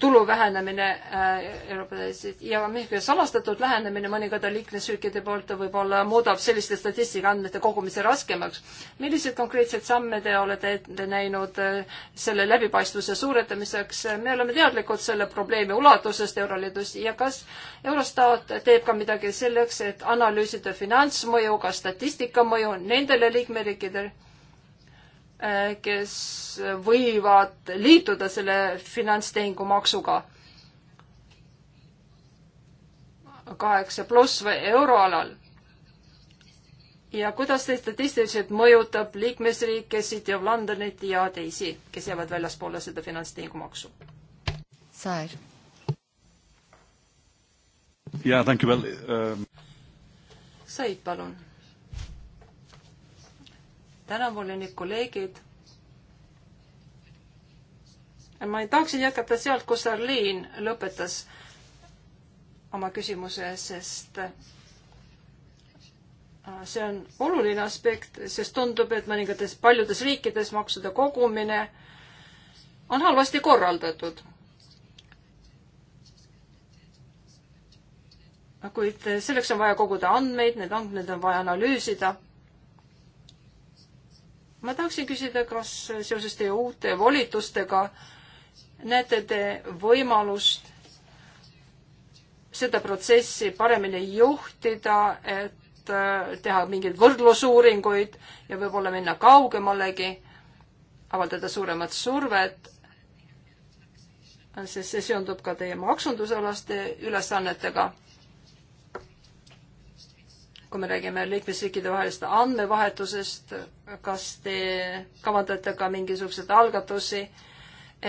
tulu vähenemine äh, Euroopas ja mingi salastatud lähenemine mõningate liikmesriikide poolt võib-olla muudab selliste statistika andmete kogumise raskemaks. milliseid konkreetseid samme te olete ette näinud äh, selle läbipaistvuse suurendamiseks? me oleme teadlikud selle probleemi ulatusest Euroliidus ja kas Eurostat teeb ka midagi selleks, et analüüsida finantsmõju, ka statistika mõju nendele liikmeriikidele Äh, kes võivad liituda selle finantstehingu maksuga. kaheksa pluss või euroalal. ja kuidas see statistiliselt mõjutab liikmesriike, City of Londonit ja teisi, kes jäävad väljaspoole seda finantstehingu maksu? Saar. jaa, tänku veel um.... Said, palun tänan, volinik, kolleegid. ma tahaksin jätkata sealt, kus Arliin lõpetas oma küsimuse, sest äh, see on oluline aspekt, sest tundub, et mõningates paljudes riikides maksude kogumine on halvasti korraldatud. kuid selleks on vaja koguda andmeid, need andmed on vaja analüüsida ma tahaksin küsida, kas seoses teie uute volitustega näete te võimalust seda protsessi paremini juhtida, et äh, teha mingeid võrdlusuuringuid ja võib-olla minna kaugemalegi, avaldada suuremat survet, sest see seondub ka teie maksundusalaste ülesannetega kui me räägime liikmesriikide vahelist andmevahetusest, kas te kavandate ka mingisuguseid algatusi,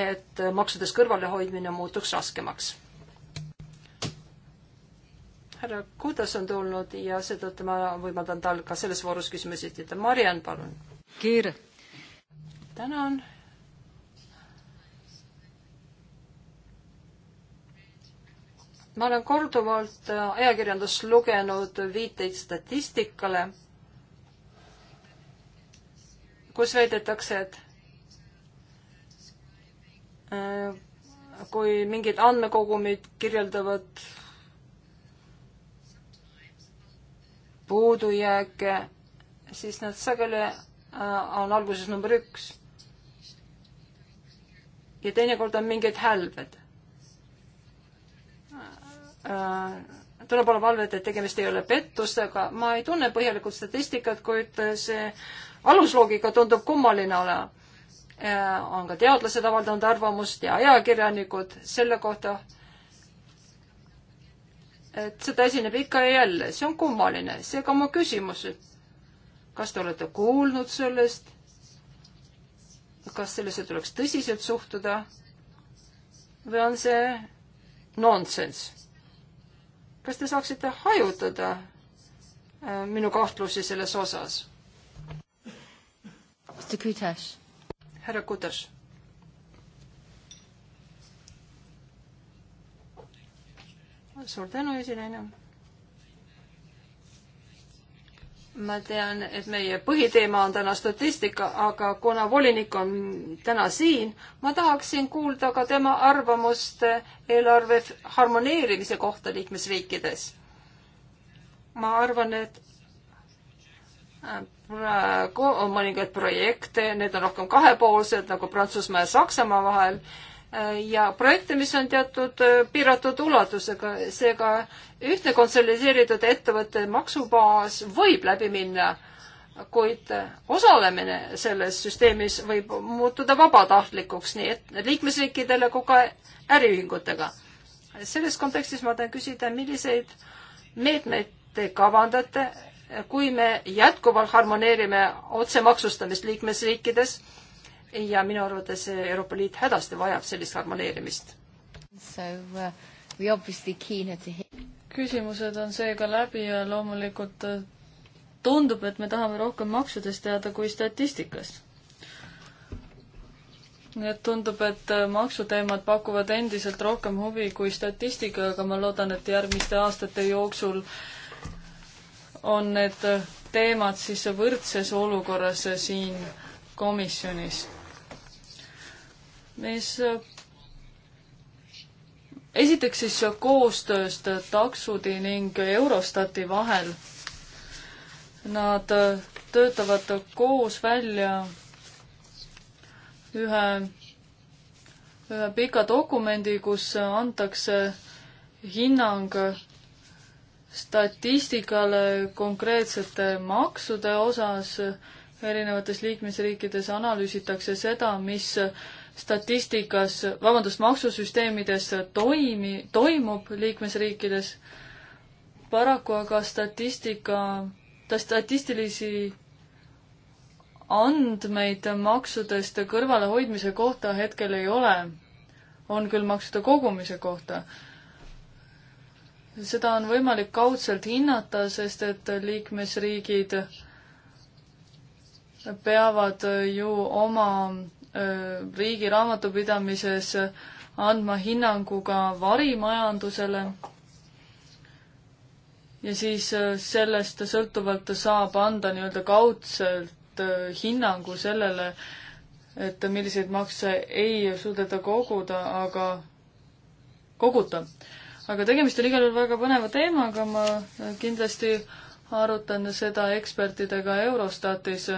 et maksudest kõrvalehoidmine muutuks raskemaks? härra Kudas on tulnud ja seetõttu ma võimaldan tal ka selles voorus küsimusi esitada. Mariann, palun. kiire. tänan, ma olen korduvalt äh, ajakirjandust lugenud viiteid statistikale, kus väidetakse, et äh, kui mingid andmekogumid kirjeldavad puudujääke, siis nad sageli äh, on alguses number üks. ja teinekord on mingid hälved Äh, tuleb olla valvet, et tegemist ei ole pettustega. ma ei tunne põhjalikult statistikat, kuid see alusloogika tundub kummaline olema. Äh, on ka teadlased avaldanud arvamust ja ajakirjanikud selle kohta, et seda esineb ikka ja jälle. see on kummaline. seega mu küsimus, et kas te olete kuulnud sellest? kas sellesse tuleks tõsiselt suhtuda? või on see nonsense? kas te saaksite hajutada äh, minu kahtlusi selles osas? härra Kutas. suur tänu, esinaine ma tean, et meie põhiteema on täna statistika, aga kuna volinik on täna siin, ma tahaksin kuulda ka tema arvamust eelarve harmoneerimise kohta liikmesriikides. ma arvan, et äh, praegu on mõningaid projekte, need on rohkem kahepoolsed nagu Prantsusmaa ja Saksamaa vahel ja projekte, mis on teatud äh, piiratud ulatusega, seega ühtne konsolideeritud ettevõtte maksubaas võib läbi minna, kuid osalemine selles süsteemis võib muutuda vabatahtlikuks nii et liikmesriikidele kui ka äriühingutega. selles kontekstis ma tahan küsida, milliseid meetmeid te kavandate, kui me jätkuvalt harmoneerime otsemaksustamist liikmesriikides ja minu arvates Euroopa Liit hädasti vajab sellist harmoneerimist. Uh, küsimused on seega läbi ja loomulikult äh, tundub, et me tahame rohkem maksudest teada kui statistikast. nii et tundub, et äh, maksuteemad pakuvad endiselt rohkem huvi kui statistika, aga ma loodan, et järgmiste aastate jooksul on need äh, teemad siis võrdses olukorras siin komisjonis mis äh, esiteks siis koostööst taksodi ning Eurostati vahel. Nad äh, töötavad koos välja ühe, ühe pika dokumendi, kus antakse hinnang statistikale konkreetsete maksude osas erinevates liikmesriikides analüüsitakse seda, mis statistikas, vabandust, maksusüsteemides toimi, toimub liikmesriikides. paraku aga statistika, ta statistilisi andmeid maksudest kõrvalehoidmise kohta hetkel ei ole. on küll maksude kogumise kohta. seda on võimalik kaudselt hinnata, sest et liikmesriigid peavad ju oma riigi raamatupidamises andma hinnangu ka varimajandusele. ja siis äh, sellest sõltuvalt saab anda nii-öelda kaudselt äh, hinnangu sellele, et milliseid makse ei suudeta koguda, aga, koguta. aga tegemist on igal juhul väga põneva teemaga, ma kindlasti arutan seda ekspertidega Eurostatis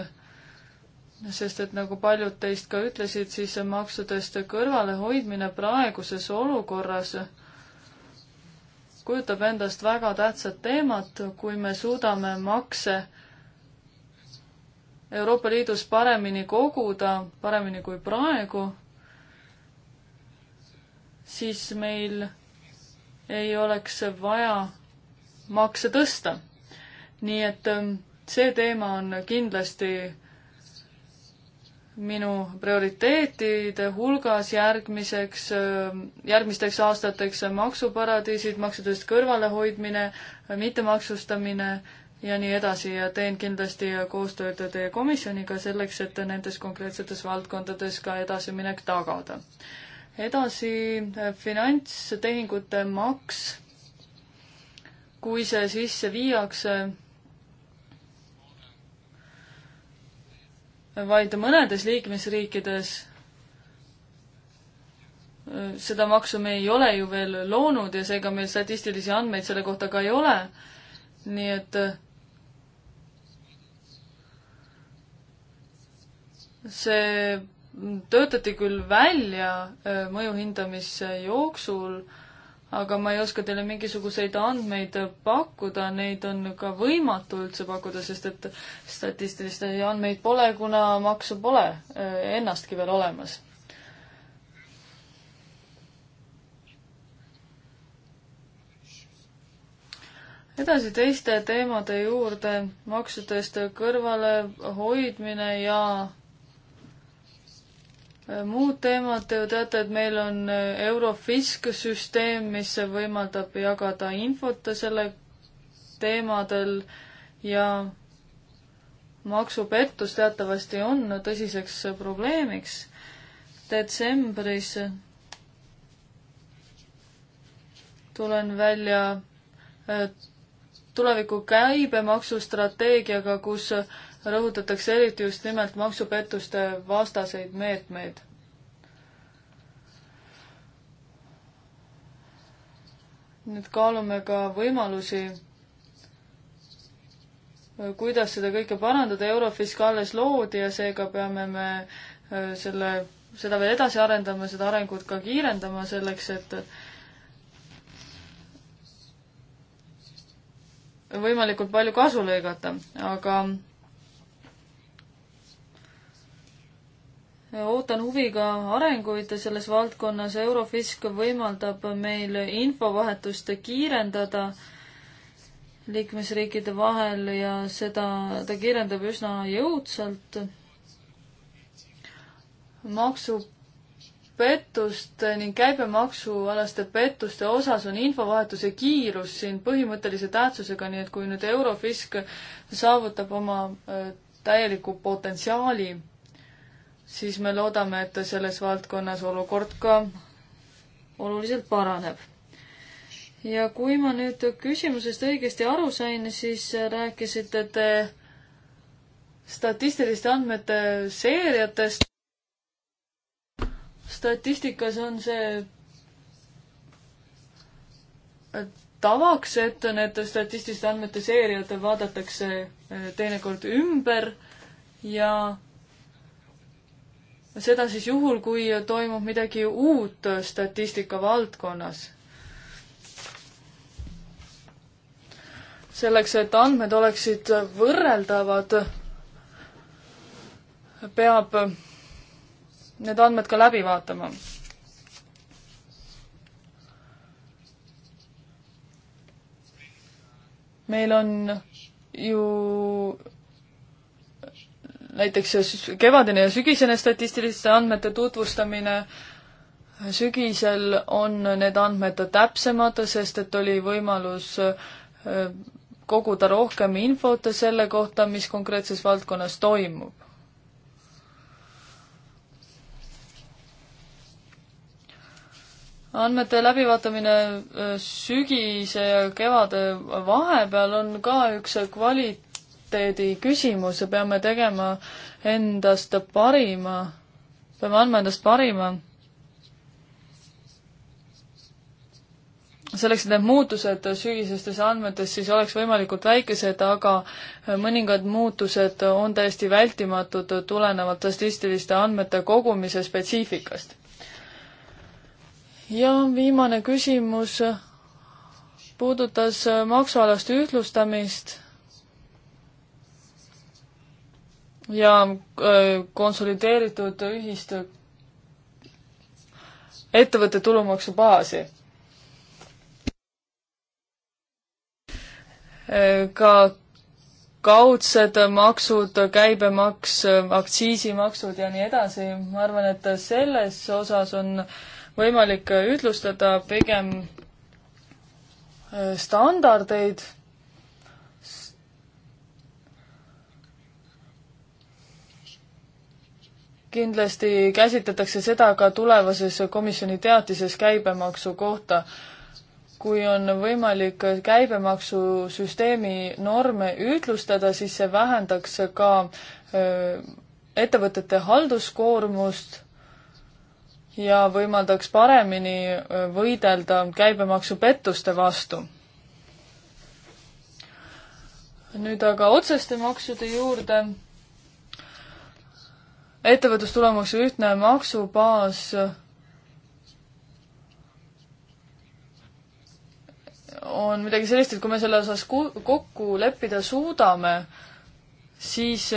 sest et nagu paljud teist ka ütlesid, siis maksudest kõrvalehoidmine praeguses olukorras kujutab endast väga tähtsat teemat, kui me suudame makse Euroopa Liidus paremini koguda, paremini kui praegu, siis meil ei oleks vaja makse tõsta. nii et ähm, see teema on kindlasti minu prioriteetide hulgas järgmiseks, järgmisteks aastateks maksuparadiisid, maksudest kõrvalehoidmine, mittemaksustamine ja nii edasi ja teen kindlasti koostööd teie komisjoniga selleks, et nendes konkreetsetes valdkondades ka edasiminek tagada. edasi finantstehingute maks, kui see sisse viiakse vaid mõnedes liikmesriikides äh, seda maksu me ei ole ju veel loonud ja seega meil statistilisi andmeid selle kohta ka ei ole. nii et äh, see töötati küll välja äh, mõju hindamise jooksul aga ma ei oska teile mingisuguseid andmeid pakkuda, neid on ka võimatu üldse pakkuda, sest et statistilisi andmeid pole, kuna maksu pole eh, ennastki veel olemas. edasi teiste teemade juurde, maksudest kõrvalehoidmine ja Äh, muud teemad, te ju teate, et meil on äh, Eurofisk süsteem, mis võimaldab jagada infot selle teemadel ja maksupettus teatavasti on tõsiseks probleemiks. detsembris tulen välja äh, tuleviku käibemaksustrateegiaga, kus rõhutatakse eriti just nimelt maksupettuste vastaseid meetmeid. nüüd kaalume ka võimalusi, kuidas seda kõike parandada, Eurofisk alles loodi ja seega peame me äh, selle, seda veel edasi arendama, seda arengut ka kiirendama selleks, et võimalikult palju kasu lõigata, aga ootan huviga arenguid selles valdkonnas, Eurofisk võimaldab meil infovahetust kiirendada liikmesriikide vahel ja seda, ta kiirendab üsna jõudsalt. maksupettuste ning käibemaksualaste pettuste osas on infovahetuse kiirus siin põhimõttelise tähtsusega, nii et kui nüüd Eurofisk saavutab oma äh, täieliku potentsiaali siis me loodame, et selles valdkonnas olukord ka oluliselt paraneb. ja kui ma nüüd küsimusest õigesti aru sain, siis rääkisite te statistiliste andmete seeriatest. statistikas on see tavaks, et need statistiliste andmete seeriad vaadatakse teinekord ümber ja seda siis juhul, kui toimub midagi uut statistika valdkonnas. selleks, et andmed oleksid võrreldavad, peab need andmed ka läbi vaatama meil on ju näiteks kevadine ja sügisene statistiliste andmete tutvustamine, sügisel on need andmed täpsemad, sest et oli võimalus koguda rohkem infot selle kohta, mis konkreetses valdkonnas toimub. andmete läbivaatamine sügise ja kevade vahepeal on ka üks kvalit-, kvaliteedi küsimus ja peame tegema endast parima, peame andma endast parima selleks, et need muutused sügisestes andmetes siis oleks võimalikult väikesed, aga mõningad muutused on täiesti vältimatud tulenevalt statistiliste andmete kogumise spetsiifikast. ja viimane küsimus puudutas maksualast ühtlustamist ja äh, konsolideeritud ühist ettevõtte tulumaksubaasi. Äh, ka kaudsed maksud, käibemaks, aktsiisimaksud ja nii edasi, ma arvan, et selles osas on võimalik ühtlustada pigem äh, standardeid kindlasti käsitletakse seda ka tulevases komisjoni teatises käibemaksu kohta. kui on võimalik käibemaksusüsteemi norme ühtlustada, siis see vähendaks ka ettevõtete halduskoormust ja võimaldaks paremini võidelda käibemaksupettuste vastu. nüüd aga otseste maksude juurde ettevõtlustulemaksu ühtne maksubaas on midagi sellist, et kui me selle osas kokku leppida suudame, siis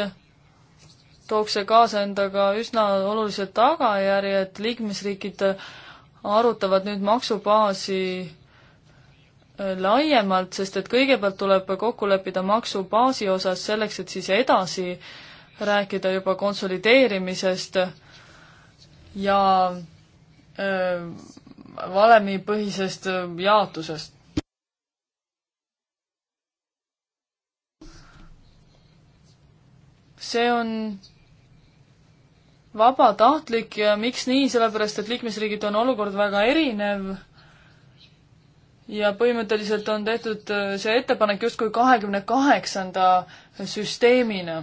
tooks see kaasa endaga üsna olulised tagajärjed, liikmesriigid arutavad nüüd maksubaasi laiemalt, sest et kõigepealt tuleb kokku leppida maksubaasi osas selleks, et siis edasi äh, rääkida juba konsolideerimisest ja öö, valemipõhisest jaotusest. see on vabatahtlik ja miks nii, sellepärast et liikmesriigid on olukord väga erinev ja põhimõtteliselt on tehtud see ettepanek justkui kahekümne kaheksanda süsteemina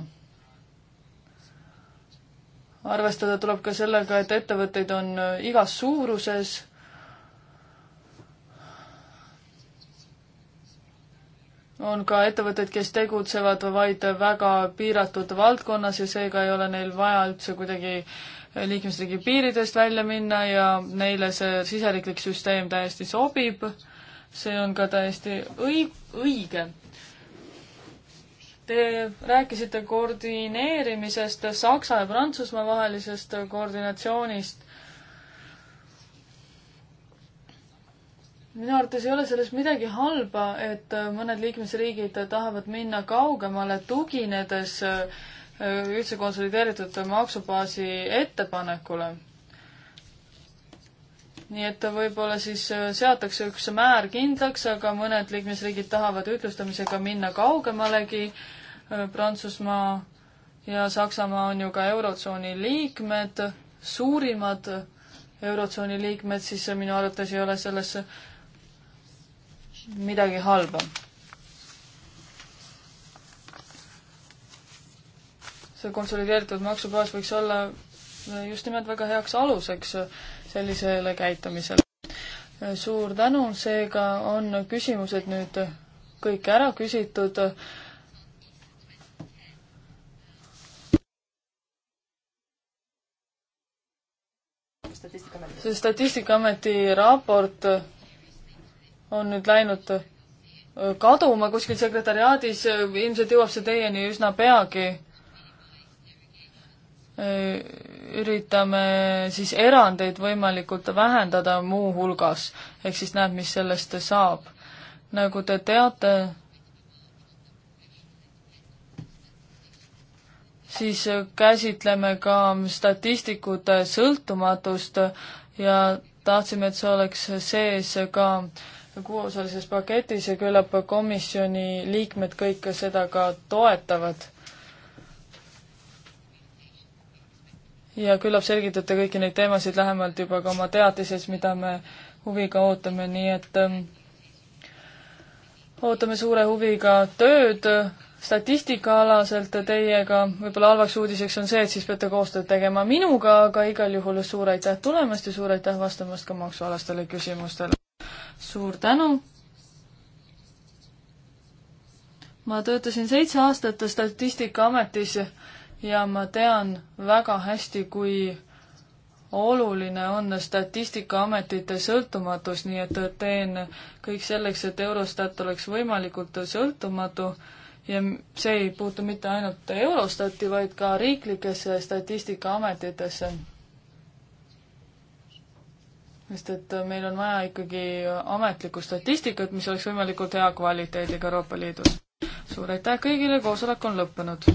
arvestada tuleb ka sellega, et ettevõtteid on äh, igas suuruses on ka ettevõtteid, kes tegutsevad vaid väga piiratud valdkonnas ja seega ei ole neil vaja üldse kuidagi äh, liikmesriigi piiridest välja minna ja neile see siseriiklik süsteem täiesti sobib. see on ka täiesti õi-, õige Te rääkisite koordineerimisest, Saksa ja Prantsusmaa vahelisest koordinatsioonist. minu arvates ei ole selles midagi halba, et mõned liikmesriigid tahavad minna kaugemale, tuginedes äh, üldse konsolideeritud maksubaasi ettepanekule. nii et võib-olla siis äh, seatakse üks määr kindlaks, aga mõned liikmesriigid tahavad ühtlustamisega minna kaugemalegi Prantsusmaa ja Saksamaa on ju ka Eurotsooni liikmed, suurimad Eurotsooni liikmed, siis minu arvates ei ole selles midagi halba. see konsolideeritud maksubaas võiks olla just nimelt väga heaks aluseks sellisele käitumisele. suur tänu, seega on küsimused nüüd kõik ära küsitud see Statistikaameti raport on nüüd läinud äh, kaduma kuskil sekretariaadis, äh, ilmselt jõuab see teieni üsna peagi. Äh, üritame siis erandeid võimalikult vähendada muuhulgas, ehk siis näeb, mis sellest saab. nagu te teate, siis käsitleme ka statistikute sõltumatust ja tahtsime, et see oleks sees ka kuuosalises paketis ja küllap komisjoni liikmed kõik seda ka toetavad. ja küllap selgitate kõiki neid teemasid lähemalt juba ka oma teatises, mida me huviga ootame, nii et öö, ähm, ootame suure huviga tööd statistikaalaselt teiega, võib-olla halvaks uudiseks on see, et siis peate koostööd tegema minuga, aga igal juhul suur aitäh tulemast ja suur aitäh vastamast ka maksualastele küsimustele. suur tänu! ma töötasin seitse aastat Statistikaametis ja ma tean väga hästi, kui oluline on Statistikaametite sõltumatus, nii et teen kõik selleks, et Eurostat oleks võimalikult sõltumatu ja see ei puutu mitte ainult Eurostati, vaid ka riiklikesse äh, statistikaametitesse. sest et äh, meil on vaja ikkagi äh, ametlikku statistikat, mis oleks võimalikult hea kvaliteediga Euroopa Liidus. suur aitäh kõigile, koosolek on lõppenud!